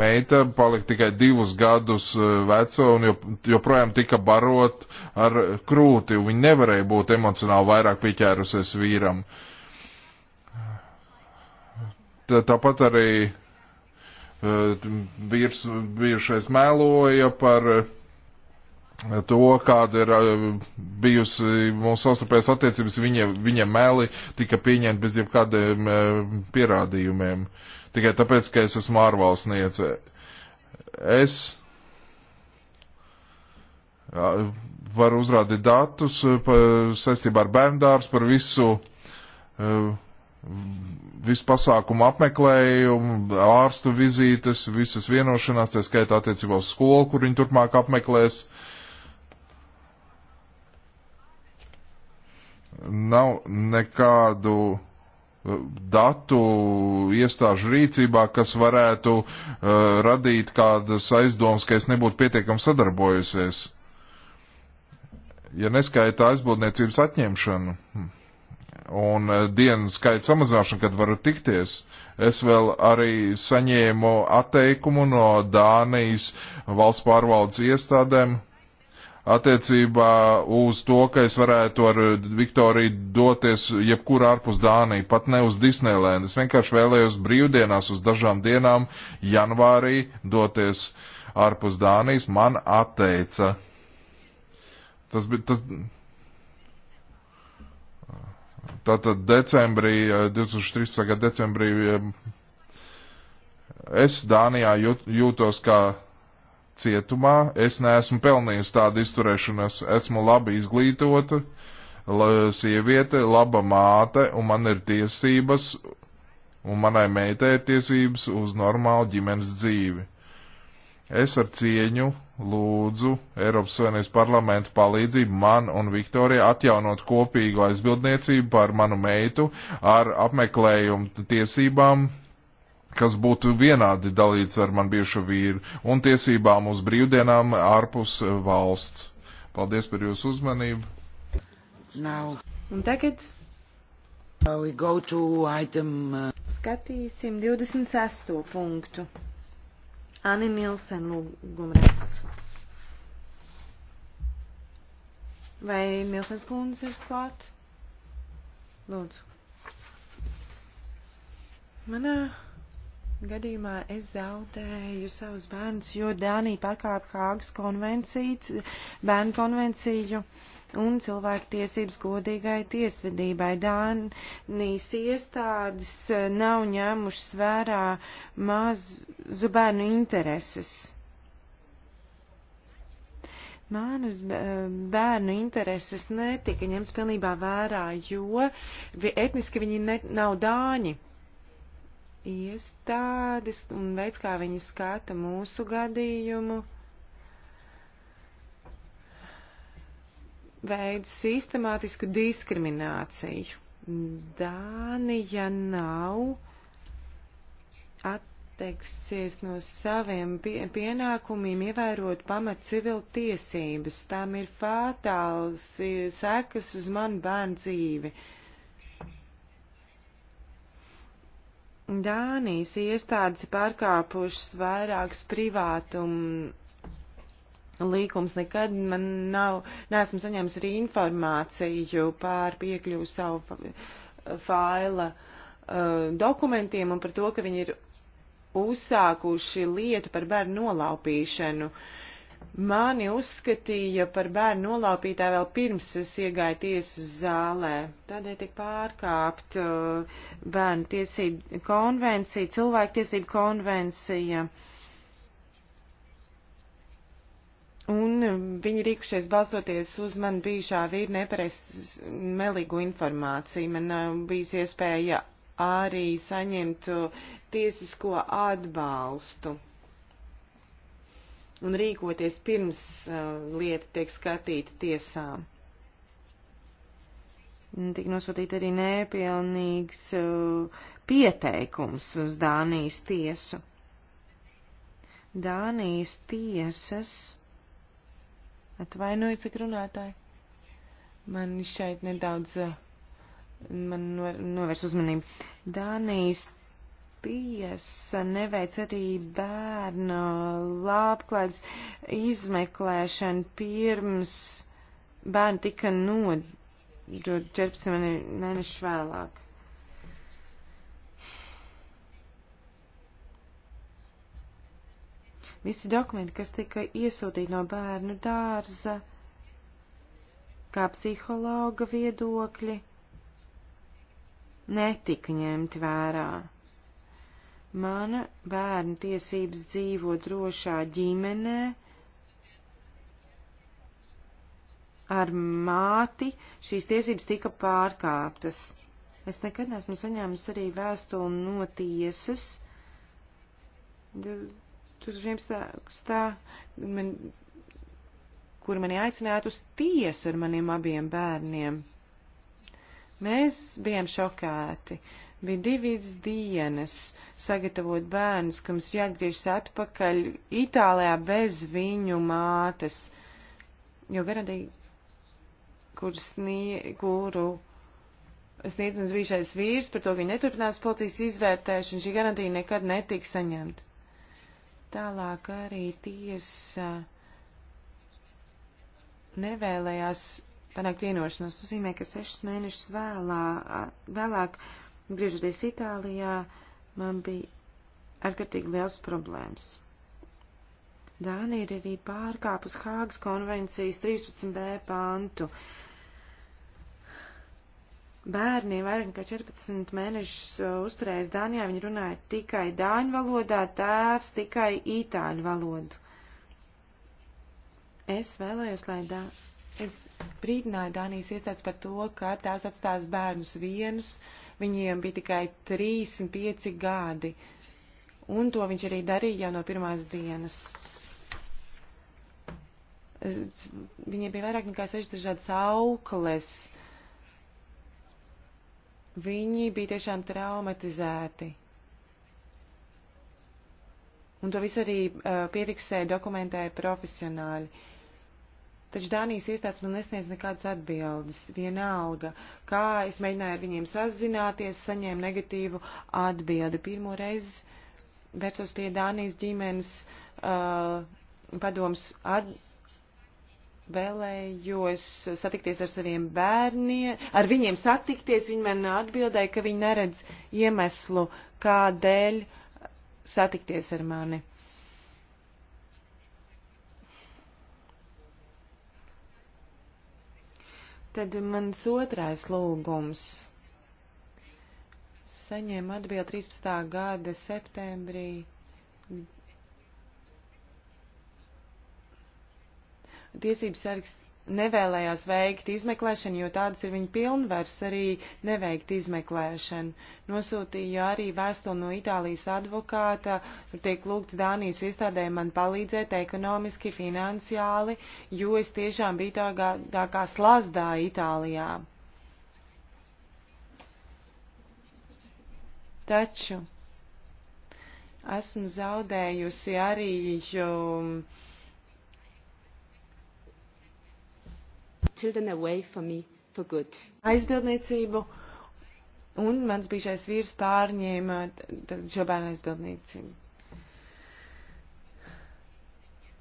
meita palika tikai divus gadus veca un joprojām tika barot ar krūti. Viņa nevarēja būt emocionāli vairāk pieķērusies vīram. Uh, Eh, tāpat arī eh, vīrs bijušais mēloja par eh, to, kāda ir bijusi mūsu sastarpējās attiecības, viņa, viņa meli tika pieņemta bez jebkādiem pierādījumiem. Tikai tāpēc, ka es esmu ārvalstniece. Es varu uzrādīt datus par, saistībā ar bērndārs par visu visu pasākumu apmeklējumu, ārstu vizītes, visas vienošanās, tā skaitā attiecībā uz skolu, kur viņi turpmāk apmeklēs. Nav nekādu uh, datu iestāžu rīcībā, kas varētu uh, radīt kādas aizdomas, ka es nebūtu pietiekami sadarbojusies. Ja neskaita aizbūdniecības atņemšanu. Hmm un eh, dienu skaita samazināšana, kad varu tikties. Es vēl arī saņēmu atteikumu no Dānijas valsts pārvaldes iestādēm attiecībā uz to, ka es varētu ar Viktoriju doties jebkur ārpus Dāniju, pat ne uz Disneylandu. Es vienkārši vēlējos brīvdienās uz dažām dienām janvārī doties ārpus Dānijas. Man atteica. Tas bija. Tas, Tātad decembrī, 2013. Eh, gada decembrī eh, es Dānijā jūtos kā cietumā. Es neesmu pelnījusi tādu izturēšanos. Esmu labi izglītota, la, sieviete, laba māte, un man ir tiesības, un manai meitai ir tiesības uz normālu ģimenes dzīvi. Es ar cieņu lūdzu Eiropas Savienības parlamentu palīdzību man un Viktorija atjaunot kopīgu aizbildniecību par manu meitu ar apmeklējumu tiesībām, kas būtu vienādi dalīts ar man bijušo vīru, un tiesībām uz brīvdienām ārpus valsts. Paldies par jūsu uzmanību. Nav. Un tagad? Now we go to item. Uh... Skatīsim 26. punktu. Ани Нилsen lūgumraksts. Vai Nilsens kundze ir klāt? Lūdzu. Manā gadījumā es zaudēju savus bērnus, jo Dānija pārkāpa Hāgas konvenciju, bērnu konvenciju. Uh, un cilvēktiesības godīgai tiesvedībai. Dānijas iestādes eh, nav ņēmušas vērā mazu bērnu intereses. Manas eh, bērnu intereses netika ņemts pilnībā vērā, jo etniski viņi ne, nav dāņi. Iestādes un veids, kā viņi skata mūsu gadījumu. Uh, veidu sistemātisku diskrimināciju. Dānija nav atteiksies no saviem pienākumiem ievērot pamat civil tiesības. Tām ir fatāls sekas uz manu bērnu dzīvi. Dānijas iestādes pārkāpušas vairākas privātuma Līkums nekad man nav, neesmu saņēmis arī informāciju pār piekļuvu savu faila uh, dokumentiem un par to, ka viņi ir uzsākuši lietu par bērnu nolaupīšanu. Mani uzskatīja par bērnu nolaupītāju vēl pirms es iegāju tiesas zālē. Tādēļ tik pārkāpt uh, bērnu tiesību konvencija, cilvēku tiesību konvencija. Uh, Un um, viņi rīkušies balstoties uz man bijušā vīra nepareizs melīgu informāciju. Man um, bijis iespēja arī saņemt uh, tiesisko atbalstu un rīkoties pirms uh, lieta tiek skatīta tiesā. Tik nosūtīt arī nepilnīgs uh, pieteikums uz Dānijas tiesu. Dānijas tiesas Atvainojiet, cik runātāji. Man šeit nedaudz eh, man novērs uzmanību. Dānijas tiesa neveic arī bērna labklājības izmeklēšanu pirms bērni tika nod 14 mēnešu vēlāk. Visi dokumenti, kas tika iesūtīti no bērnu dārza, kā psihologa viedokļi, netika ņemti vērā. Mana bērna tiesības dzīvo drošā ģimenē ar māti, šīs tiesības tika pārkāptas. Es nekad neesmu saņēmusi arī vēstuli no tiesas 2011. Man, kur mani aicinātu uz tiesu ar maniem abiem bērniem. Mēs bijām šokēti. Bija divas dienas sagatavot bērnus, kam jāatgriežas atpakaļ Itālijā bez viņu mātes, jo garantīgi, kur snie, kuru sniedzams bijušais vīrs, par to, ka viņi neturpinās policijas izvērtēšanu, šī garantija nekad netika saņemta. Tālāk arī tiesa nevēlējās panākt vienošanos. Tas nozīmē, ka sešas mēnešus vēlā, vēlāk, griežoties Itālijā, man bija ārkārtīgi liels problēmas. Dānija ir arī pārkāpus Hāgas konvencijas 13b pantu. Uh, bērni vairāk nekā 14 mēnešus uh, uzturējis Dānijā, viņi runāja tikai dāņu valodā, tēvs tikai itāļu valodu. Es vēlējos, lai dā... es brīdināju Dānijas iestādes par to, ka tēvs atstās bērnus vienus, viņiem bija tikai 3 un 5 gadi, un to viņš arī darīja jau no pirmās dienas. Viņiem bija vairāk nekā 6 dažādas aukles. Uh, Viņi bija tiešām traumatizēti. Un to visu arī uh, pierakstīja, dokumentēja profesionāļi. Taču Dānijas iestādes man nesniedz nekādas atbildes. Vienalga, kā es mēģināju ar viņiem sazināties, saņēmu negatīvu atbildi. Pirmo reizi vērsos pie Dānijas ģimenes uh, padoms atbildības vēlējos satikties ar saviem bērniem, ar viņiem satikties, viņi man atbildēja, ka viņi neredz iemeslu, kādēļ satikties ar mani. Tad mans otrais lūgums. Saņēmu atbildi 13. gada septembrī tiesības sargs nevēlējās veikt izmeklēšanu, jo tādas ir viņa pilnvars arī neveikt izmeklēšanu. Nosūtīja arī vēstuli no Itālijas advokāta, kur tiek lūgts Dānijas iestādē man palīdzēt ekonomiski, finansiāli, jo es tiešām biju tā kā, tā kā slazdā Itālijā. Taču esmu zaudējusi arī. Jo, um, children away from me for good. Aizbildniecību. Un mans bijušais vīrs pārņēma šo bērnu aizbildniecību.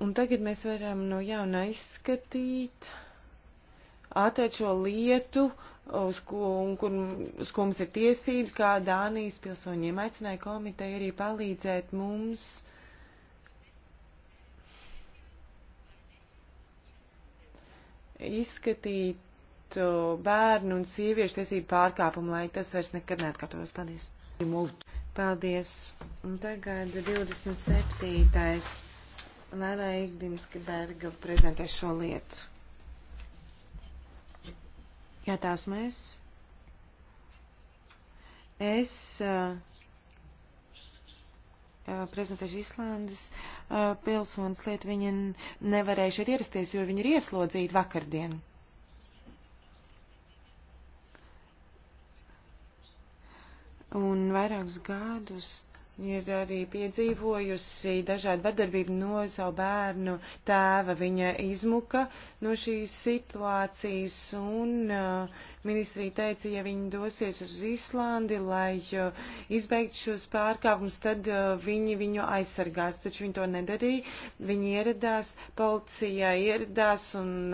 Un tagad mēs varam no jauna izskatīt, atvērt šo lietu, uz ko, un, kur, uz ko mums ir tiesības, kā Dānijas pilsoņiem aicināja komiteja arī palīdzēt mums izskatītu bērnu un sieviešu tiesību pārkāpumu, lai tas vairs nekad neatkārtotos. Paldies! Paldies! Un tagad 27. Lēlā Igdinska Berga prezentē šo lietu. Jā, tās mēs. Es. Uh, Eh, prezidentēšu Islandes eh, pilsonas lietu, viņa nevarēja šeit ierasties, jo viņa ir ieslodzīta vakardien. Un vairākus gadus ir arī piedzīvojusi dažādu vardarbību no savu bērnu tēva. Viņa izmuka no šīs situācijas un uh, ministrija teica, ja viņi dosies uz Īslandi, lai uh, izbeigtu šos pārkāpumus, tad uh, viņi viņu aizsargās. Taču viņi to nedarīja. Viņi ieradās, policija ieradās un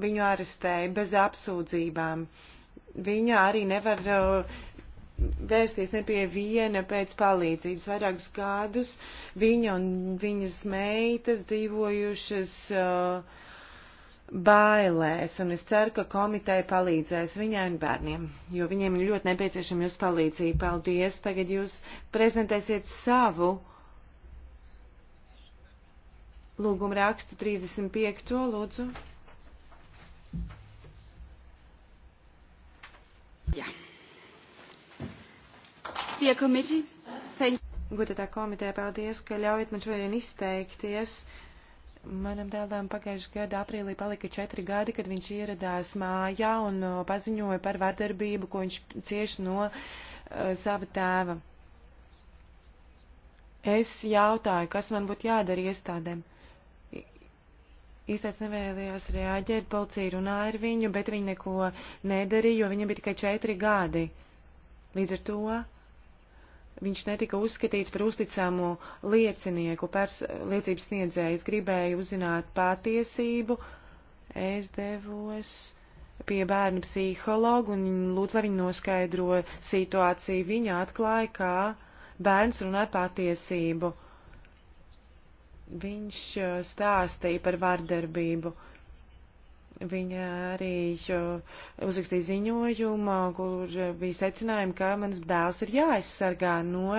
viņu arestēja bez apsūdzībām. Viņa arī nevar uh, vērsties ne pie viena pēc palīdzības. Vairākus gadus viņa un viņas meitas dzīvojušas uh, bailēs, un es ceru, ka komiteja palīdzēs viņai un bērniem, jo viņiem ir ļoti nepieciešama jūsu palīdzība. Paldies! Tagad jūs prezentēsiet savu lūgumu rakstu 35. lūdzu. Jā. Yeah. Dear committee, thank you. Godatā komiteja, paldies, ka ļaujat man šodien izteikties. Manam dēlam pagājušajā gada aprīlī palika četri gadi, kad viņš ieradās mājā un uh, paziņoja par vardarbību, ko viņš cieši no uh, sava tēva. Es jautāju, kas man būtu jādara iestādēm. Īstais nevēlējās reaģēt, policija runāja ar viņu, bet viņa neko nedarīja, jo viņam bija tikai četri gadi. Līdz ar to viņš netika uzskatīts par uzticamu liecinieku, pers, liecības sniedzēju. Es gribēju uzzināt patiesību. Es devos pie bērnu psihologu un lūdzu, lai viņi noskaidro situāciju. Viņa atklāja, kā bērns runāja patiesību. Viņš uh, stāstīja par vardarbību. Uh, Viņa arī uzrakstīja ziņojumu, kur bija secinājumi, ka mans dēls ir jāaizsargā no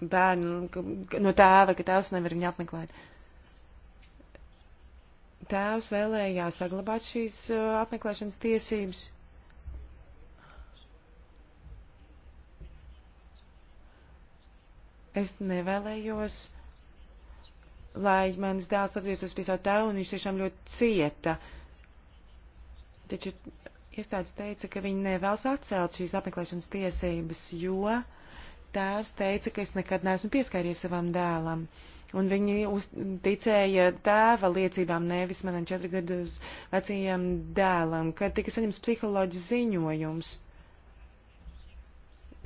bērnu, no tēva, ka tēvs nevar viņu apmeklēt. Tēvs vēlējās saglabāt šīs uh, apmeklēšanas tiesības. Es nevēlējos lai mans dēls atgrieztos pie savu tēvu, un viņš tiešām ļoti cieta. Taču iestādes teica, ka viņi nevēlas atcelt šīs apmeklēšanas tiesības, jo tēvs teica, ka es nekad neesmu pieskāries savam dēlam. Un viņi uz, ticēja tēva liecībām, nevis manam četru gadu vecajam dēlam, kad tika saņemts psiholoģis ziņojums.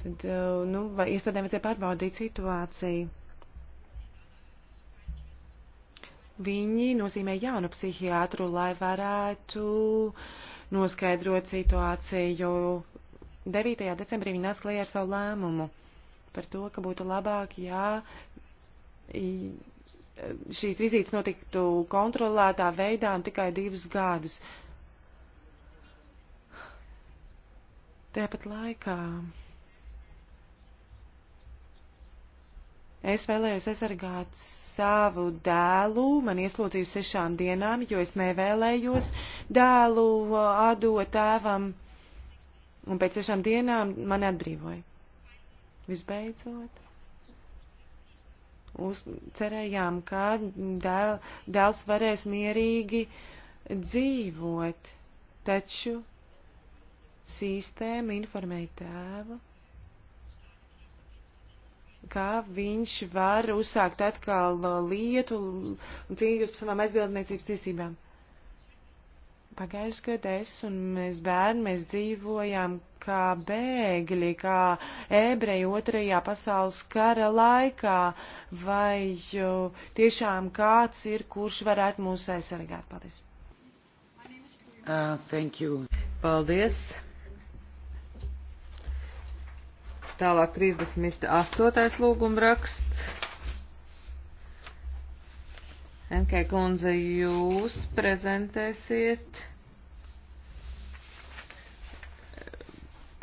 Tad, eh, nu, vai iestādēm vajadzēja pārbaudīt situāciju. Viņi nozīmē jaunu psihiatru, lai varētu noskaidrot situāciju. 9. decembrī viņi nāca klajā ar savu lēmumu par to, ka būtu labāk, ja šīs vizītes notiktu kontrolētā veidā un tikai divus gadus. Tāpat laikā Es vēlējos aizsargāt savu dēlu, man ieslodzīju sešām dienām, jo es nevēlējos dēlu uh, atdot tēvam, un pēc sešām dienām man atbrīvoja. Visbeidzot, uz, cerējām, ka dēl, dēls varēs mierīgi dzīvot, taču sistēma informēja tēvu kā viņš var uzsākt atkal lietu un cīnīties par savām aizbildniecības tiesībām. Pagājušajā gadā es un mēs bērni, mēs dzīvojām kā bēgļi, kā ebreji otrajā pasaules kara laikā, vai tiešām kāds ir, kurš varētu mūs aizsargāt. Paldies! Uh, thank you. Paldies! Tālāk 38. lūguma raksts. MK kundze, jūs prezentēsiet.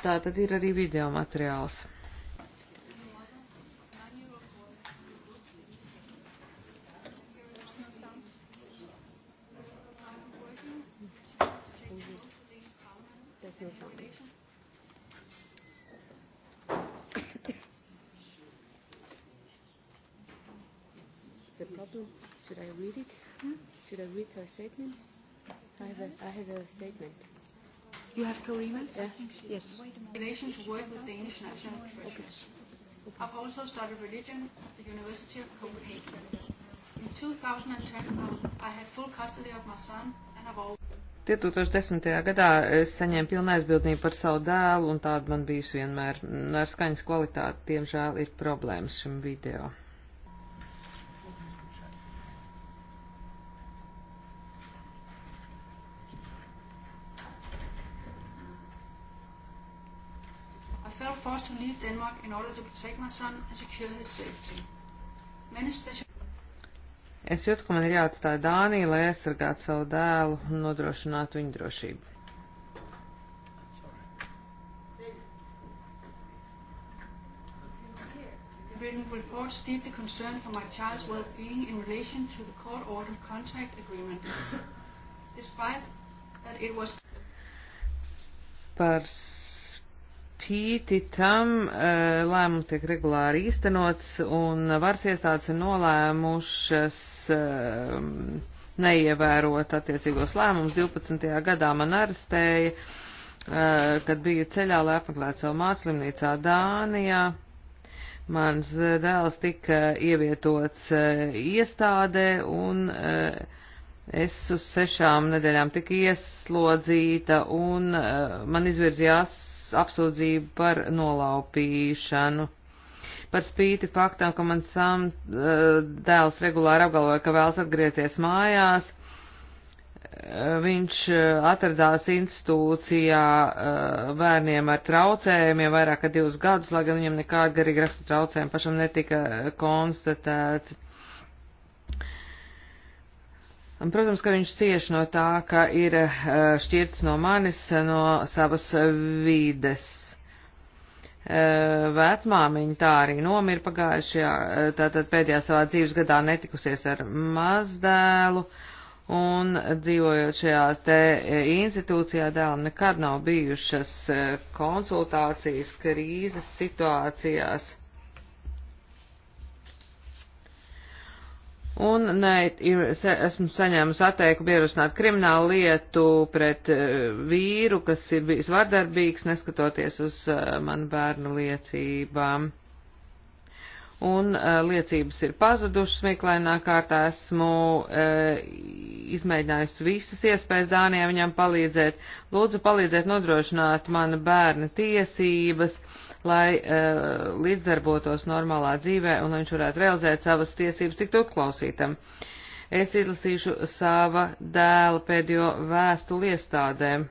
Tā tad ir arī video materiāls. Should I read her statement? I have a, I have a statement. You have co-remits? Yeah. Yes. Relations work with Danish national treasures. Okay. Okay. I've also studied religion at the University of Copenhagen. In 2010, I had full custody of my son and I've always 2010. gadā es saņēmu pilnu aizbildnību par savu dēlu, un tāda man bijusi vienmēr. Nu, ar skaņas kvalitāti, diemžēl, ir problēmas šim video. in order to protect my son and secure his safety. Many special Es jūtu, ka man ir jāatstāj Dānija, lai aizsargātu savu dēlu un nodrošinātu viņu drošību. Written reports deeply concerned for my child's well-being in relation to the court-ordered contact agreement. Despite that it was... Par Pīti tam eh, lēmums tiek regulāri īstenots un varas iestādes ir nolēmušas eh, neievērot attiecīgos lēmumus. 12. gadā man arestēja, eh, kad biju ceļā, lai apmeklētu savu māclimnīcā Dānijā. Mans dēls tika ievietots iestādē un es uz sešām nedēļām tika ieslodzīta un man izvirzījās apsūdzību par nolaupīšanu. Par spīti faktam, ka man sam eh, dēls regulāri apgalvoja, ka vēlas atgriezties mājās, eh, viņš eh, atradās institūcijā bērniem ar traucējumiem vairāk kā divus gadus, lai gan viņam nekāda garīga rakstu traucējuma pašam netika konstatēts Un, protams, ka viņš cieš no tā, ka ir eh, šķirts no manis, no savas vides. Eh, vecmāmiņa tā arī nomira pagājušajā, eh, tātad pēdējā savā dzīves gadā netikusies ar mazdēlu, un dzīvojot šajās te institūcijā dēlam nekad nav bijušas konsultācijas krīzes situācijās Un ne, esmu saņēmusi atteikumu ierosināt kriminālu lietu pret eh, vīru, kas ir bijis vardarbīgs, neskatoties uz eh, manu bērnu liecībām. Un eh, liecības ir pazudušas, meklēnā kārtā esmu izmēģinājusi visas iespējas Dānijā viņam palīdzēt. Lūdzu, palīdziet nodrošināt mana bērna tiesības lai uh, līdzdarbotos normālā dzīvē un lai viņš varētu realizēt savas tiesības tikt uzklausītam. Es izlasīšu sava dēla pēdējo vēstuli iestādēm.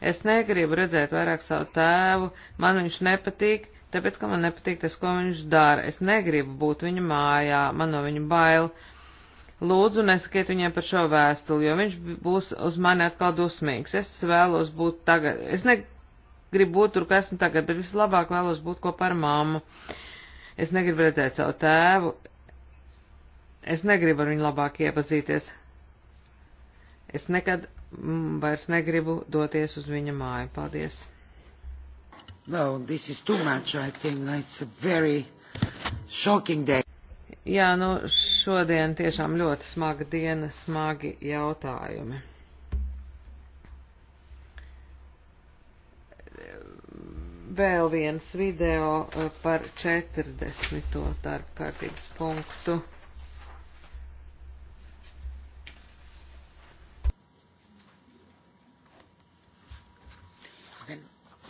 Es negribu redzēt vairāk savu tēvu, man viņš nepatīk, tāpēc, ka man nepatīk tas, ko viņš dara. Es negribu būt viņa mājā, man no viņa bail. Lūdzu, nesakiet viņai par šo vēstuli, jo viņš būs uz mani atkal dusmīgs. Es vēlos būt tagad, es ne, gribu būt tur, kur esmu tagad, bet vislabāk vēlos būt kopā ar mammu. Es negribu redzēt savu tēvu, es negribu ar viņu labāk iepazīties. Es nekad mm, vairs negribu doties uz viņa māju. Paldies! Well, this is too much, I think. It's a very shocking day. Jā, nu šodien tiešām ļoti smaga diena, smagi jautājumi. vēl viens video eh, par 40. starpkārtības punktu.